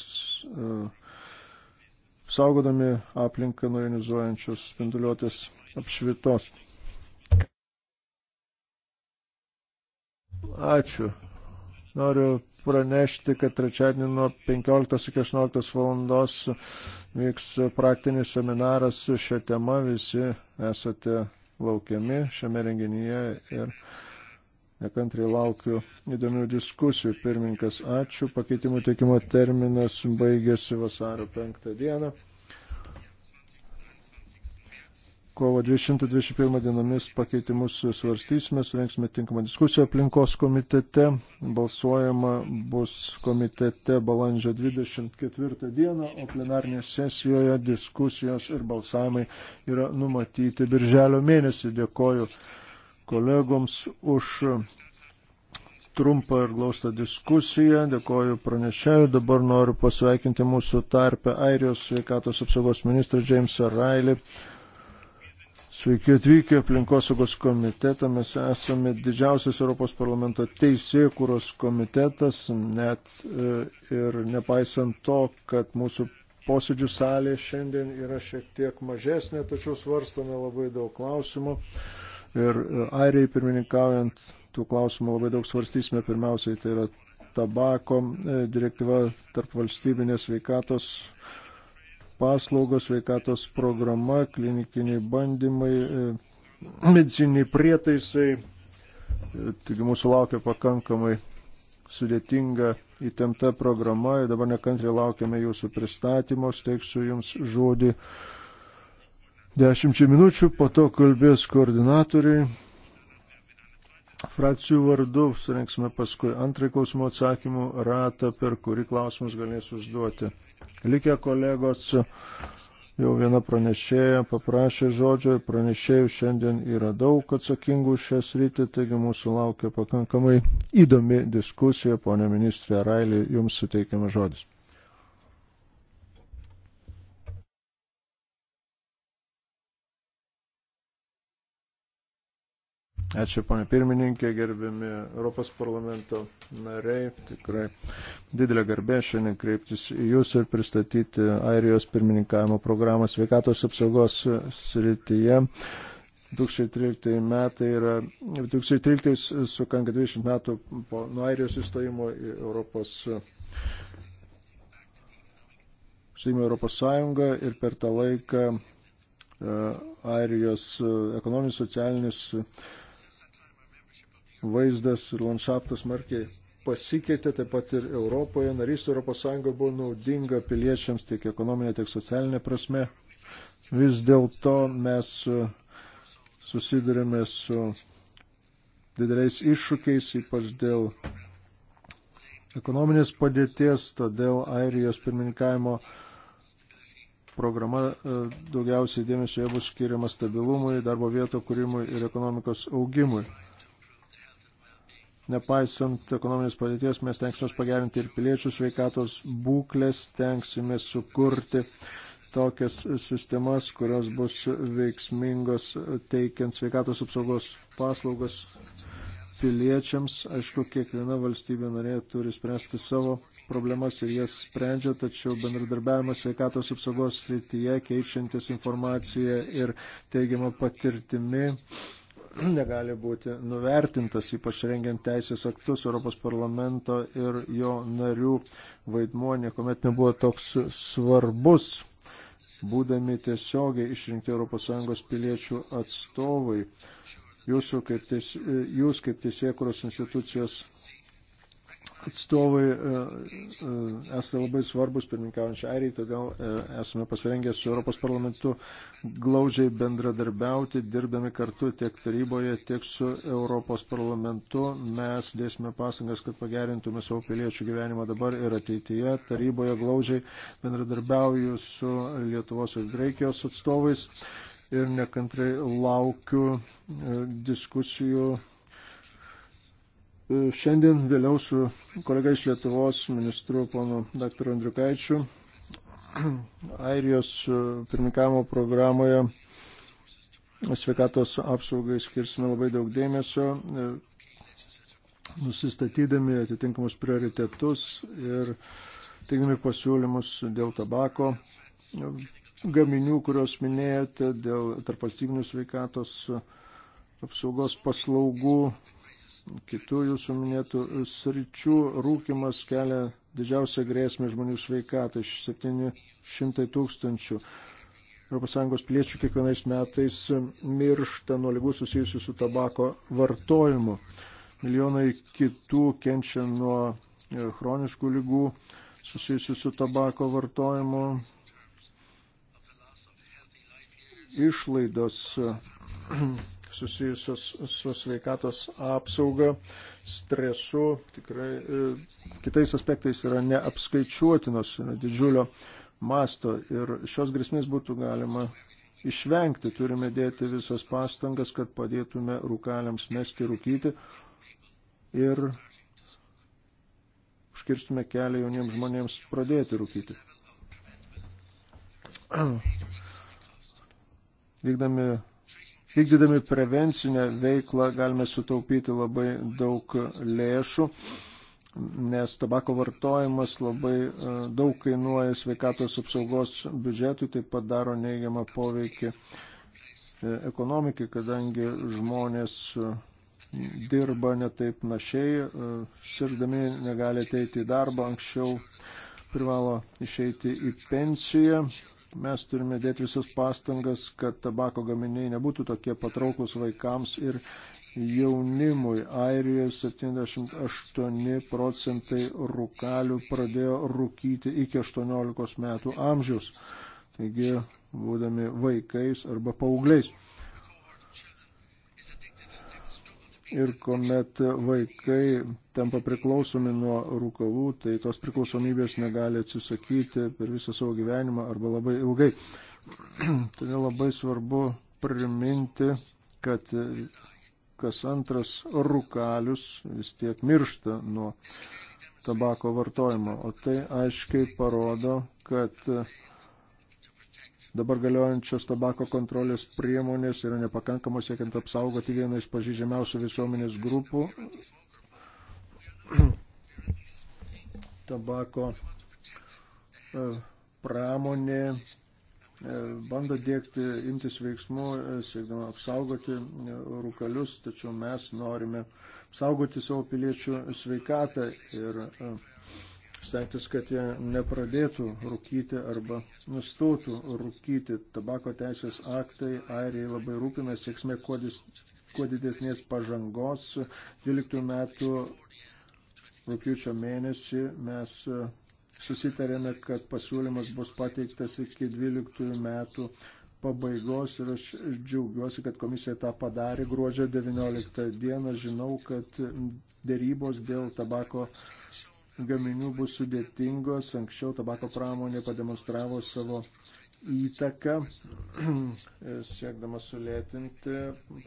saugodami aplinką nuo jonizuojančios spinduliuotės apšvitos. Ačiū. Noriu pranešti, kad trečiadienį nuo 15 iki 18 valandos vyks praktinis seminaras su šia tema. Visi esate laukiami šiame renginyje ir nekantriai laukiu įdomių diskusijų. Pirmininkas, ačiū. Pakeitimų teikimo terminas baigėsi vasario 5 dieną. kovo 221 dienomis pakeitimus svarstysime, surinksime tinkamą diskusiją aplinkos komitete. Balsuojama bus komitete balandžio 24 dieną, o plenarnėje sesijoje diskusijos ir balsavimai yra numatyti birželio mėnesį. Dėkoju kolegoms už trumpą ir glaustą diskusiją. Dėkoju pranešėjui. Dabar noriu pasveikinti mūsų tarpę Airijos sveikatos apsaugos ministrą Jamesą Railį. Sveiki atvykę aplinkosaugos komitetą. Mes esame didžiausias Europos parlamento teisėkūros komitetas, net e, ir nepaisant to, kad mūsų posėdžių salė šiandien yra šiek tiek mažesnė, tačiau svarstame labai daug klausimų. Ir e, airiai pirmininkaujant tų klausimų labai daug svarstysime. Pirmiausiai tai yra tabako e, direktyva tarp valstybinės veikatos paslaugos, sveikatos programa, klinikiniai bandymai, e, mediciniai prietaisai. E, taigi mūsų laukia pakankamai sudėtinga įtempta programa ir dabar nekantriai laukiame jūsų pristatymo, steiksiu jums žodį dešimčiai minučių, po to kalbės koordinatoriai. Frakcijų vardu surinksime paskui antrąjį klausimų atsakymų ratą, per kurį klausimus galės užduoti. Likę kolegos, jau viena pranešėja paprašė žodžio ir pranešėjų šiandien yra daug atsakingų šią sritį, taigi mūsų laukia pakankamai įdomi diskusija. Pone ministrė Railį, jums suteikiamas žodis. Ačiū, ponė pirmininkė, gerbiami Europos parlamento nariai. Tikrai didelė garbė šiandien kreiptis į Jūs ir pristatyti Airijos pirmininkavimo programą sveikatos apsaugos srityje. 2013 metai yra, 2013 sukanka 20 metų po nuo Airijos įstojimo į Europos Seimo Europos Sąjungą ir per tą laiką e, Airijos e, ekonominis, socialinis vaizdas ir landšaftas markiai pasikeitė, taip pat ir Europoje. Narystė Europos Sąjunga buvo naudinga piliečiams tiek ekonominė, tiek socialinė prasme. Vis dėlto mes e, susidurime su dideliais iššūkiais, ypač dėl ekonominės padėties, todėl Airijos pirmininkavimo programa e, daugiausiai dėmesio bus skiriama stabilumui, darbo vieto kūrimui ir ekonomikos augimui. Nepaisant ekonominės padėties, mes tenksimės pagerinti ir piliečių sveikatos būklės, tenksimės sukurti tokias sistemas, kurios bus veiksmingos teikiant sveikatos apsaugos paslaugas piliečiams. Aišku, kiekviena valstybė narė turi spręsti savo problemas ir jas sprendžia, tačiau bendradarbiavimas sveikatos apsaugos srityje, keičiantis informaciją ir teigiamą patirtimi negali būti nuvertintas, ypač rengiant teisės aktus Europos parlamento ir jo narių vaidmuo niekuomet nebuvo toks svarbus, būdami tiesiogiai išrinkti ES piliečių atstovai. Jūsų kaip teis, jūs kaip teisėkuros institucijos atstovai e, e, esate labai svarbus pirmininkaujančiai airiai, todėl e, esame pasirengę su Europos parlamentu glaudžiai bendradarbiauti, dirbdami kartu tiek taryboje, tiek su Europos parlamentu. Mes dėsime pastangas, kad pagerintume savo piliečių gyvenimą dabar ir ateityje. Taryboje glaudžiai bendradarbiauju su Lietuvos ir Graikijos atstovais ir nekantrai laukiu diskusijų E, šiandien vėliau su kolega iš Lietuvos ministru ponu dr. Andriukaičiu Airijos e, pirmikavimo programoje sveikatos apsaugai skirsime labai daug dėmesio, e, nusistatydami atitinkamus prioritetus ir teikdami pasiūlymus dėl tabako gaminių, kuriuos minėjote, dėl tarpvalstybinių sveikatos apsaugos paslaugų kitų jūsų minėtų sričių rūkimas kelia didžiausią grėsmę žmonių sveikatai - 700 tūkstančių. ES piliečių kiekvienais metais miršta nuo lygų susijusių su tabako vartojimu. Milijonai kitų kenčia nuo e, chroniškų lygų susijusių su tabako vartojimu. Išlaidos susijusios su sveikatos apsauga, stresu, tikrai e, kitais aspektais yra neapskaičiuotinos, yra didžiulio masto ir šios grėsmės būtų galima išvengti. Turime dėti visas pastangas, kad padėtume rūkaliams mesti rūkyti ir užkirstume kelią jauniems žmonėms pradėti rūkyti. Vykdami vykdydami prevencinę veiklą galime sutaupyti labai daug lėšų nes tabako vartojimas labai e, daug kainuoja sveikatos apsaugos biudžetui, taip pat daro neigiamą poveikį e, ekonomikai, kadangi žmonės e, dirba netaip našiai, sirdami negali ateiti į darbą, anksčiau privalo išeiti į pensiją, Mes turime dėti visas pastangas, kad tabako gaminiai nebūtų tokie patrauklus vaikams ir jaunimui. Airijoje 78 procentai rūkalių pradėjo rūkyti iki 18 metų amžiaus, taigi būdami vaikais arba paaugliais ir kuomet vaikai tampa priklausomi nuo rūkalų, tai tos priklausomybės negali atsisakyti per visą savo gyvenimą arba labai ilgai. Todėl labai svarbu priminti, kad kas antras rūkalius vis tiek miršta nuo tabako vartojimo. O tai aiškiai parodo, kad dabar galiojančios tabako kontrolės priemonės yra nepakankamos siekiant apsaugoti vieną iš pažydžiamiausių visuomenės grupų tabako e, pramonė e, bando dėkti, imtis veiksmų, e, siekdama apsaugoti rūkalius, tačiau mes norime apsaugoti savo piliečių sveikatą ir uh, stengtis, kad jie nepradėtų rūkyti arba nustotų rūkyti. Tabako teisės aktai airiai labai rūpina sieksmė kuo, dis, kuo didesnės pažangos. 12 metų rūpiučio mėnesį mes e, susitarėme, kad pasiūlymas bus pateiktas iki 12 metų pabaigos ir aš džiaugiuosi, kad komisija tą padarė gruodžio 19 dieną. Žinau, kad dėrybos dėl tabako gaminių bus sudėtingos. Anksčiau tabako pramonė pademonstravo savo įtaką, siekdama sulėtinti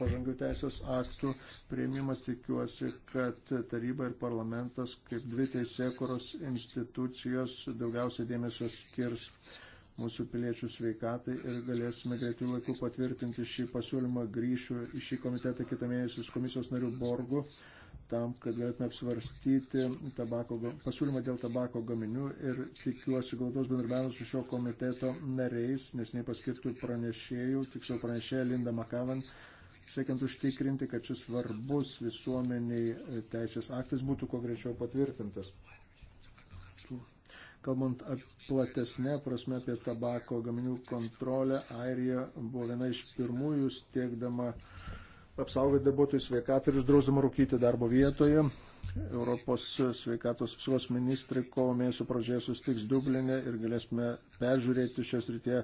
pažangių teisės aktų prieimimą. Tikiuosi, kad taryba ir parlamentas, kaip dvi teisėkuros institucijos, daugiausiai dėmesio skirs mūsų piliečių sveikatai ir galėsime greitų laikų patvirtinti šį pasiūlymą grįšiu į šį komitetą kitą mėnesį su komisijos nariu Borgu tam, kad galėtume apsvarstyti tabako, pasiūlymą dėl tabako gaminių ir tikiuosi glaudos bendradarbiavimus su šio komiteto nariais, nes nepaskirtų pranešėjų, tiksliau pranešėja Linda Makavan, siekiant užtikrinti, kad šis svarbus visuomeniai e, teisės aktas būtų kuo greičiau patvirtintas. Kalbant platesnė prasme apie tabako gaminių kontrolę, Airija buvo viena iš pirmųjų stiekdama uh, apsaugoti darbuotojų sveikatą ir uždrausdama rūkyti darbo vietoje. Europos sveikatos apsaugos ministrai kovo mėnesio pradžioje sustiks Dublinė ir galėsime peržiūrėti šias rytėje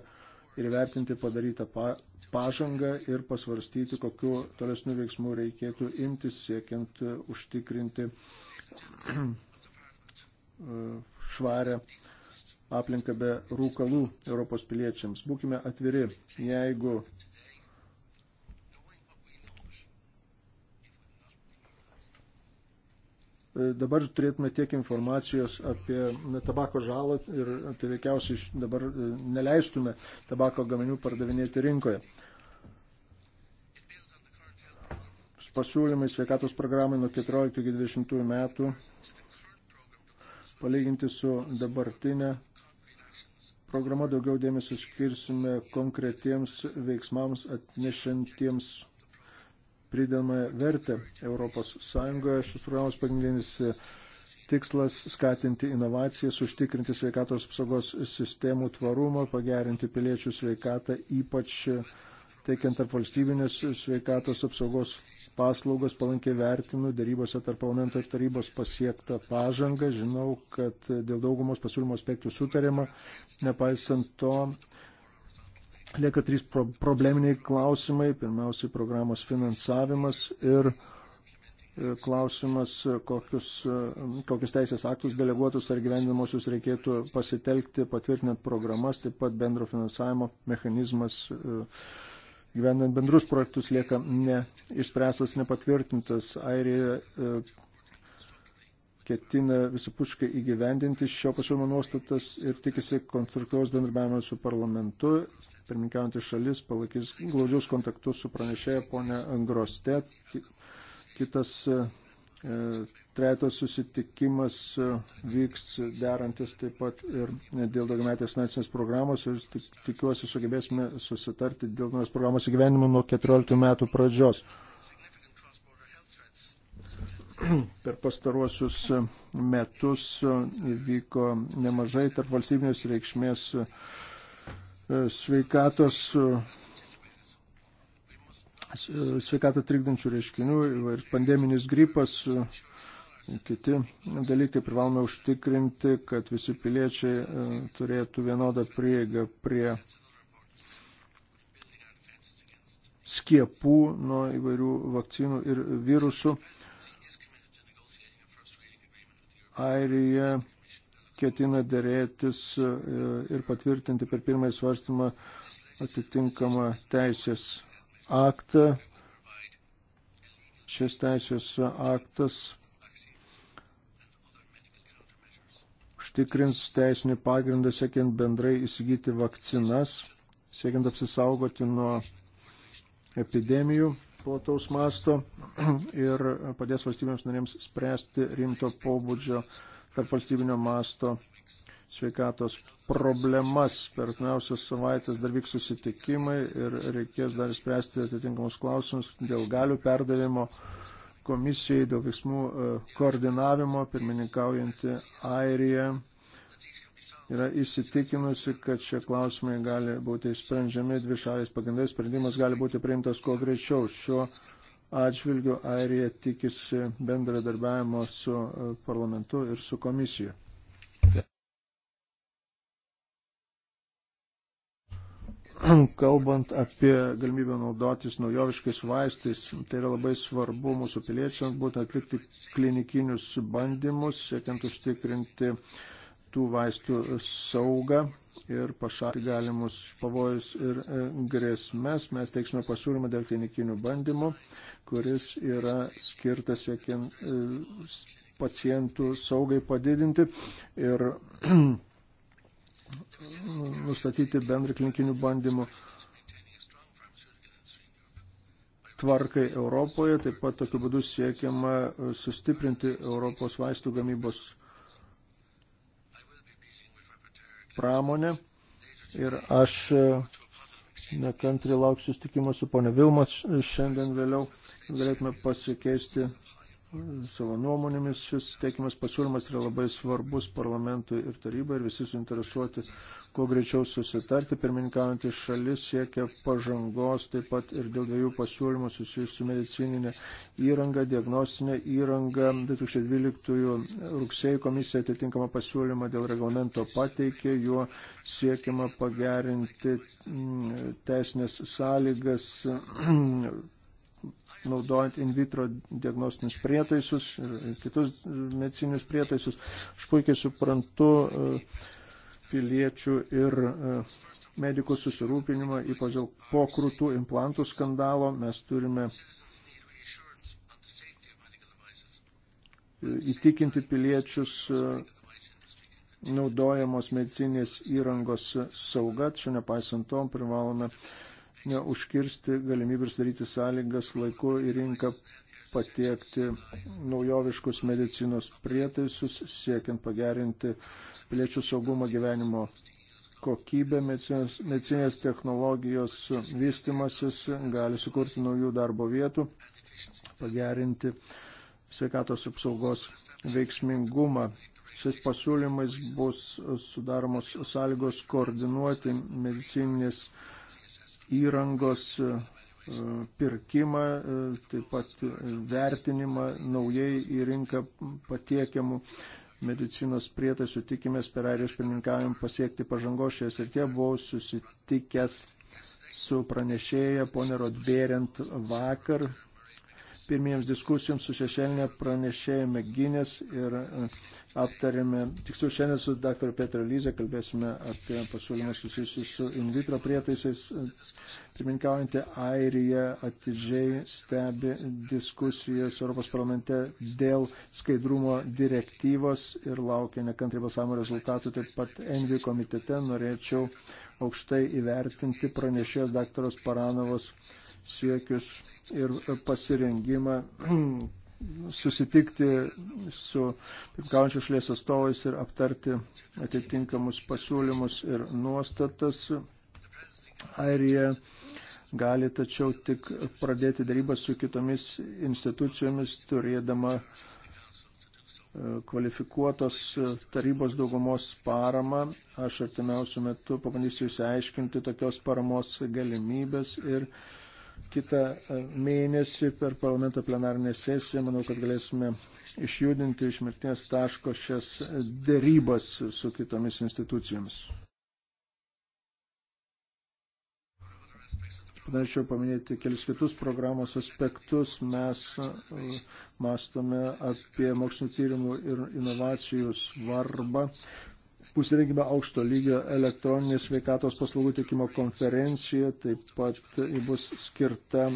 ir vertinti padarytą pa pažangą ir pasvarstyti, kokiu tolesniu veiksmu reikėtų imtis siekiant užtikrinti švarę aplinką be rūkalų Europos piliečiams. Būkime atviri, jeigu E, dabar turėtume tiek informacijos apie tabako žalą ir tai veikiausiai dabar e, neleistume tabako gaminių pardavinėti rinkoje. Pasiūlymai sveikatos programai nuo 14-20 metų palyginti su dabartinė programa daugiau dėmesio skirsime konkretiems veiksmams atnešantiems pridedamąją vertę Europos Sąjungoje. Šios programos pagrindinis e, tikslas - skatinti inovacijas, užtikrinti sveikatos apsaugos sistemų tvarumą, pagerinti piliečių sveikatą, ypač e, teikiant tarp valstybinės sveikatos apsaugos paslaugas, palankiai vertinu darybose tarp parlamento ir tarybos pasiektą pažangą. Žinau, kad dėl daugumos pasiūlymo aspektų sutarėma. Nepaisant to, Lieka trys pro probleminiai klausimai. Pirmiausiai programos finansavimas ir e, klausimas, e, kokius, e, kokius teisės aktus deleguotus ar gyvendinamosius reikėtų pasitelkti, patvirtinant programas, taip pat bendro finansavimo mechanizmas gyvendant bendrus projektus lieka neišspręstas, nepatvirtintas. Airija ketina visapuškai įgyvendinti šio pasiūlymo nuostatas ir tikisi konstruktyvaus bendradarbiavimo su parlamentu pirmininkiaujantis šalis palaikys glaudžius kontaktus su pranešėja ponė Groste. Kitas e, trejatos susitikimas e, vyks derantis taip pat ir dėl daugiametės finansinės programos ir tikiuosi sugebėsime susitarti dėl naujos programos įgyvenimo nuo 14 metų pradžios. Per pastaruosius e, metus vyko nemažai tarp valstybinės reikšmės uh, E, sveikatos e, e, sveikatą trikdančių reiškinių, pandeminis gripas, kiti dalykai privalome užtikrinti, kad visi piliečiai turėtų vienodą prieigą prie skiepų nuo įvairių vakcinų ir virusų. Airija ketina dėrėtis e, ir patvirtinti per pirmąjį svarstymą atitinkamą teisės aktą. Šis teisės aktas užtikrins teisinį pagrindą siekiant bendrai įsigyti vakcinas, siekiant apsisaugoti nuo epidemijų plataus masto ir padės valstybėms narėms spręsti rimto pobūdžio uh, tarp valstybinio masto sveikatos problemas. Per artimiausias savaitės dar vyks susitikimai ir reikės dar spręsti atitinkamus klausimus dėl galių perdavimo komisijai, dėl veiksmų e, koordinavimo, pirmininkaujanti Airija. Yra įsitikinusi, kad šie klausimai gali būti sprendžiami dvi šalės pagrindais, sprendimas gali būti priimtas kuo greičiau. Šiuo atžvilgių Airija tikisi bendradarbiavimo su e, parlamentu ir su komisija. Kalbant apie galimybę naudotis naujoviškais vaistais, tai yra labai svarbu mūsų piliečiams būtent atlikti klinikinius bandymus, siekiant užtikrinti tų vaistų saugą ir pašalinti galimus pavojus ir e, grėsmes. Mes teiksime pasiūlymą dėl klinikinių bandymų kuris yra skirtas siekiant e, pacientų saugai padidinti ir nustatyti bendrą klinikinių bandymų tvarkai Europoje. Taip pat tokiu būdu siekiama e, sustiprinti Europos vaistų gamybos pramonę. Ir aš e, nekantri lauksiu sustikimo su ponia Vilmas šiandien vėliau, galėtume pasikeisti savo nuomonėmis. Šis teikiamas pasiūlymas yra labai svarbus parlamentui ir tarybai ir visi suinteresuoti, kuo greičiau susitarti. Pirmininkaujantis šalis siekia pažangos taip pat ir dėl dviejų pasiūlymų susijusių su medicininė įranga, diagnostinė įranga. 2012 rugsėjai komisija atitinkamą pasiūlymą dėl reglamento pateikė, juo siekiama pagerinti mm, teisinės sąlygas naudojant in vitro diagnostinius prietaisus ir kitus medicinius prietaisus. Aš puikiai suprantu e, piliečių ir e, medikų susirūpinimą, ypač dėl po krūtų implantų skandalo. Mes turime e, įtikinti piliečius naudojamos medicinės įrangos sauga, čia nepaisant to privalome uh, neužkirsti galimybę ir sudaryti sąlygas laiku į rinką patiekti naujoviškus medicinos prietaisus, siekiant pagerinti piliečių saugumą gyvenimo kokybę, medicinės, medicinės technologijos vystimasis gali sukurti naujų darbo vietų, pagerinti sveikatos apsaugos veiksmingumą. Šiais pasiūlymais bus sudaromos sąlygos koordinuoti medicinės įrangos e, pirkimą, e, taip pat e, vertinimą naujai į rinką patiekiamų medicinos prietaisų. Tikimės per airijos pirmininkavimą pasiekti pažangos šioje srityje. Buvau susitikęs su pranešėja ponė Rodbėrent vakar pirmiems diskusijoms su šešėlinė pranešėjame Ginės ir e, aptarėme, tiksliau šiandien su dr. Petra Lyze kalbėsime apie pasiūlymą susijusius su in vitro prietaisais. E, Pirminkaujantį Airiją atidžiai stebi diskusijas Europos parlamente dėl skaidrumo direktyvos ir laukia nekantrį balsavimo rezultatų. Taip pat Envi komitete norėčiau aukštai įvertinti pranešėjos daktaros Paranovos siekius ir pasirengimą susitikti su pirkaujančių šalies atstovais ir aptarti atitinkamus pasiūlymus ir nuostatas. Airija gali tačiau tik pradėti darybą su kitomis institucijomis, turėdama uh, kvalifikuotos tarybos daugumos paramą. Aš artimiausių metų pabandysiu įsiaiškinti tokios paramos galimybės ir kitą mėnesį per parlamento plenarinę sesiją manau, kad galėsime išjudinti iš mirties taško šias dėrybas su kitomis institucijomis. Norėčiau paminėti kelis kitus programos aspektus. Mes uh, mastome apie mokslinio tyrimų ir inovacijų svarbą. Pusirengime aukšto lygio elektroninės sveikatos paslaugų teikimo konferenciją, taip pat bus skirta,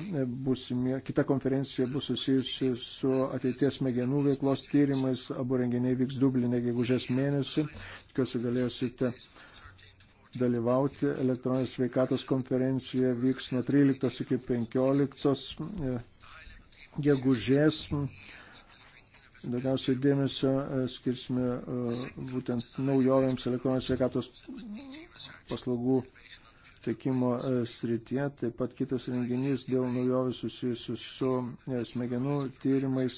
busimė, kita konferencija bus susijusi su ateities smegenų veiklos tyrimais, abu renginiai vyks Dublinė gegužės mėnesį, tikiuosi galėsite uh, dalyvauti. Elektroninės sveikatos konferencija vyks nuo 13 iki 15 e, gegužės. Daugiausiai dėmesio e, skirsime e, būtent naujovėms elektroninės sveikatos paslaugų tiekimo srityje. Taip pat kitas renginys dėl naujovių susijusių su smegenų tyrimais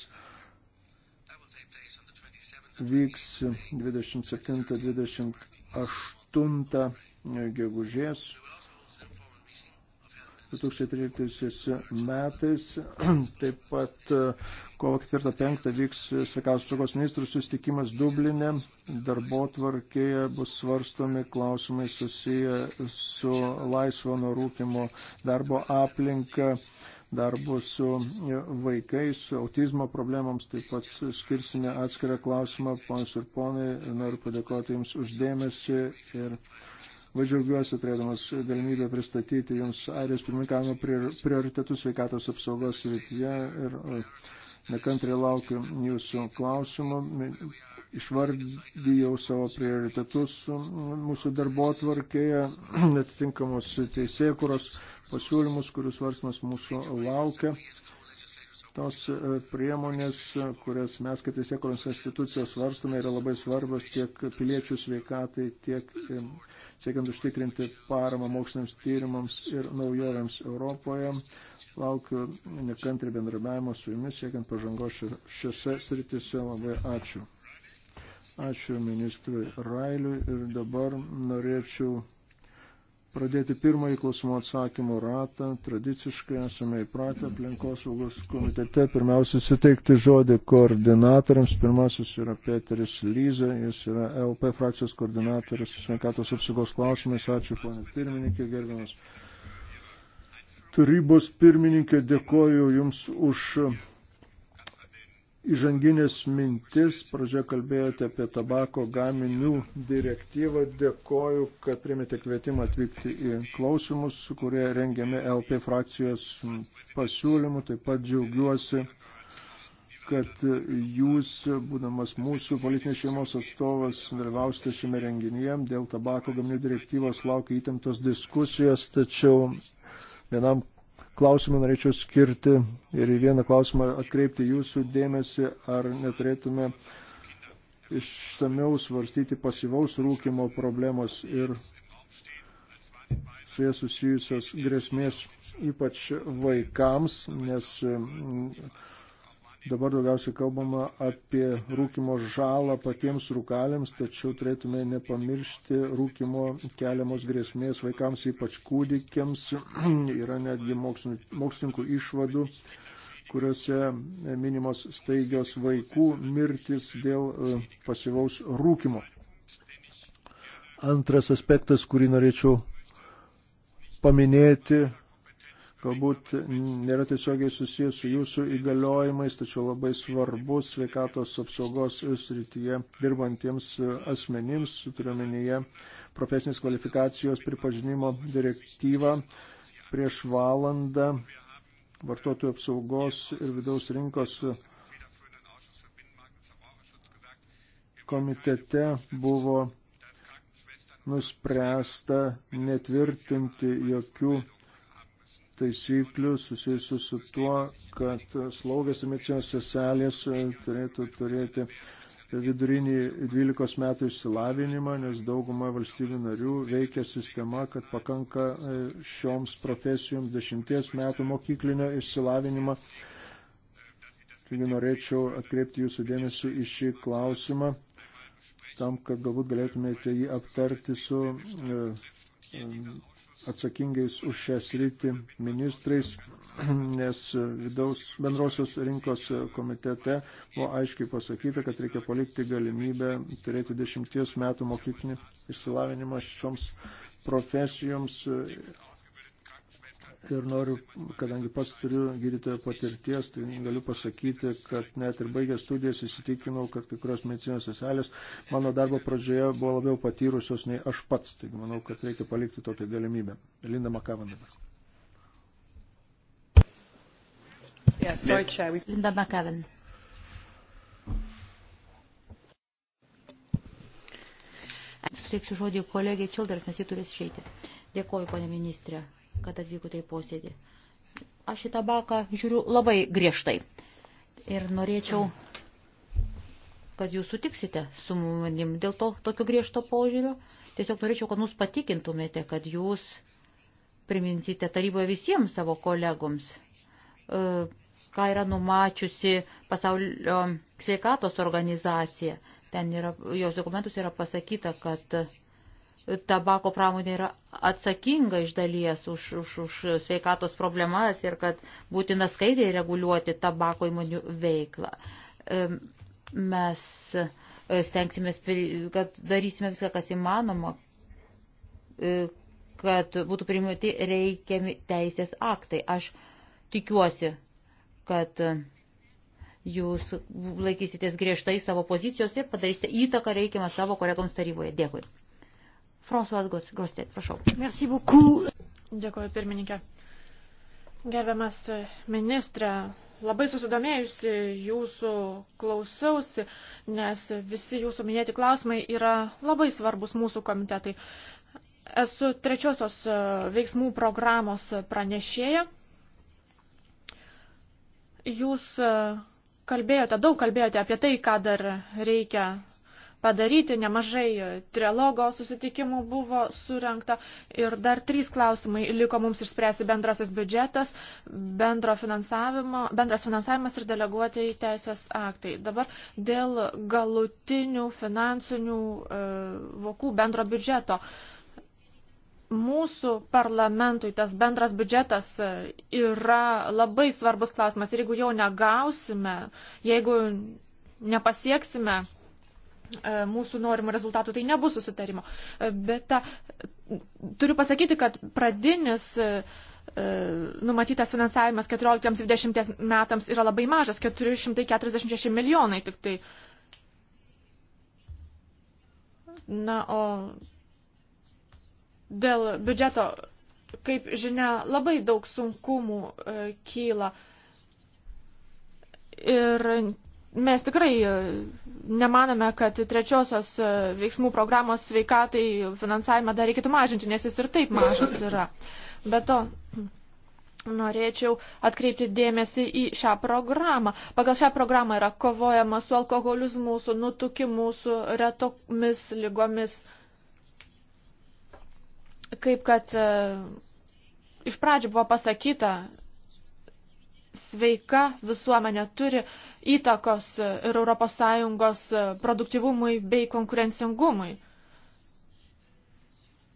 vyks 27-28 8 e, gegužės 2013 metais. Taip pat e, kovo 4-5 vyks sveikatos apsaugos ministrų susitikimas Dublinė. Darbo tvarkėje bus svarstomi klausimai susiję su laisvo nuo rūkimo darbo aplinka darbu su vaikais, autizmo problemams, taip pat skirsime atskirą klausimą. Ponas ir ponai, noriu padėkoti Jums uždėmesi ir vadžiaugiuosi turėdamas galimybę pristatyti Jums Airijos pirmininkavimo prioritetus sveikatos apsaugos srityje ir nekantriai laukiu Jūsų klausimų. Išvardijau savo prioritetus mūsų darbo tvarkėje, atitinkamus teisėkuros. Tai pasiūlymus, kurių svarstymas mūsų laukia. Tos e, priemonės, kurias mes kaip teisėkuros institucijos svarstame, yra labai svarbios tiek piliečių sveikatai, tiek e, siekiant užtikrinti paramą moksliniams tyrimams ir naujovėms Europoje. Laukiu nekantri bendrabiavimo su jumis, siekiant pažangos šiose sritise. Labai ačiū. Ačiū ministrui Railiui ir dabar norėčiau pradėti pirmąjį klausimų atsakymų ratą. Tradiciškai esame įpratę aplinkosaugos komitete pirmiausia suteikti žodį koordinatoriams. Pirmasis yra Peteris Lyza, jis yra LP frakcijos koordinatorius sveikatos apsaugos klausimais. Ačiū, ponė pirmininkė, gerbiamas. Tarybos pirmininkė, dėkoju Jums už įžanginės mintis. Pradžioje kalbėjote apie tabako gaminių direktyvą. Dėkoju, kad primėte kvietimą atvykti į klausimus, kurie rengiami LP frakcijos pasiūlymų. Taip pat džiaugiuosi, kad jūs, būdamas mūsų politinės šeimos atstovas, dalyvausite šiame renginyje. Dėl tabako gaminių direktyvos laukia įtemptos diskusijos, tačiau vienam klausimą norėčiau skirti ir į vieną klausimą atkreipti jūsų dėmesį, ar neturėtume išsameu svarstyti pasivaus rūkimo problemos ir su jie susijusios grėsmės ypač vaikams, nes Dabar daugiausiai kalbama apie rūkimo žalą patiems rūkaliams, tačiau turėtume nepamiršti rūkimo keliamos grėsmės vaikams, ypač kūdikiams. Yra netgi mokslininkų išvadų, kuriuose minimos staigios vaikų mirtis dėl e, pasivaus rūkimo. Antras aspektas, kurį norėčiau paminėti, galbūt nėra tiesiogiai susijęs su jūsų įgaliojimais, tačiau labai svarbus sveikatos apsaugos srityje dirbantiems asmenims, turiuomenyje profesinės kvalifikacijos pripažinimo direktyvą. Prieš valandą vartotojų apsaugos ir vidaus rinkos komitete buvo nuspręsta netvirtinti jokių taisyklių susijusių su tuo, kad slaugės ir medicinos seselės e, turėtų turėti vidurinį 12 metų išsilavinimą, nes dauguma valstybių narių veikia sistema, kad pakanka e, šioms profesijoms 10 metų mokyklinio išsilavinimo. Taigi norėčiau atkreipti jūsų dėmesį į šį klausimą, tam, kad galbūt galėtumėte jį aptarti su e, atsakingais už šią sritį ministrais, nes vidaus bendrosios rinkos komitete buvo aiškiai pasakyta, kad reikia palikti galimybę turėti dešimties metų mokyklinį išsilavinimą šioms profesijoms Ir noriu, kadangi pats turiu gydytojo patirties, tai galiu pasakyti, kad net ir baigęs studijas įsitikinau, kad kai kurios medicinos seselės mano darbo pradžioje buvo labiau patyrusios nei aš pats. Taigi manau, kad reikia palikti tokią galimybę. Linda Makavana. Yeah, sorry, Chair. Linda Makavan. Suteiksiu žodį kolegiai Čilders, nes jį turės išeiti. Dėkoju, ponė ministrė kad atvykote į posėdį. Aš į tabaką žiūriu labai griežtai. Ir norėčiau, kad jūs sutiksite su manim dėl to tokio griežto požiūrio. Tiesiog norėčiau, kad mus patikintumėte, kad jūs priminsite taryboje visiems savo kolegoms, e, ką yra numačiusi pasaulio sveikatos organizacija. Ten yra, jos dokumentus yra pasakyta, kad tabako pramonė yra atsakinga iš dalies už, už, už sveikatos problemas ir kad būtina skaidriai reguliuoti tabako įmonių veiklą. Mes e, stengsimės, kad darysime viską, kas įmanoma, e, kad būtų priimti reikiami teisės aktai. Aš tikiuosi, kad e, jūs laikysitės griežtai savo pozicijos ir padarysite įtaką reikiamą savo kolegoms taryboje. Dėkui. François Grostet, prašau. Merci beaucoup. Dėkuoju, pirmininkė. Gerbiamas ministrė, labai susidomėjusi jūsų klausiausi, nes visi jūsų minėti klausimai yra labai svarbus mūsų komitetai. Esu trečiosios veiksmų programos pranešėja. Jūs kalbėjote, daug kalbėjote apie tai, ką dar reikia padaryti, nemažai trilogo susitikimų buvo surinkta ir dar trys klausimai liko mums išspręsti bendrasis biudžetas, finansavimo, bendras finansavimas ir deleguoti į teisės aktai. Dabar dėl galutinių finansinių e, vokų bendro biudžeto. Mūsų parlamentui tas bendras biudžetas e, yra labai svarbus klausimas ir jeigu jau negausime, jeigu nepasieksime E, mūsų norimų rezultatų, tai nebus susitarimo. E, bet ta, turiu pasakyti, kad pradinis e, numatytas finansavimas 14-20 metams yra labai mažas, 446 milijonai tik tai. Na, o dėl biudžeto, kaip žinia, labai daug sunkumų e, kyla. Ir mes tikrai e, nemaname, kad trečiosios e, veiksmų programos sveikatai finansavimą dar reikėtų mažinti, nes jis ir taip mažas yra. Be to, norėčiau atkreipti dėmesį į šią programą. Pagal šią programą yra kovojama su alkoholizmu, su nutukimu, su retomis lygomis. Kaip kad e, iš pradžių buvo pasakyta, sveika visuomenė turi įtakos ir ES produktivumui bei konkurencingumui.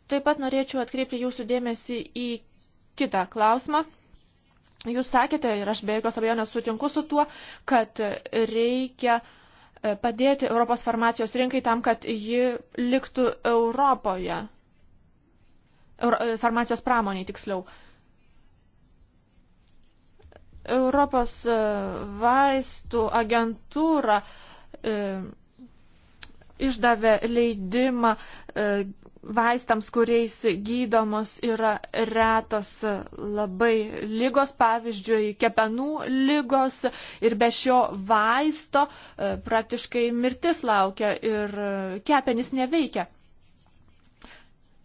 Taip pat norėčiau atkreipti jūsų dėmesį į kitą klausimą. Jūs sakėte, ir aš be jokios abejonės sutinku su tuo, kad reikia e, padėti Europos farmacijos rinkai tam, kad ji liktų Europoje. Euro, e, farmacijos pramoniai tiksliau. Uh, Europos e, vaistų agentūra e, išdavė leidimą e, vaistams, kuriais gydomos yra retos labai lygos, pavyzdžiui, kepenų lygos ir be šio vaisto praktiškai mirtis laukia ir kepenys neveikia.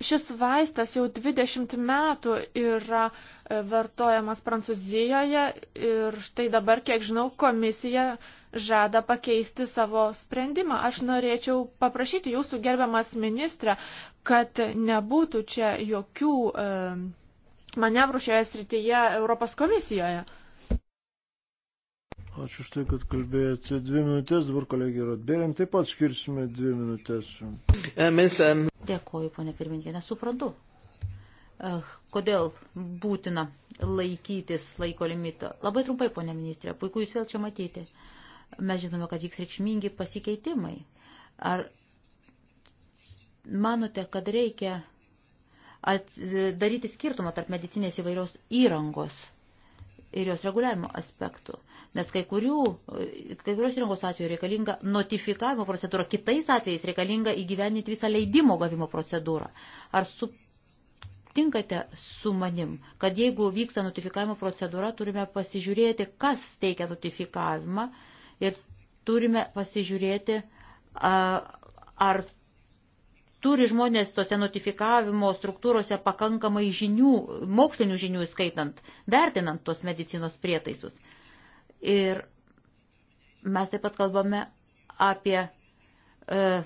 Šis vaistas jau 20 metų yra e, vartojamas Prancūzijoje ir štai dabar, kiek žinau, komisija žada pakeisti savo sprendimą. Aš norėčiau paprašyti jūsų gerbiamas ministrę, kad nebūtų čia jokių e, manevrų šioje srityje Europos komisijoje. Ačiū už tai, kad kalbėjote dvi minutės, dabar kolegija Rodbėrin taip pat skirsime dvi minutės. E, Dėkoju, ponė pirmininkė, nesuprantu, e, kodėl būtina laikytis laiko limito. Labai trumpai, ponė ministrė, puiku jūs vėl čia matyti. Mes žinome, kad vyks reikšmingi pasikeitimai. Ar manote, kad reikia daryti skirtumą tarp medicinės įvairios įrangos ir jos reguliavimo aspektų? nes kai, kurių, kai kurios įrangos atveju reikalinga notifikavimo procedūra, kitais atvejais reikalinga įgyveninti visą leidimo gavimo procedūrą. Ar sutinkate su manim, kad jeigu vyksta notifikavimo procedūra, turime pasižiūrėti, kas teikia notifikavimą ir turime pasižiūrėti, ar turi žmonės tose notifikavimo struktūrose pakankamai žinių, mokslinių žinių skaitant, vertinant tos medicinos prietaisus. Ir mes taip pat kalbame apie e,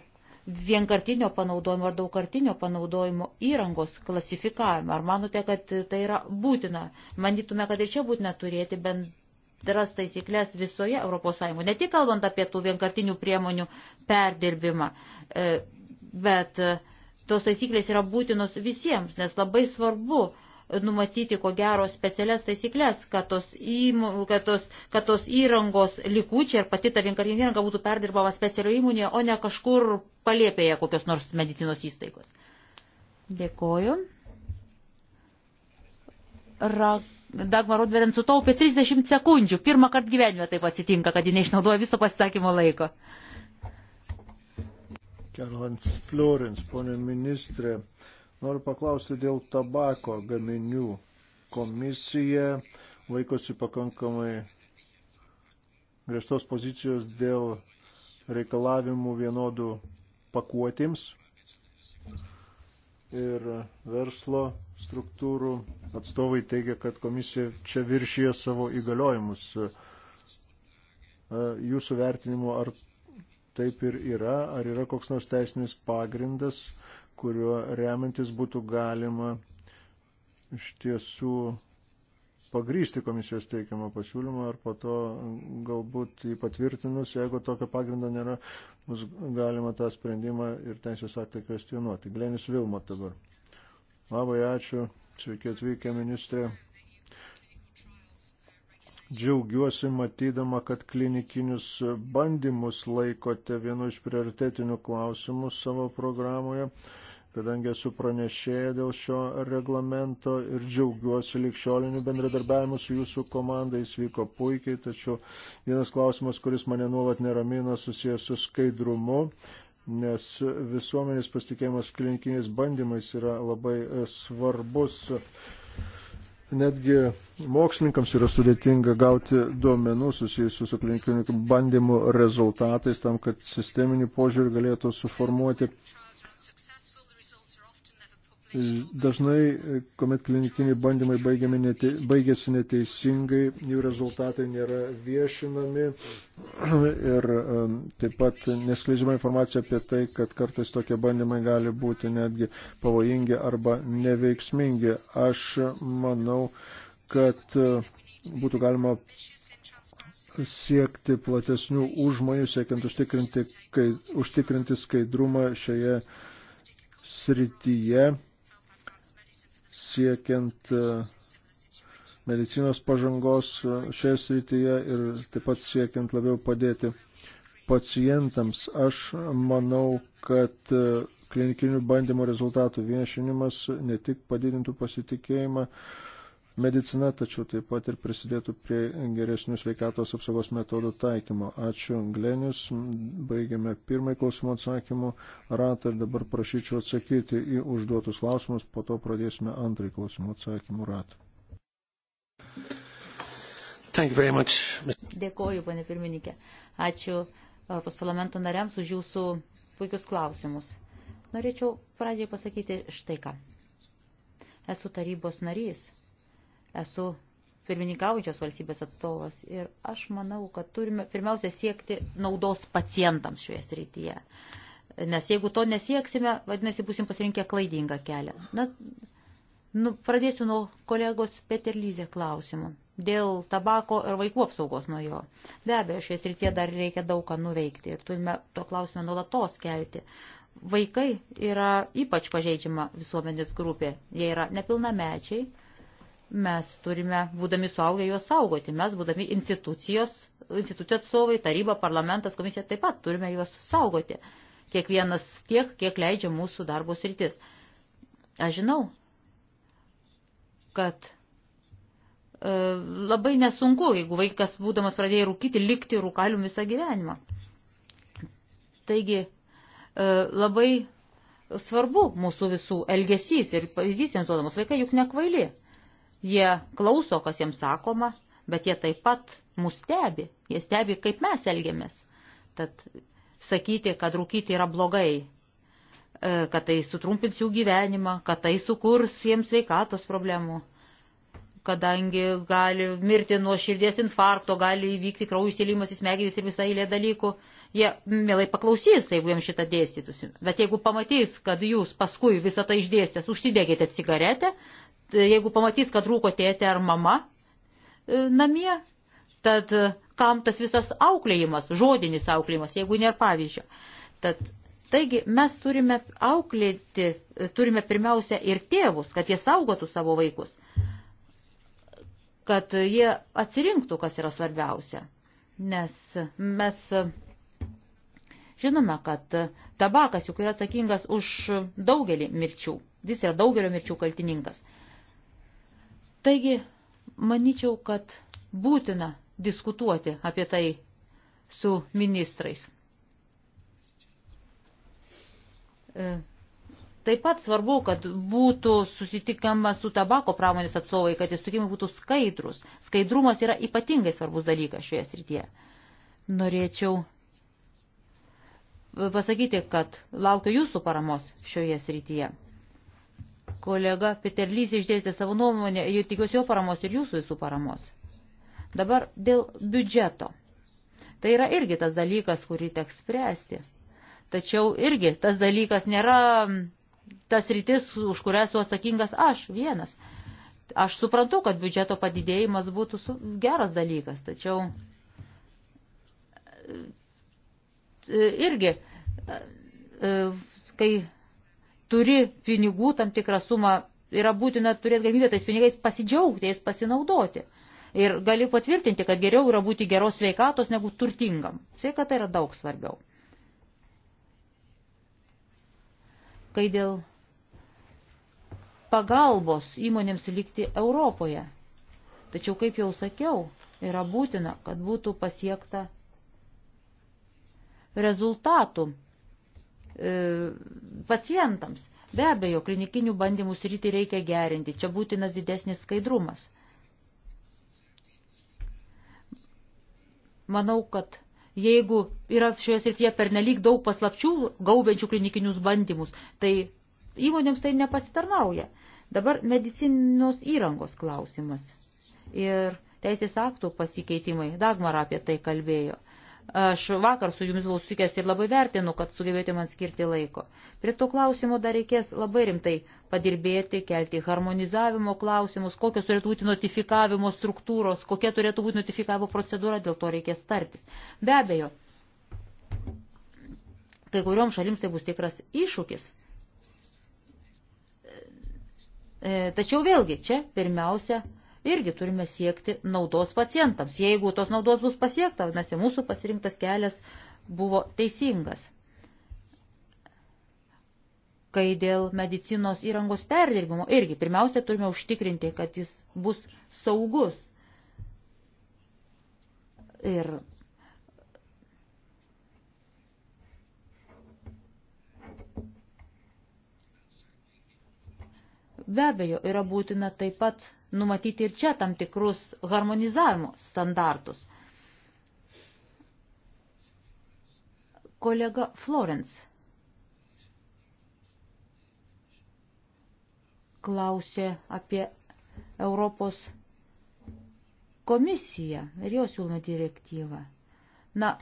vienkartinio panaudojimo ar daugkartinio panaudojimo įrangos klasifikavimą. Ar manote, kad tai yra būtina? Manytume, kad ir čia būtina turėti bendras taisyklės visoje ES, ne tik kalbant apie tų vienkartinių priemonių perdirbimą, e, bet e, tos taisyklės yra būtinos visiems, nes labai svarbu numatyti ko gero specialias taisyklės, kad tos, įmo, kad tos, kad tos įrangos likučiai ir pati ta vienkartinė įranga būtų perdirbama specialioje įmonėje, o ne kažkur palėpėje kokios nors medicinos įstaigos. Dėkoju. Ra... Dagmar Rodberen sutaupė 30 sekundžių. Pirmą kartą gyvenime taip atsitinka, kad ji neišnaudoja viso pasisakymo laiko. Karlans Florens, ponė ministrė, Noriu paklausti dėl tabako gaminių. Komisija laikosi pakankamai griežtos pozicijos dėl reikalavimų vienodų pakuotėms ir verslo struktūrų atstovai teigia, kad komisija čia viršyje savo įgaliojimus. Jūsų vertinimu, ar taip ir yra, ar yra koks nors teisinis pagrindas kuriuo remiantis būtų galima iš tiesų pagrysti komisijos teikiamą pasiūlymą ir po to galbūt jį patvirtinus, jeigu tokio pagrindo nėra, bus galima tą sprendimą ir teisės aktą kvestionuoti. Glenis Vilmot dabar. Labai ačiū, sveiki atvykę ministrė. Džiaugiuosi matydama, kad klinikinius bandymus laikote vienu iš prioritetinių klausimų savo programoje kadangi esu pranešėję dėl šio reglamento ir džiaugiuosi likščioliniu bendradarbiavimu su jūsų komanda, jis vyko puikiai, tačiau vienas klausimas, kuris mane nuolat neramina, susijęs su skaidrumu, nes visuomenės pasitikėjimas klinikiniais bandymais yra labai e, svarbus. Netgi mokslininkams yra sudėtinga gauti duomenų susijusių su klinikinių bandymų rezultatais tam, kad sisteminį požiūrį galėtų suformuoti Dažnai, e, kuomet klinikiniai bandymai nete, baigėsi neteisingai, jų rezultatai nėra viešinami ir taip pat neskleidžiama informacija apie tai, kad kartais tokie bandymai gali būti netgi pavojingi arba neveiksmingi. Aš manau, kad e, būtų galima siekti platesnių užmojų, siekiant užtikrinti, kai, užtikrinti skaidrumą šioje srityje siekiant e, medicinos pažangos e, šioje srityje ir taip pat siekiant labiau padėti pacientams. Aš manau, kad e, klinikinių bandymų rezultatų viešinimas ne tik padidintų pasitikėjimą medicina, tačiau taip pat ir prisidėtų prie geresnių sveikatos apsaugos metodų taikymo. Ačiū, Glenius. Baigiame pirmąjį klausimų atsakymų ratą ir dabar prašyčiau atsakyti į užduotus klausimus, po to pradėsime antrąjį klausimų atsakymų ratą. Dėkoju, ponė pirmininkė. Ačiū Europos parlamento nariams už jūsų puikius klausimus. Norėčiau pradžiai pasakyti štai ką. Esu tarybos narys Esu pirmininkaujančios valstybės atstovas ir aš manau, kad turime pirmiausia siekti naudos pacientams šioje srityje. Nes jeigu to nesieksime, vadinasi, busim pasirinkę klaidingą kelią. Na, nu, pradėsiu nuo kolegos Peter Lyzė klausimų. Dėl tabako ir vaikų apsaugos nuo jo. Be abejo, šioje srityje dar reikia daug ką nuveikti ir turime to klausimą nuolatos kelti. Vaikai yra ypač pažeidžiama visuomenės grupė. Jie yra nepilnamečiai Mes turime, būdami suaugę, juos saugoti. Mes, būdami institucijos, institucijų atstovai, taryba, parlamentas, komisija, taip pat turime juos saugoti. Kiekvienas tiek, kiek leidžia mūsų darbos rytis. Aš žinau, kad e, labai nesunku, jeigu vaikas būdamas pradėjo rūkyti, likti rūkalium visą gyvenimą. Taigi e, labai svarbu mūsų visų elgesys ir pavyzdys jiems duodamas. Vaikai juk nekvaili. Jie klauso, kas jiems sakoma, bet jie taip pat mus stebi. Jie stebi, kaip mes elgiamės. Tad sakyti, kad rūkyti yra blogai, e, kad tai sutrumpins jų gyvenimą, kad tai sukurs jiems veikatos problemų, kadangi gali mirti nuo širdies infarkto, gali įvykti kraujus įlymas į smegenis ir visai lė dalykų. Jie mielai paklausys, jeigu jiems šitą dėstytusi. Bet jeigu pamatys, kad jūs paskui visą tai išdėstęs užsidėkite cigaretę, jeigu pamatys, kad rūko tėtė ar mama e, namie, tad e, kam tas visas auklėjimas, žodinis auklėjimas, jeigu nėra pavyzdžio. Tad, taigi mes turime auklėti, e, turime pirmiausia ir tėvus, kad jie saugotų savo vaikus, kad jie atsirinktų, kas yra svarbiausia. Nes mes žinome, kad tabakas juk yra atsakingas už daugelį mirčių. Jis yra daugelio mirčių kaltininkas. Taigi, manyčiau, kad būtina diskutuoti apie tai su ministrais. E, taip pat svarbu, kad būtų susitikama su tabako pramonės atstovai, kad įstukimai būtų skaidrus. Skaidrumas yra ypatingai svarbus dalykas šioje srityje. Norėčiau pasakyti, kad laukiu jūsų paramos šioje srityje. Kolega Peterlys išdėstė savo nuomonę, tikiuosi jo paramos ir jūsų visų paramos. Dabar dėl biudžeto. Tai yra irgi tas dalykas, kurį teks spręsti. Tačiau irgi tas dalykas nėra tas rytis, už kurią esu atsakingas aš vienas. Aš suprantu, kad biudžeto padidėjimas būtų su, geras dalykas, tačiau e, irgi, e, e, kai turi pinigų tam tikrą sumą, yra būtina turėti galimybę tais pinigais pasidžiaugti, jais pasinaudoti. Ir galiu patvirtinti, kad geriau yra būti geros sveikatos negu turtingam. Sveikata yra daug svarbiau. Kai dėl pagalbos įmonėms likti Europoje. Tačiau, kaip jau sakiau, yra būtina, kad būtų pasiekta rezultatų E, pacientams. Be abejo, klinikinių bandymų sritį reikia gerinti, čia būtinas didesnis skaidrumas. Manau, kad jeigu yra šioje srityje pernelyg daug paslapčių gaubiančių klinikinius bandymus, tai įmonėms tai nepasitarnauja. Dabar medicinos įrangos klausimas ir teisės aktų pasikeitimai. Dagmar apie tai kalbėjo. Aš vakar su jumis buvau sutikęs ir labai vertinu, kad sugebėjote man skirti laiko. Prie to klausimo dar reikės labai rimtai padirbėti, kelti harmonizavimo klausimus, kokios turėtų būti notifikavimo struktūros, kokia turėtų būti notifikavimo procedūra, dėl to reikės tartis. Be abejo, kai kuriuom šalims tai bus tikras iššūkis. E, tačiau vėlgi čia pirmiausia irgi turime siekti naudos pacientams. Jeigu tos naudos bus pasiekta, nes mūsų pasirinktas kelias buvo teisingas. Kai dėl medicinos įrangos perdirbimo irgi pirmiausia turime užtikrinti, kad jis bus saugus. Ir be abejo yra būtina taip pat numatyti ir čia tam tikrus harmonizavimo standartus. Kolega Florence klausė apie Europos komisiją ir jos siūlomą direktyvą. Na,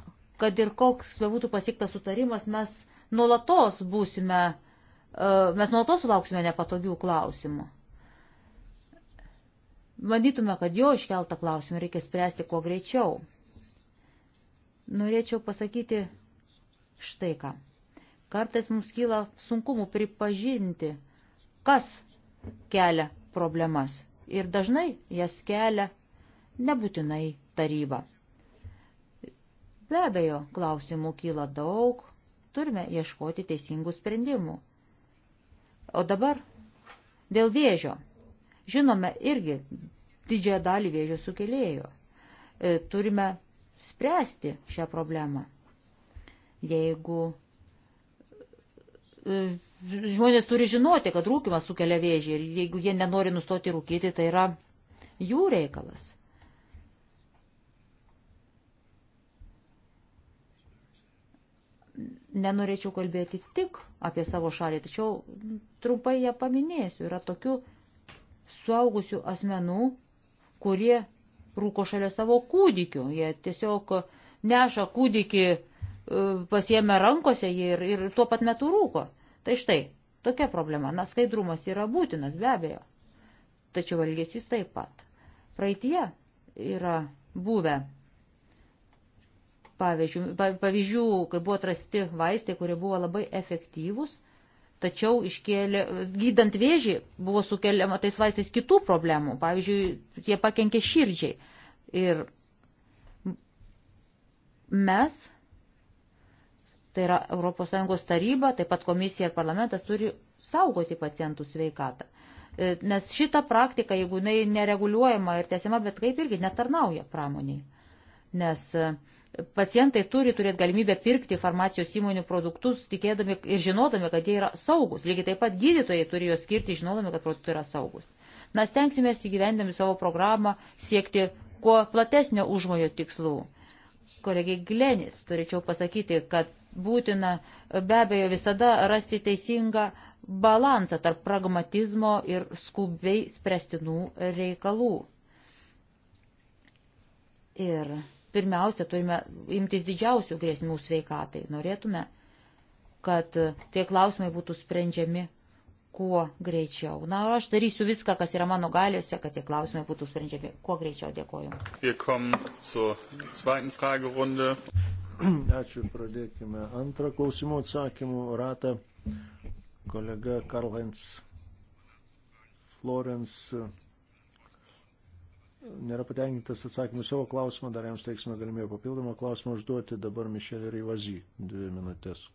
kad ir koks bebūtų pasiektas sutarimas, mes nuolatos būsime, e, mes nuolatos sulauksime nepatogių klausimų. Manytume, kad jo iškeltą klausimą reikia spręsti kuo greičiau. Norėčiau pasakyti štai ką. Kartais mums kyla sunkumų pripažinti, kas kelia problemas. Ir dažnai jas kelia nebūtinai taryba. Be abejo, klausimų kyla daug, turime ieškoti teisingų sprendimų. O dabar dėl vėžio Žinome irgi didžiąją dalį vėžio sukėlėjo. E, turime spręsti šią problemą. Jeigu e, žmonės turi žinoti, kad rūkimas sukelia vėžį ir jeigu jie nenori nustoti rūkyti, tai yra jų reikalas. Nenorėčiau kalbėti tik apie savo šalį, tačiau trumpai ją paminėsiu. Yra tokių suaugusių asmenų, kurie rūko šalia savo kūdikių. Jie tiesiog neša kūdikį e, pasiemę rankose ir, ir tuo pat metu rūko. Tai štai, tokia problema. Na, skaidrumas yra būtinas, be abejo. Tačiau elgesys taip pat. Praeitie yra buvę pavyzdžių, kai buvo atrasti vaistai, kurie buvo labai efektyvūs Tačiau iškėlė, gydant vėžį buvo sukeliama tais vaistais kitų problemų. Pavyzdžiui, jie pakenkė širdžiai. Ir mes, tai yra ES taryba, taip pat komisija ir parlamentas turi saugoti pacientų sveikatą. E, nes šita praktika, jeigu jinai nereguliuojama ir tiesiama, bet kaip irgi netarnauja pramoniai. Nes e, pacientai turi turėti galimybę pirkti farmacijos įmonių produktus, tikėdami ir žinodami, kad jie yra saugus. Lygiai taip pat gydytojai turi juos skirti, žinodami, kad produktai yra saugus. Mes tenksime įgyvendami savo programą siekti kuo platesnio užmojo tikslų. Kolegiai Glenis, turėčiau pasakyti, kad būtina be abejo visada rasti teisingą balansą tarp pragmatizmo ir skubiai spręstinų reikalų. Ir pirmiausia turime imtis didžiausių grėsmių sveikatai. Norėtume, kad tie klausimai būtų sprendžiami kuo greičiau. Na, aš darysiu viską, kas yra mano galiuose, kad tie klausimai būtų sprendžiami kuo greičiau. Dėkoju. Ačiū, pradėkime antrą klausimų atsakymų ratą. Kolega Karlheinz Florence nėra patenkintas atsakymu savo klausimą, dar jam steiksime galimybę papildomą klausimą užduoti. Dabar Mišelė Rivazy, dvi minutės.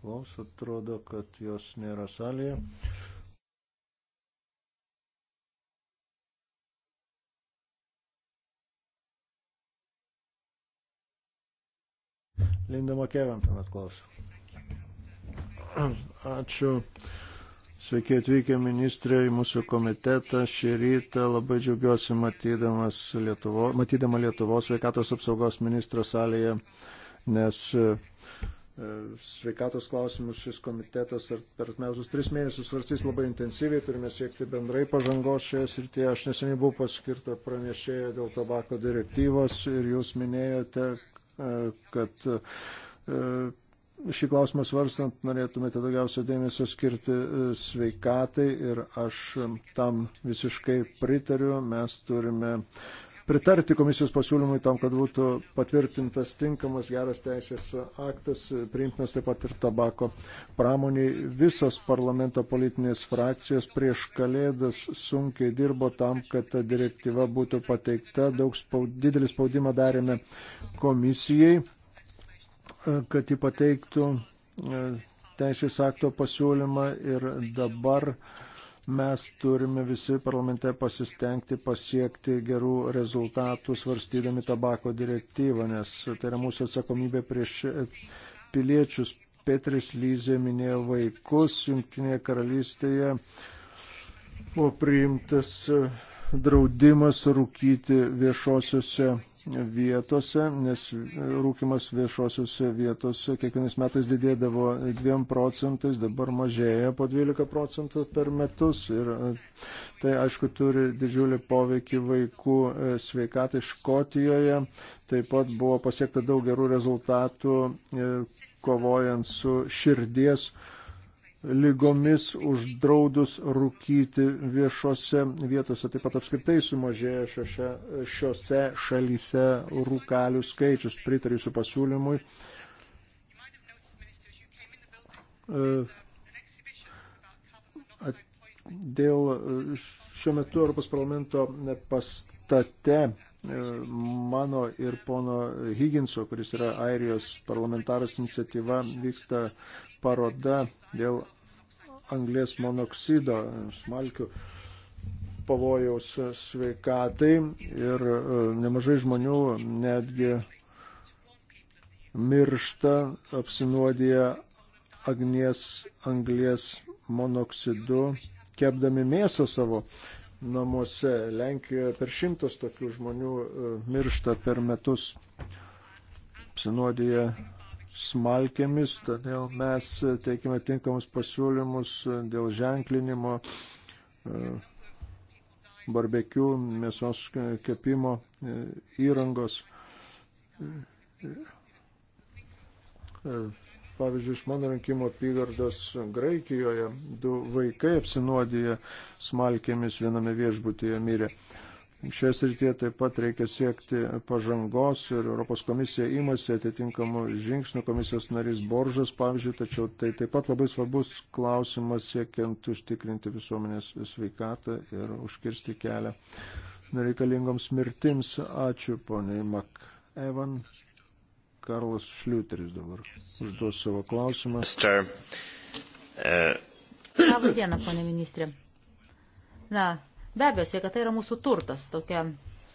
Klaus, atrodo, kad jos nėra salėje. Linda Makevim tuomet klausiu. Ačiū. Sveiki atvykę ministrė į mūsų komitetą. Šį rytą labai džiaugiuosi Lietuvo, matydama Lietuvos sveikatos apsaugos ministro salėje, nes e, e, sveikatos klausimus šis komitetas per atmiausius tris mėnesius svarstys labai intensyviai, turime siekti bendrai pažangos šioje srityje. Aš neseniai buvau paskirta pranešėja dėl tabako direktyvos ir jūs minėjote, e, kad šį klausimą svarstant norėtumėte daugiausia dėmesio skirti e, sveikatai ir aš e, tam visiškai pritariu. Mes turime pritarti komisijos pasiūlymui tam, kad būtų patvirtintas tinkamas geras teisės aktas, e, priimtinas taip pat ir tabako pramoniai. Visos parlamento politinės frakcijos prieš kalėdas sunkiai dirbo tam, kad ta direktyva būtų pateikta. Daug spaud, didelį spaudimą darėme komisijai kad jį pateiktų e, teisės akto pasiūlymą ir dabar mes turime visi parlamente pasistengti pasiekti gerų rezultatų svarstydami tabako direktyvą, nes tai yra mūsų atsakomybė prieš e, piliečius. Petris Lyzė minėjo vaikus Junktinėje karalystėje. Buvo priimtas e, draudimas rūkyti viešosiuose vietose, nes rūkimas viešosiuose vietose kiekvienais metais didėdavo 2 procentais, dabar mažėja po 12 procentų per metus ir e, tai aišku turi didžiulį poveikį vaikų e, sveikatai Škotijoje. Taip pat buvo pasiekta daug gerų rezultatų e, kovojant su širdies lygomis uždraudus rūkyti viešose vietose. Taip pat apskritai sumažėjo šiose, šiose šalyse rūkalių skaičius. Pritariu jūsų pasiūlymui. E, dėl e, šiuo metu Europos parlamento pastate e, mano ir pono Higginso, kuris yra Airijos parlamentaras iniciatyva, vyksta paroda dėl anglės monoksido smalkių pavojaus sveikatai ir e, nemažai žmonių netgi miršta apsinuodiję agnies anglės monoksidu, kepdami mėsą savo namuose. Lenkijoje per šimtas tokių žmonių e, miršta per metus apsinuodiję smalkėmis, todėl mes teikime tinkamus pasiūlymus dėl ženklinimo, e, barbekių, mėsos kepimo e, įrangos. E, pavyzdžiui, iš mano rinkimo apygardos Graikijoje du vaikai apsinuodiję smalkėmis viename viešbutyje mirė. Šioje srityje taip pat reikia siekti pažangos ir Europos komisija imasi atitinkamų žingsnių, komisijos narys Boržas, pavyzdžiui, tačiau tai taip pat labai svarbus klausimas siekiant užtikrinti visuomenės sveikatą ir užkirsti kelią nereikalingoms mirtims. Ačiū, poniai Mak Evan. Karlas Šliuteris dabar užduos savo klausimą. Uh, Labą dieną, ponė ministrė. Na, Be abejo, sveikata yra mūsų turtas, tokia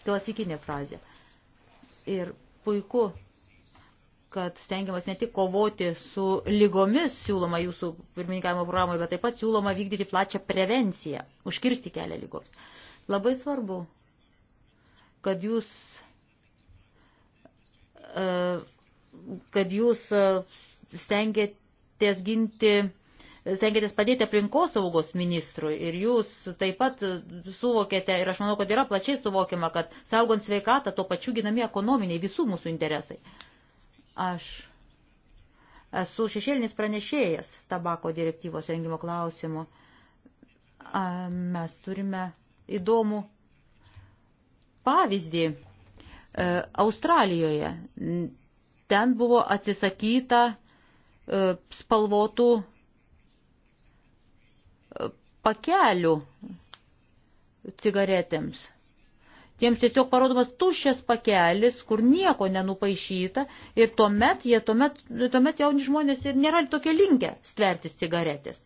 klasikinė frazė. Ir puiku, kad stengiamas ne tik kovoti su lygomis siūloma jūsų pirmininkavimo programoje, bet taip pat siūloma vykdyti plačią prevenciją, užkirsti kelią lygoms. Labai svarbu, kad jūs, e, kad jūs e, stengiatės ginti stengiatės padėti aplinkosaugos ministrui ir jūs taip pat suvokėte, ir aš manau, kad yra plačiai suvokiama, kad saugant sveikatą, to pačiu ginami ekonominiai visų mūsų interesai. Aš esu šešėlinis pranešėjas tabako direktyvos rengimo klausimu. Mes turime įdomų pavyzdį. E, Australijoje ten buvo atsisakyta e, spalvotų pakelių cigaretėms. Tiems tiesiog parodomas tuščias pakelis, kur nieko nenupaišyta ir tuomet, jie, tuomet, tuomet jauni žmonės ir nėra tokie linkę stvertis cigaretės.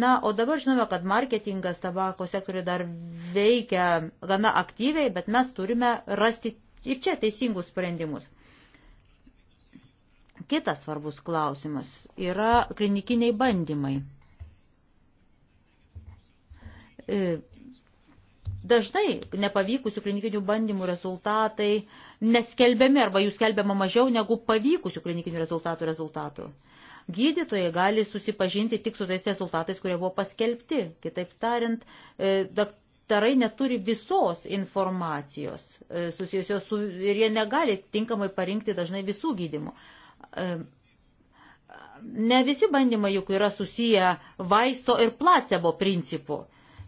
Na, o dabar žinome, kad marketingas tabako sektoriuje dar veikia gana aktyviai, bet mes turime rasti ir čia teisingus sprendimus. Kitas svarbus klausimas yra klinikiniai bandymai. E, dažnai nepavykusių klinikinių bandymų rezultatai neskelbiami arba jų skelbiama mažiau negu pavykusių klinikinių rezultatų rezultatų. Gydytojai gali susipažinti tik su tais rezultatais, kurie buvo paskelbti. Kitaip tariant, e, daktarai neturi visos informacijos e, susijusios su ir jie negali tinkamai parinkti dažnai visų gydimų ne visi bandymai juk yra susiję vaisto ir placebo principu.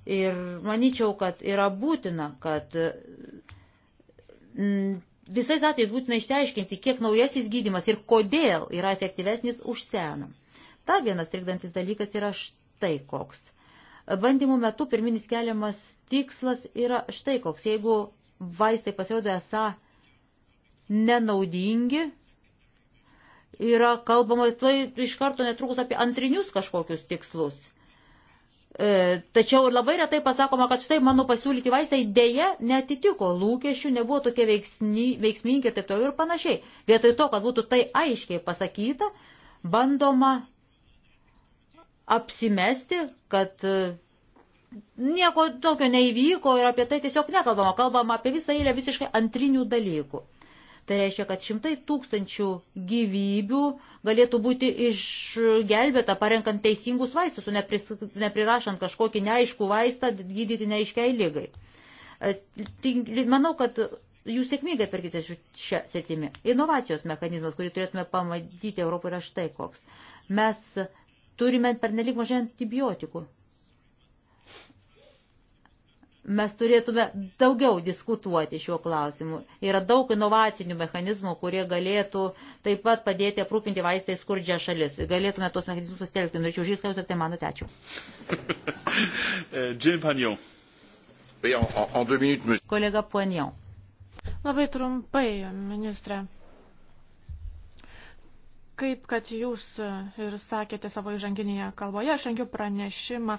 Ir manyčiau, kad yra būtina, kad mm, visais atvejais būtina išsiaiškinti, kiek naujasis gydimas ir kodėl yra efektyvesnis už seną. Ta vienas trikdantis dalykas yra štai koks. Bandymų metu pirminis keliamas tikslas yra štai koks. Jeigu vaistai pasirodo esą nenaudingi, yra kalbama tuoj tai iš karto netrukus apie antrinius kažkokius tikslus. E, tačiau labai retai pasakoma, kad štai mano pasiūlyti vaistai dėja netitiko lūkesčių, nebuvo tokie veiksni, veiksmingi ir taip toliau ir panašiai. Vietoj to, kad būtų tai aiškiai pasakyta, bandoma apsimesti, kad e, nieko tokio neįvyko ir apie tai tiesiog nekalbama. Kalbama apie visą eilę visiškai antrinių dalykų. Tai reiškia, kad šimtai tūkstančių gyvybių galėtų būti išgelbėta parenkant teisingus vaistus, o nepris, neprirašant kažkokį neaiškų vaistą gydyti neaiškiai lygai. Tai manau, kad jūs sėkmingai perkite šią sritimį. Inovacijos mechanizmas, kurį turėtume pamatyti Europoje, yra štai koks. Mes turime pernelik mažai antibiotikų mes turėtume daugiau diskutuoti šiuo klausimu. Yra daug inovacinių mechanizmų, kurie galėtų taip pat padėti aprūpinti vaistais skurdžią šalis. Galėtume tuos mechanizmus pasitelkti. Norėčiau už jūs klausimą, tai mano ačiū. Eh, Kolega Puenjau. Labai trumpai, ministrė. Kaip kad jūs e, ir sakėte savo įžanginėje kalboje, aš rengiu pranešimą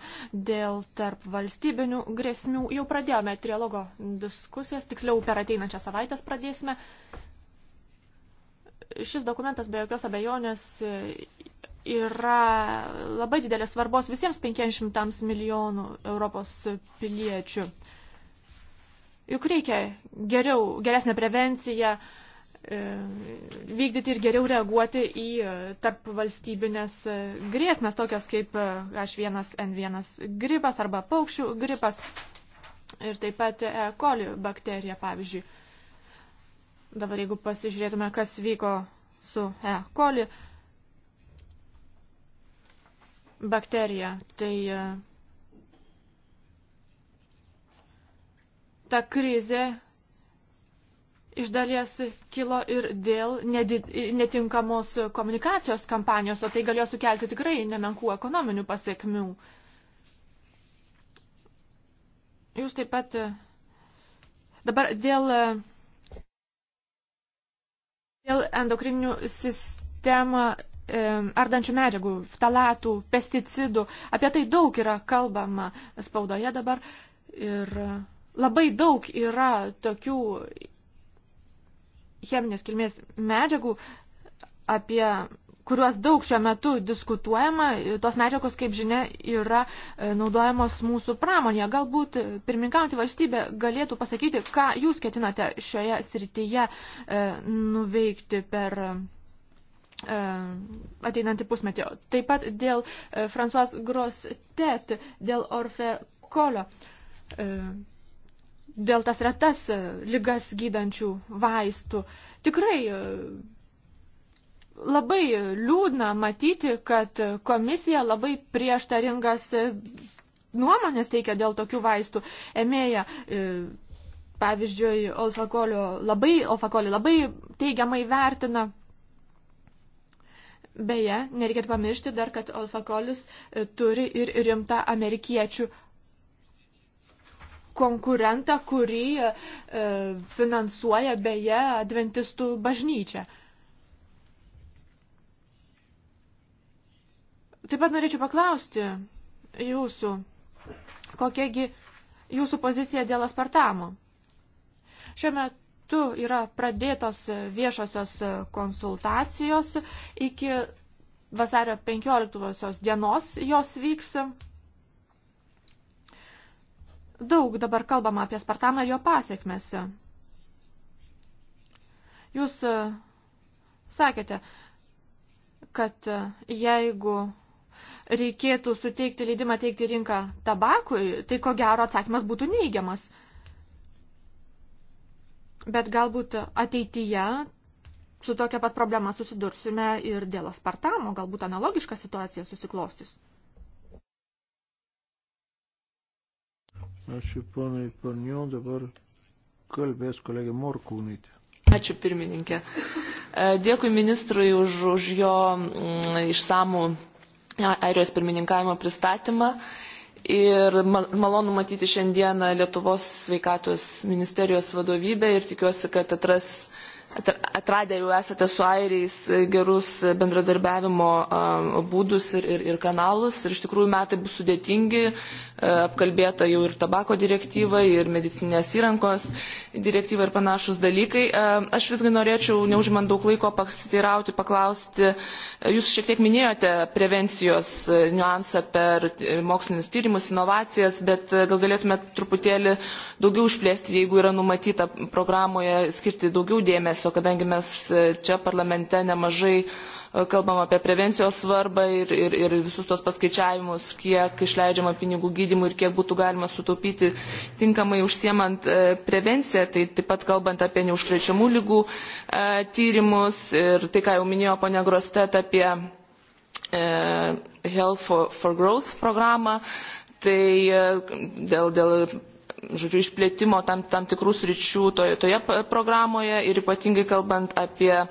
dėl tarp valstybinių grėsmių. Jau pradėjome trialogo diskusijas, tiksliau per ateinančią savaitę pradėsime. Šis dokumentas be jokios abejonės e, yra labai didelės svarbos visiems 500 milijonų Europos piliečių. Juk reikia geriau, geresnę prevenciją, uh, E, vykdyti ir geriau reaguoti į e, tarp valstybinės e, grėsmės, tokias kaip H1N1 gripas arba paukščių gripas ir taip pat E. coli bakterija, pavyzdžiui. Dabar jeigu pasižiūrėtume, kas vyko su E. coli bakterija, tai ta krizė iš dalies kilo ir dėl nedid, netinkamos komunikacijos kampanijos, o tai galėjo sukelti tikrai nemenkų ekonominių pasiekmių. Jūs taip pat dabar dėl, dėl endokrininių sistemą e, ardančių medžiagų, ftalatų, pesticidų. Apie tai daug yra kalbama spaudoje dabar ir labai daug yra tokių cheminės kilmės medžiagų, apie kuriuos daug šiuo metu diskutuojama, tos medžiagos, kaip žinia, yra e, naudojamos mūsų pramonėje. Galbūt pirmininkaujantį valstybę galėtų pasakyti, ką jūs ketinate šioje srityje e, nuveikti per e, ateinantį pusmetį. Taip pat dėl François Grostet, dėl Orfe Kolio dėl tas retas e, lygas gydančių vaistų. Tikrai e, labai liūdna matyti, kad komisija labai prieštaringas e, nuomonės teikia dėl tokių vaistų. Emėja, pavyzdžiui, labai, olfakolį labai teigiamai vertina. Beje, nereikėtų pamiršti dar, kad olfakolis turi ir rimtą amerikiečių konkurentą, kurį e, e, finansuoja beje adventistų bažnyčia. Taip pat norėčiau paklausti jūsų, kokiagi jūsų pozicija dėl aspartamo. Šiuo metu yra pradėtos viešosios konsultacijos iki vasario 15 dienos jos vyks daug dabar kalbama apie Spartaną ir jo pasiekmes. Jūs e, sakėte, kad e, jeigu reikėtų suteikti leidimą teikti rinką tabakui, tai ko gero atsakymas būtų neigiamas. Bet galbūt ateityje su tokia pat problema susidursime ir dėl aspartamo, galbūt analogiška situacija susiklostys. Ačiū ponai Parniau, dabar kalbės kolegė Morkūnaitė. Ačiū pirmininkė. E, dėkui ministrui už, už jo mm, išsamų Airijos pirmininkavimo pristatymą. Ir malonu matyti šiandieną Lietuvos sveikatos ministerijos vadovybę ir tikiuosi, kad atras atradę jau esate su airiais gerus bendradarbiavimo būdus ir, ir, ir kanalus. Ir iš tikrųjų metai bus sudėtingi, apkalbėta jau ir tabako direktyva, ir medicinės įrankos direktyva ir panašus dalykai. Aš visgi norėčiau, neužimant daug laiko, pasiteirauti, paklausti. Jūs šiek tiek minėjote prevencijos niuansą per e, mokslinius tyrimus, inovacijas, bet gal galėtumėte truputėlį daugiau išplėsti, jeigu yra numatyta programoje skirti daugiau dėmesio mėnesio, kadangi mes e, čia parlamente nemažai e, kalbam apie prevencijos svarbą ir, ir, ir visus tos paskaičiavimus, kiek išleidžiama pinigų gydimui ir kiek būtų galima sutaupyti tinkamai užsiemant e, prevenciją, tai taip pat kalbant apie neužkrečiamų lygų tyrimus ir tai, ką jau minėjo ponia Grostet apie Health for, for Growth programą, tai dėl, dėl žodžiu, išplėtimo tam, tam tikrų sričių toje, toje programoje ir ypatingai kalbant apie e,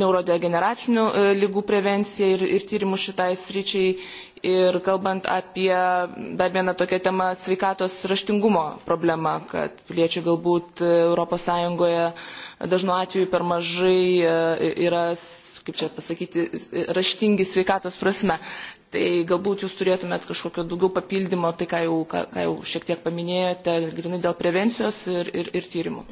neurodegeneracinių e, lygų prevenciją ir, ir tyrimus šitai sričiai ir kalbant apie dar vieną tokią temą sveikatos raštingumo problemą, kad piliečių galbūt ES dažnu atveju per mažai e, yra kaip čia pasakyti, raštingi sveikatos prasme. Tai galbūt jūs turėtumėt kažkokio daugiau papildymo, tai ką jau, ką, ką jau šiek tiek paminėjote, grinai dėl prevencijos ir, ir, ir tyrimų.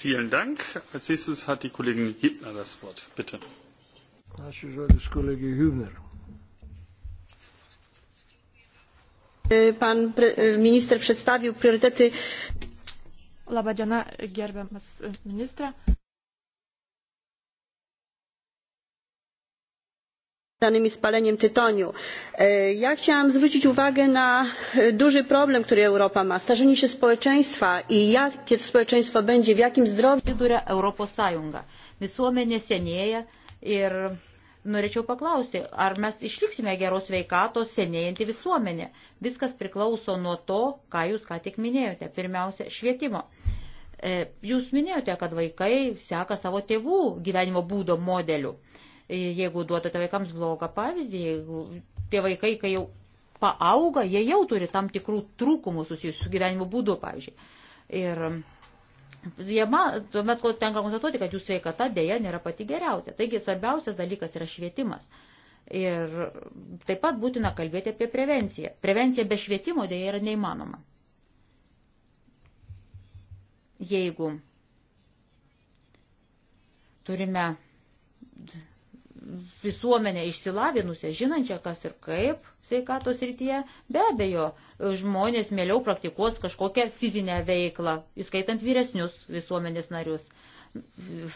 Vielen Dank. Als nächstes hat die Kollegin Hübner das Wort. Bitte. Ačiū žodis kolegė Hübner. Pan minister przedstawił priorytety. Labą dieną, gerbiamas ministrė. związanymi z paleniem tytoniu. E, ja chciałam zwrócić uwagę na e, duży problem, który Europa ma. Starzenie się społeczeństwa i jakie to społeczeństwo będzie, w jakim zdrowiu. Viduria Europos Sąjunga. Visuomenė senėja ir norėčiau paklausti, ar mes išliksime geros veikatos senėjantį visuomenę. Viskas priklauso nuo to, ką jūs ką tik minėjote. Pirmiausia, švietimo. E, jūs minėjote, kad vaikai seka savo tėvų gyvenimo būdo modelių. Jeigu duodate vaikams blogą pavyzdį, jeigu tie vaikai, kai jau paauga, jie jau turi tam tikrų trūkumų susijusių su gyvenimo būdu, pavyzdžiui. Ir jie man, tuomet tenka konstatuoti, kad jų sveikata dėja nėra pati geriausia. Taigi svarbiausias dalykas yra švietimas. Ir taip pat būtina kalbėti apie prevenciją. Prevencija be švietimo dėja yra neįmanoma. Jeigu turime visuomenę išsilavinusią, žinančią, kas ir kaip sveikatos rytyje, be abejo, žmonės mieliau praktikuos kažkokią fizinę veiklą, įskaitant vyresnius visuomenės narius.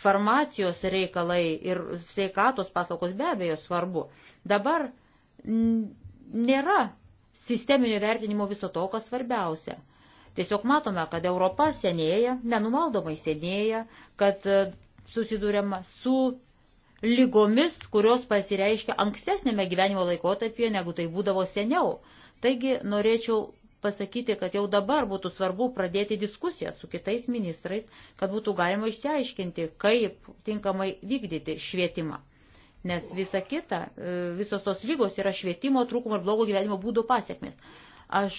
Farmacijos reikalai ir sveikatos paslaugos be abejo svarbu. Dabar nėra sisteminio vertinimo viso to, kas svarbiausia. Tiesiog matome, kad Europa senėja, nenumaldomai senėja, kad e, susidūrėma su lygomis, kurios pasireiškia ankstesnėme gyvenimo laikotarpyje, negu tai būdavo seniau. Taigi norėčiau pasakyti, kad jau dabar būtų svarbu pradėti diskusiją su kitais ministrais, kad būtų galima išsiaiškinti, kaip tinkamai vykdyti švietimą. Nes visa kita, e, visos tos lygos yra švietimo trūkumo ir blogo gyvenimo būdo pasiekmes. Aš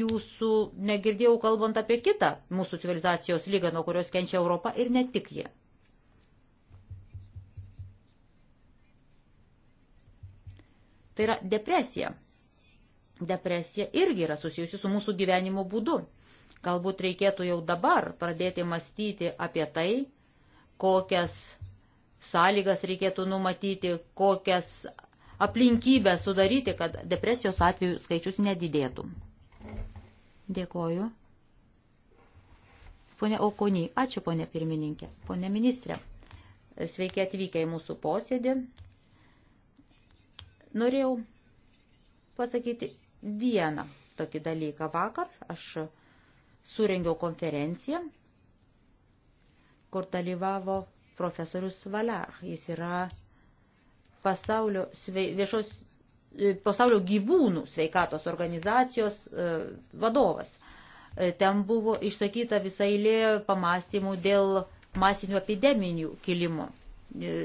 jūsų negirdėjau kalbant apie kitą mūsų civilizacijos lygą, nuo kurios kenčia Europa ir ne tik jie. Tai yra depresija. Depresija irgi yra susijusi su mūsų gyvenimo būdu. Galbūt reikėtų jau dabar pradėti mąstyti apie tai, kokias sąlygas reikėtų numatyti, kokias aplinkybės sudaryti, kad depresijos atveju skaičius nedidėtų. Dėkoju. Pone Okony, ačiū pone pirmininkė, pone ministrė. Sveiki atvykę į mūsų posėdį. Norėjau pasakyti vieną tokį dalyką. Vakar aš surengiau konferenciją, kur dalyvavo profesorius Valar. Jis yra pasaulio, sve, viešos, e, pasaulio gyvūnų sveikatos organizacijos e, vadovas. E, ten buvo išsakyta visai lė pamastymų dėl masinių epideminių kilimų. E,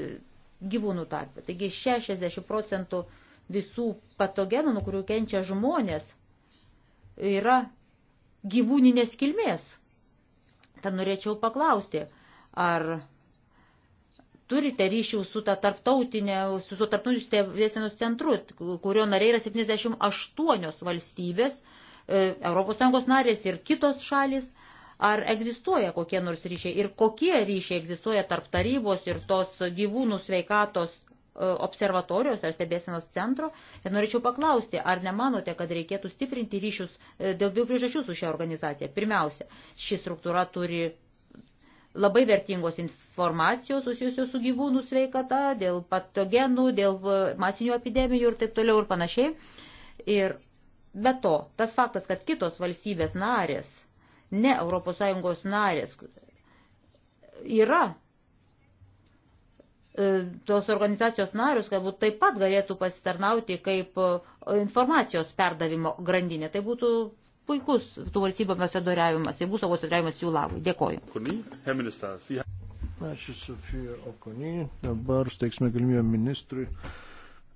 gyvūnų tarpe. Taigi 60 procentų visų patogenų, nuo kurių kenčia žmonės, yra gyvūninės kilmės. Tad norėčiau paklausti, ar turite ryšių su ta tarptautinė, su, su tarptautiniu stebėsenos centru, kurio nariai yra 78 valstybės, ES narės ir kitos šalis. Ar egzistuoja kokie nors ryšiai ir kokie ryšiai egzistuoja tarp tarybos ir tos gyvūnų sveikatos e, observatorijos ar stebėsenos centro. Ir norėčiau paklausti, ar nemanote, kad reikėtų stiprinti ryšius e, dėl dviejų priežasčių su šia organizacija? Pirmiausia, ši struktūra turi labai vertingos informacijos susijusios su gyvūnų sveikata, dėl patogenų, dėl masinių epidemijų ir taip toliau ir panašiai. Ir be to, tas faktas, kad kitos valstybės narės ne ES narės yra e, tos organizacijos narius, galbūt taip pat galėtų pasitarnauti kaip e, informacijos perdavimo grandinė. Tai būtų puikus tų valstybių besadoriavimas, jeigu tai savo sadoriavimas jų labui. Dėkoju. Ačiū Sofija Okonį. Dabar steiksime galimybę ministrui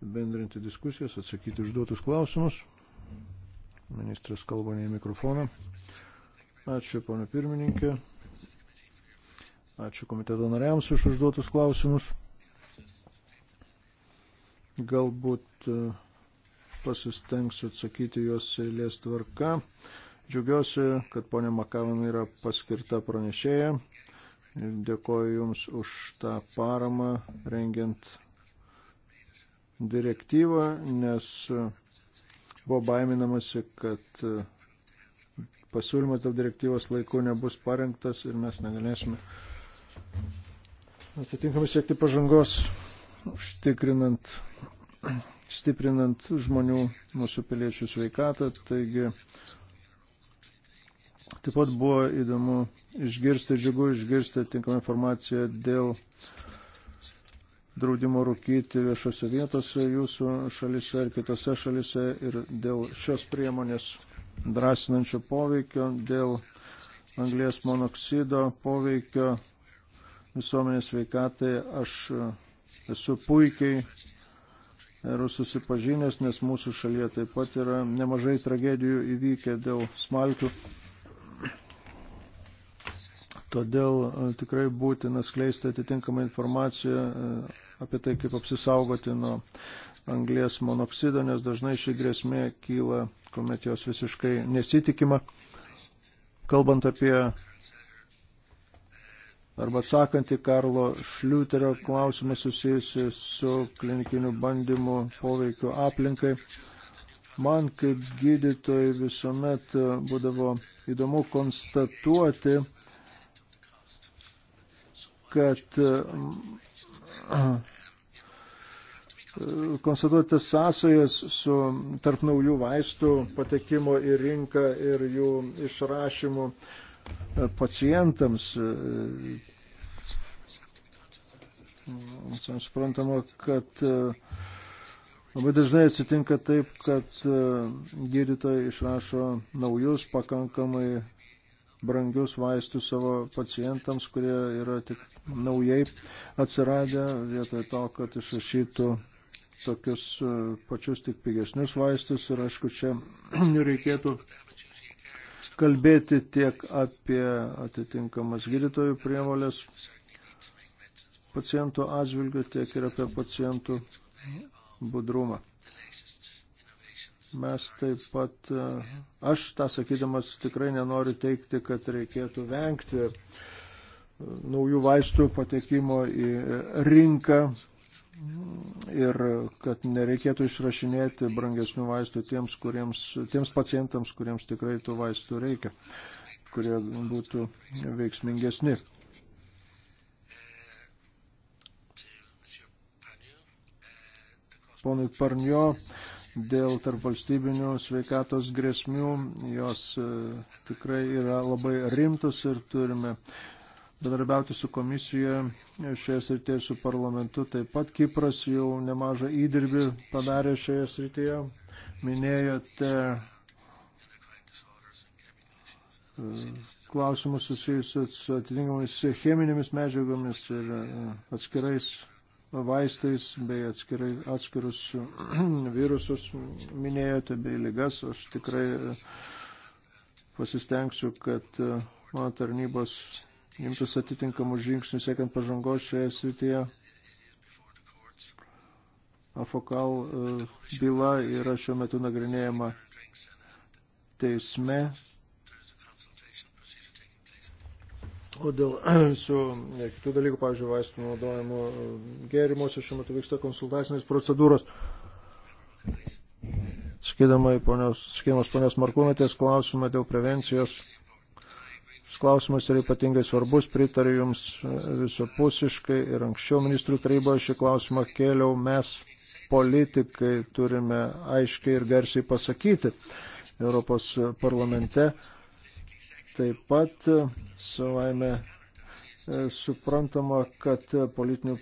bendrinti diskusijas, atsakyti užduotus klausimus. Ministras kalba ne į mikrofoną. Ačiū, ponė pirmininkė. Ačiū komiteto nariams už užduotus klausimus. Galbūt e, pasistengsiu atsakyti juos eilės tvarka. Džiaugiuosi, kad ponė Makavan yra paskirta pranešėja. Dėkoju Jums už tą paramą rengiant direktyvą, nes buvo baiminamasi, kad e, pasiūlymas dėl direktyvos laiku nebus parengtas ir mes negalėsime atitinkamai siekti pažangos, užtikrinant, stiprinant žmonių, mūsų piliečių sveikatą. Taigi, taip pat buvo įdomu išgirsti, džiugu išgirsti atitinkamą informaciją dėl draudimo rūkyti viešose vietose jūsų šalise ir kitose šalise ir dėl šios priemonės drąsinančio poveikio, dėl anglės monoksido poveikio visuomenės veikatai aš esu puikiai ir susipažinęs, nes mūsų šalyje taip pat yra nemažai tragedijų įvykę dėl smalkių. Todėl e, tikrai būtina skleisti atitinkamą informaciją e, apie tai, kaip apsisaugoti nuo anglės monoksido, nes dažnai ši grėsmė kyla, kuomet jos visiškai nesitikima. Kalbant apie arba atsakant į Karlo Šliuterio klausimą susijusi su klinikiniu bandymu poveikiu aplinkai, man kaip gydytojai visuomet būdavo įdomu konstatuoti, kad konstatuoti sąsajas su tarp naujų vaistų patekimo į rinką ir jų išrašymų e, pacientams. Suprantama, kad e, labai dažnai atsitinka taip, kad e, gydytojai išrašo naujus pakankamai brangius vaistus savo pacientams, kurie yra tik naujai atsiradę, vietoj to, kad išrašytų tokius e, pačius tik pigesnius vaistus ir aišku, čia reikėtų kalbėti tiek apie atitinkamas gydytojų prievolės pacientų atžvilgių, tiek ir apie pacientų budrumą. Mes taip pat, e, aš tą sakydamas tikrai nenoriu teikti, kad reikėtų vengti e, naujų vaistų patekimo į rinką, ir kad nereikėtų išrašinėti brangesnių vaistų tiems, kuriems, tiems pacientams, kuriems tikrai tų vaistų reikia, kurie būtų veiksmingesni. Ponui Parnio dėl tarpvalstybinių sveikatos grėsmių, jos e, tikrai yra labai rimtos ir turime uh, bendrabiauti su komisija šioje srityje su parlamentu. Taip pat Kipras jau nemažą įdirbį padarė šioje srityje. Minėjote e, klausimus susijusius su atitinkamais cheminėmis medžiagomis ir e, atskirais vaistais bei atskirai, atskirus virusus minėjote bei lygas. Aš tikrai e, pasistengsiu, kad mano tarnybos imtis atitinkamų žingsnių siekiant pažangos šioje srityje. Afokal e, byla yra šiuo metu nagrinėjama teisme. O dėl su ne, kitų dalykų, pavyzdžiui, vaistų naudojimo e, gėrimuose šiuo metu vyksta konsultacinės procedūros. Skidama į ponios, ponios Markūnatės klausimą dėl prevencijos Šis klausimas yra ypatingai svarbus, pritariu Jums e, visapusiškai ir anksčiau ministrų taryboje šį klausimą kėliau. Mes, politikai, turime aiškiai ir garsiai pasakyti Europos parlamente. Taip pat e, savaime e, suprantama, kad politinių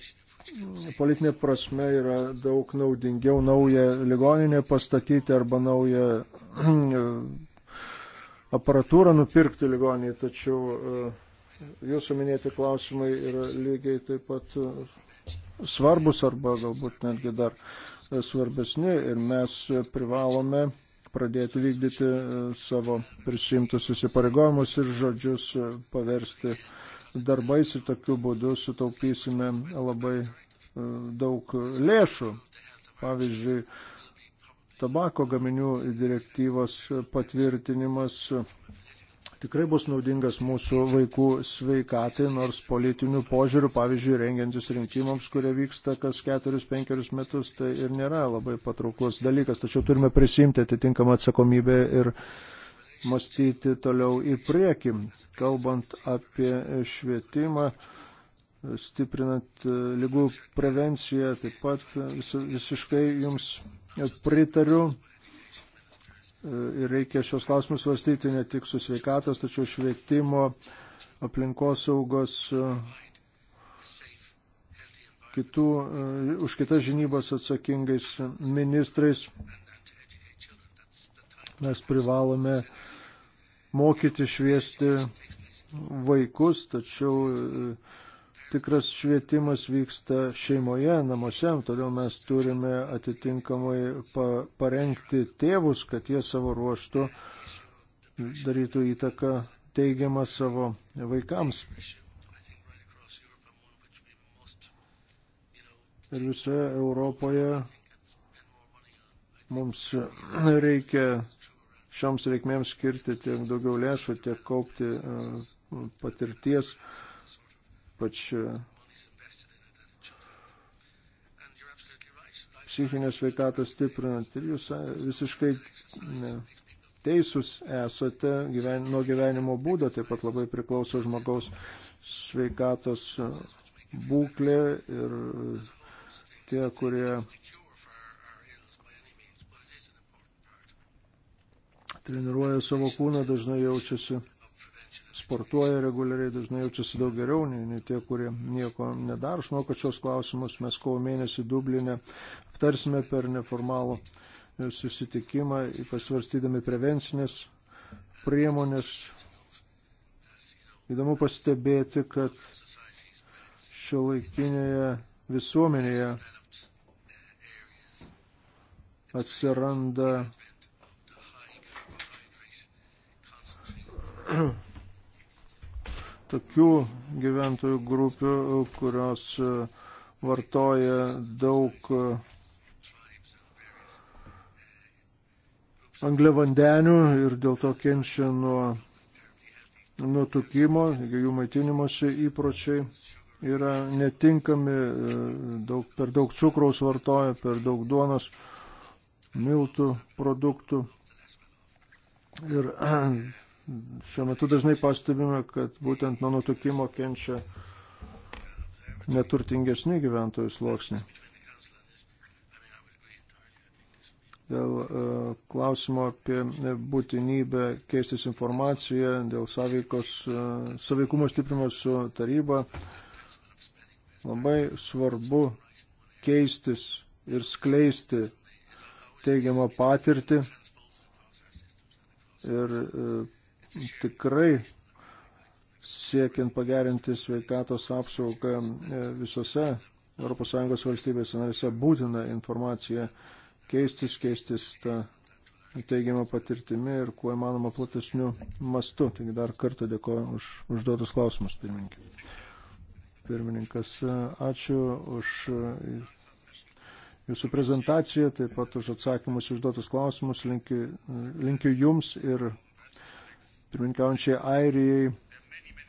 politinė prasme yra daug naudingiau naują ligoninę pastatyti arba naują aparatūrą nupirkti ligoniai, tačiau e, jūsų minėti klausimai yra lygiai taip pat e, svarbus arba galbūt netgi dar e, svarbesni ir mes privalome pradėti vykdyti savo prisimtus įsipareigojimus ir žodžius paversti darbais ir tokiu būdu sutaupysime labai daug lėšų. Pavyzdžiui, tabako gaminių direktyvos patvirtinimas tikrai bus naudingas mūsų vaikų sveikatai, nors politinių požiūrių, pavyzdžiui, rengiantis rinkimams, kurie vyksta kas keturis, penkerius metus, tai ir nėra labai patrauklus dalykas, tačiau turime prisimti atitinkamą atsakomybę ir mąstyti toliau į priekį, kalbant apie švietimą stiprinant lygų prevenciją, taip pat vis, visiškai jums pritariu e, ir reikia šios klausimus svarstyti ne tik su sveikatos, tačiau švietimo, aplinkosaugos, e, kitų, e, už kitas žinybas atsakingais ministrais. Mes privalome mokyti šviesti vaikus, tačiau tikras švietimas vyksta šeimoje, namuose, todėl mes turime atitinkamai pa parengti tėvus, kad jie savo ruoštų darytų įtaką teigiamą savo vaikams. Ir visoje Europoje mums reikia šioms reikmėms skirti tiek daugiau lėšų, tiek kaupti e, patirties. Uh, ypač e, psichinę sveikatą stiprinant. Ir jūs e, visiškai ne, teisūs esate gyven, nuo gyvenimo būdo, taip pat labai priklauso žmogaus sveikatos e, būklė ir tie, kurie treniruoja savo kūną, dažnai jaučiasi sportuoja reguliariai, dažnai jaučiasi daug geriau nei, nei tie, kurie nieko nedaro. Aš manau, kad šios klausimus mes kovo mėnesį Dublinė aptarsime per neformalų e, susitikimą, pasvarstydami prevencinės priemonės. Įdomu pastebėti, kad šio laikinėje visuomenėje atsiranda tokių gyventojų grupių, kurios e, vartoja daug e, angliavandenių ir dėl to kenčia nuo nutukimo, jų maitinimosi įpročiai yra netinkami, e, daug, per daug cukraus vartoja, per daug duonos, miltų produktų. Ir Šiuo metu dažnai pastebime, kad būtent nuo nutukimo kenčia neturtingesni gyventojų sluoksniai. Dėl e, klausimo apie būtinybę keistis informaciją, dėl sąveikos, e, sąveikumo stiprimo su taryba, labai svarbu keistis ir skleisti teigiamą patirtį ir e, tikrai siekiant pagerinti sveikatos apsaugą e, visose ES valstybėse narėse būtina informacija keistis, keistis tą teigiamą patirtimį ir kuo įmanoma platesniu mastu. Taigi dar kartą dėkoju už užduotus klausimus, pirmininkė. Pirmininkas, e, ačiū už e, jūsų prezentaciją, taip pat už atsakymus užduotus klausimus. Linkiu, linkiu jums ir pirmininkiaujančiai Airijai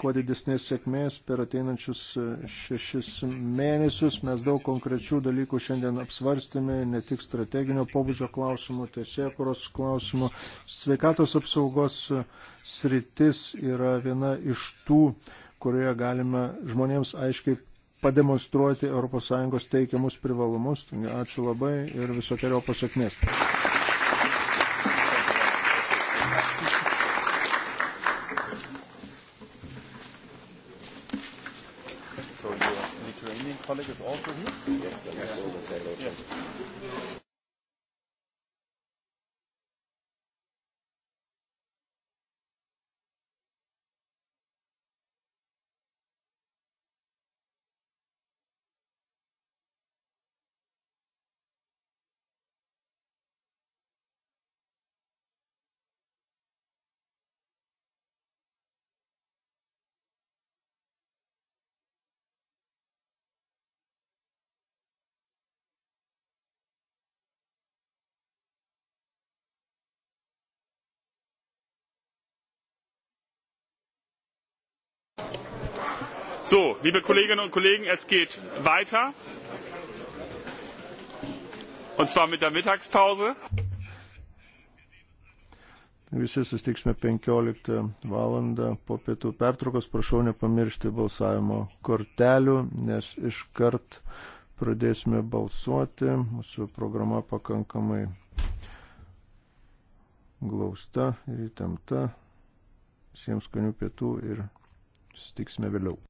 kuo didesnės sėkmės per ateinančius e, šešis mėnesius. Mes daug konkrečių dalykų šiandien apsvarstėme, ne tik strateginio pobūdžio klausimų, tiesėkuros klausimų. Sveikatos apsaugos e, sritis yra viena iš tų, kurioje galime žmonėms aiškiai pademonstruoti ES teikiamus privalumus. Ačiū labai ir visokiojo pasiekmės. So, liebe Kolleginnen und Kollegen, es geht weiter. Und zwar mit der Mittagspause. Visi sustiksime 15 valandą po pietų pertraukos. Prašau nepamiršti balsavimo kortelių, nes iškart pradėsime balsuoti. Mūsų programa pakankamai glausta ir įtempta. Visiems skanių pietų ir Sustiksime vėliau.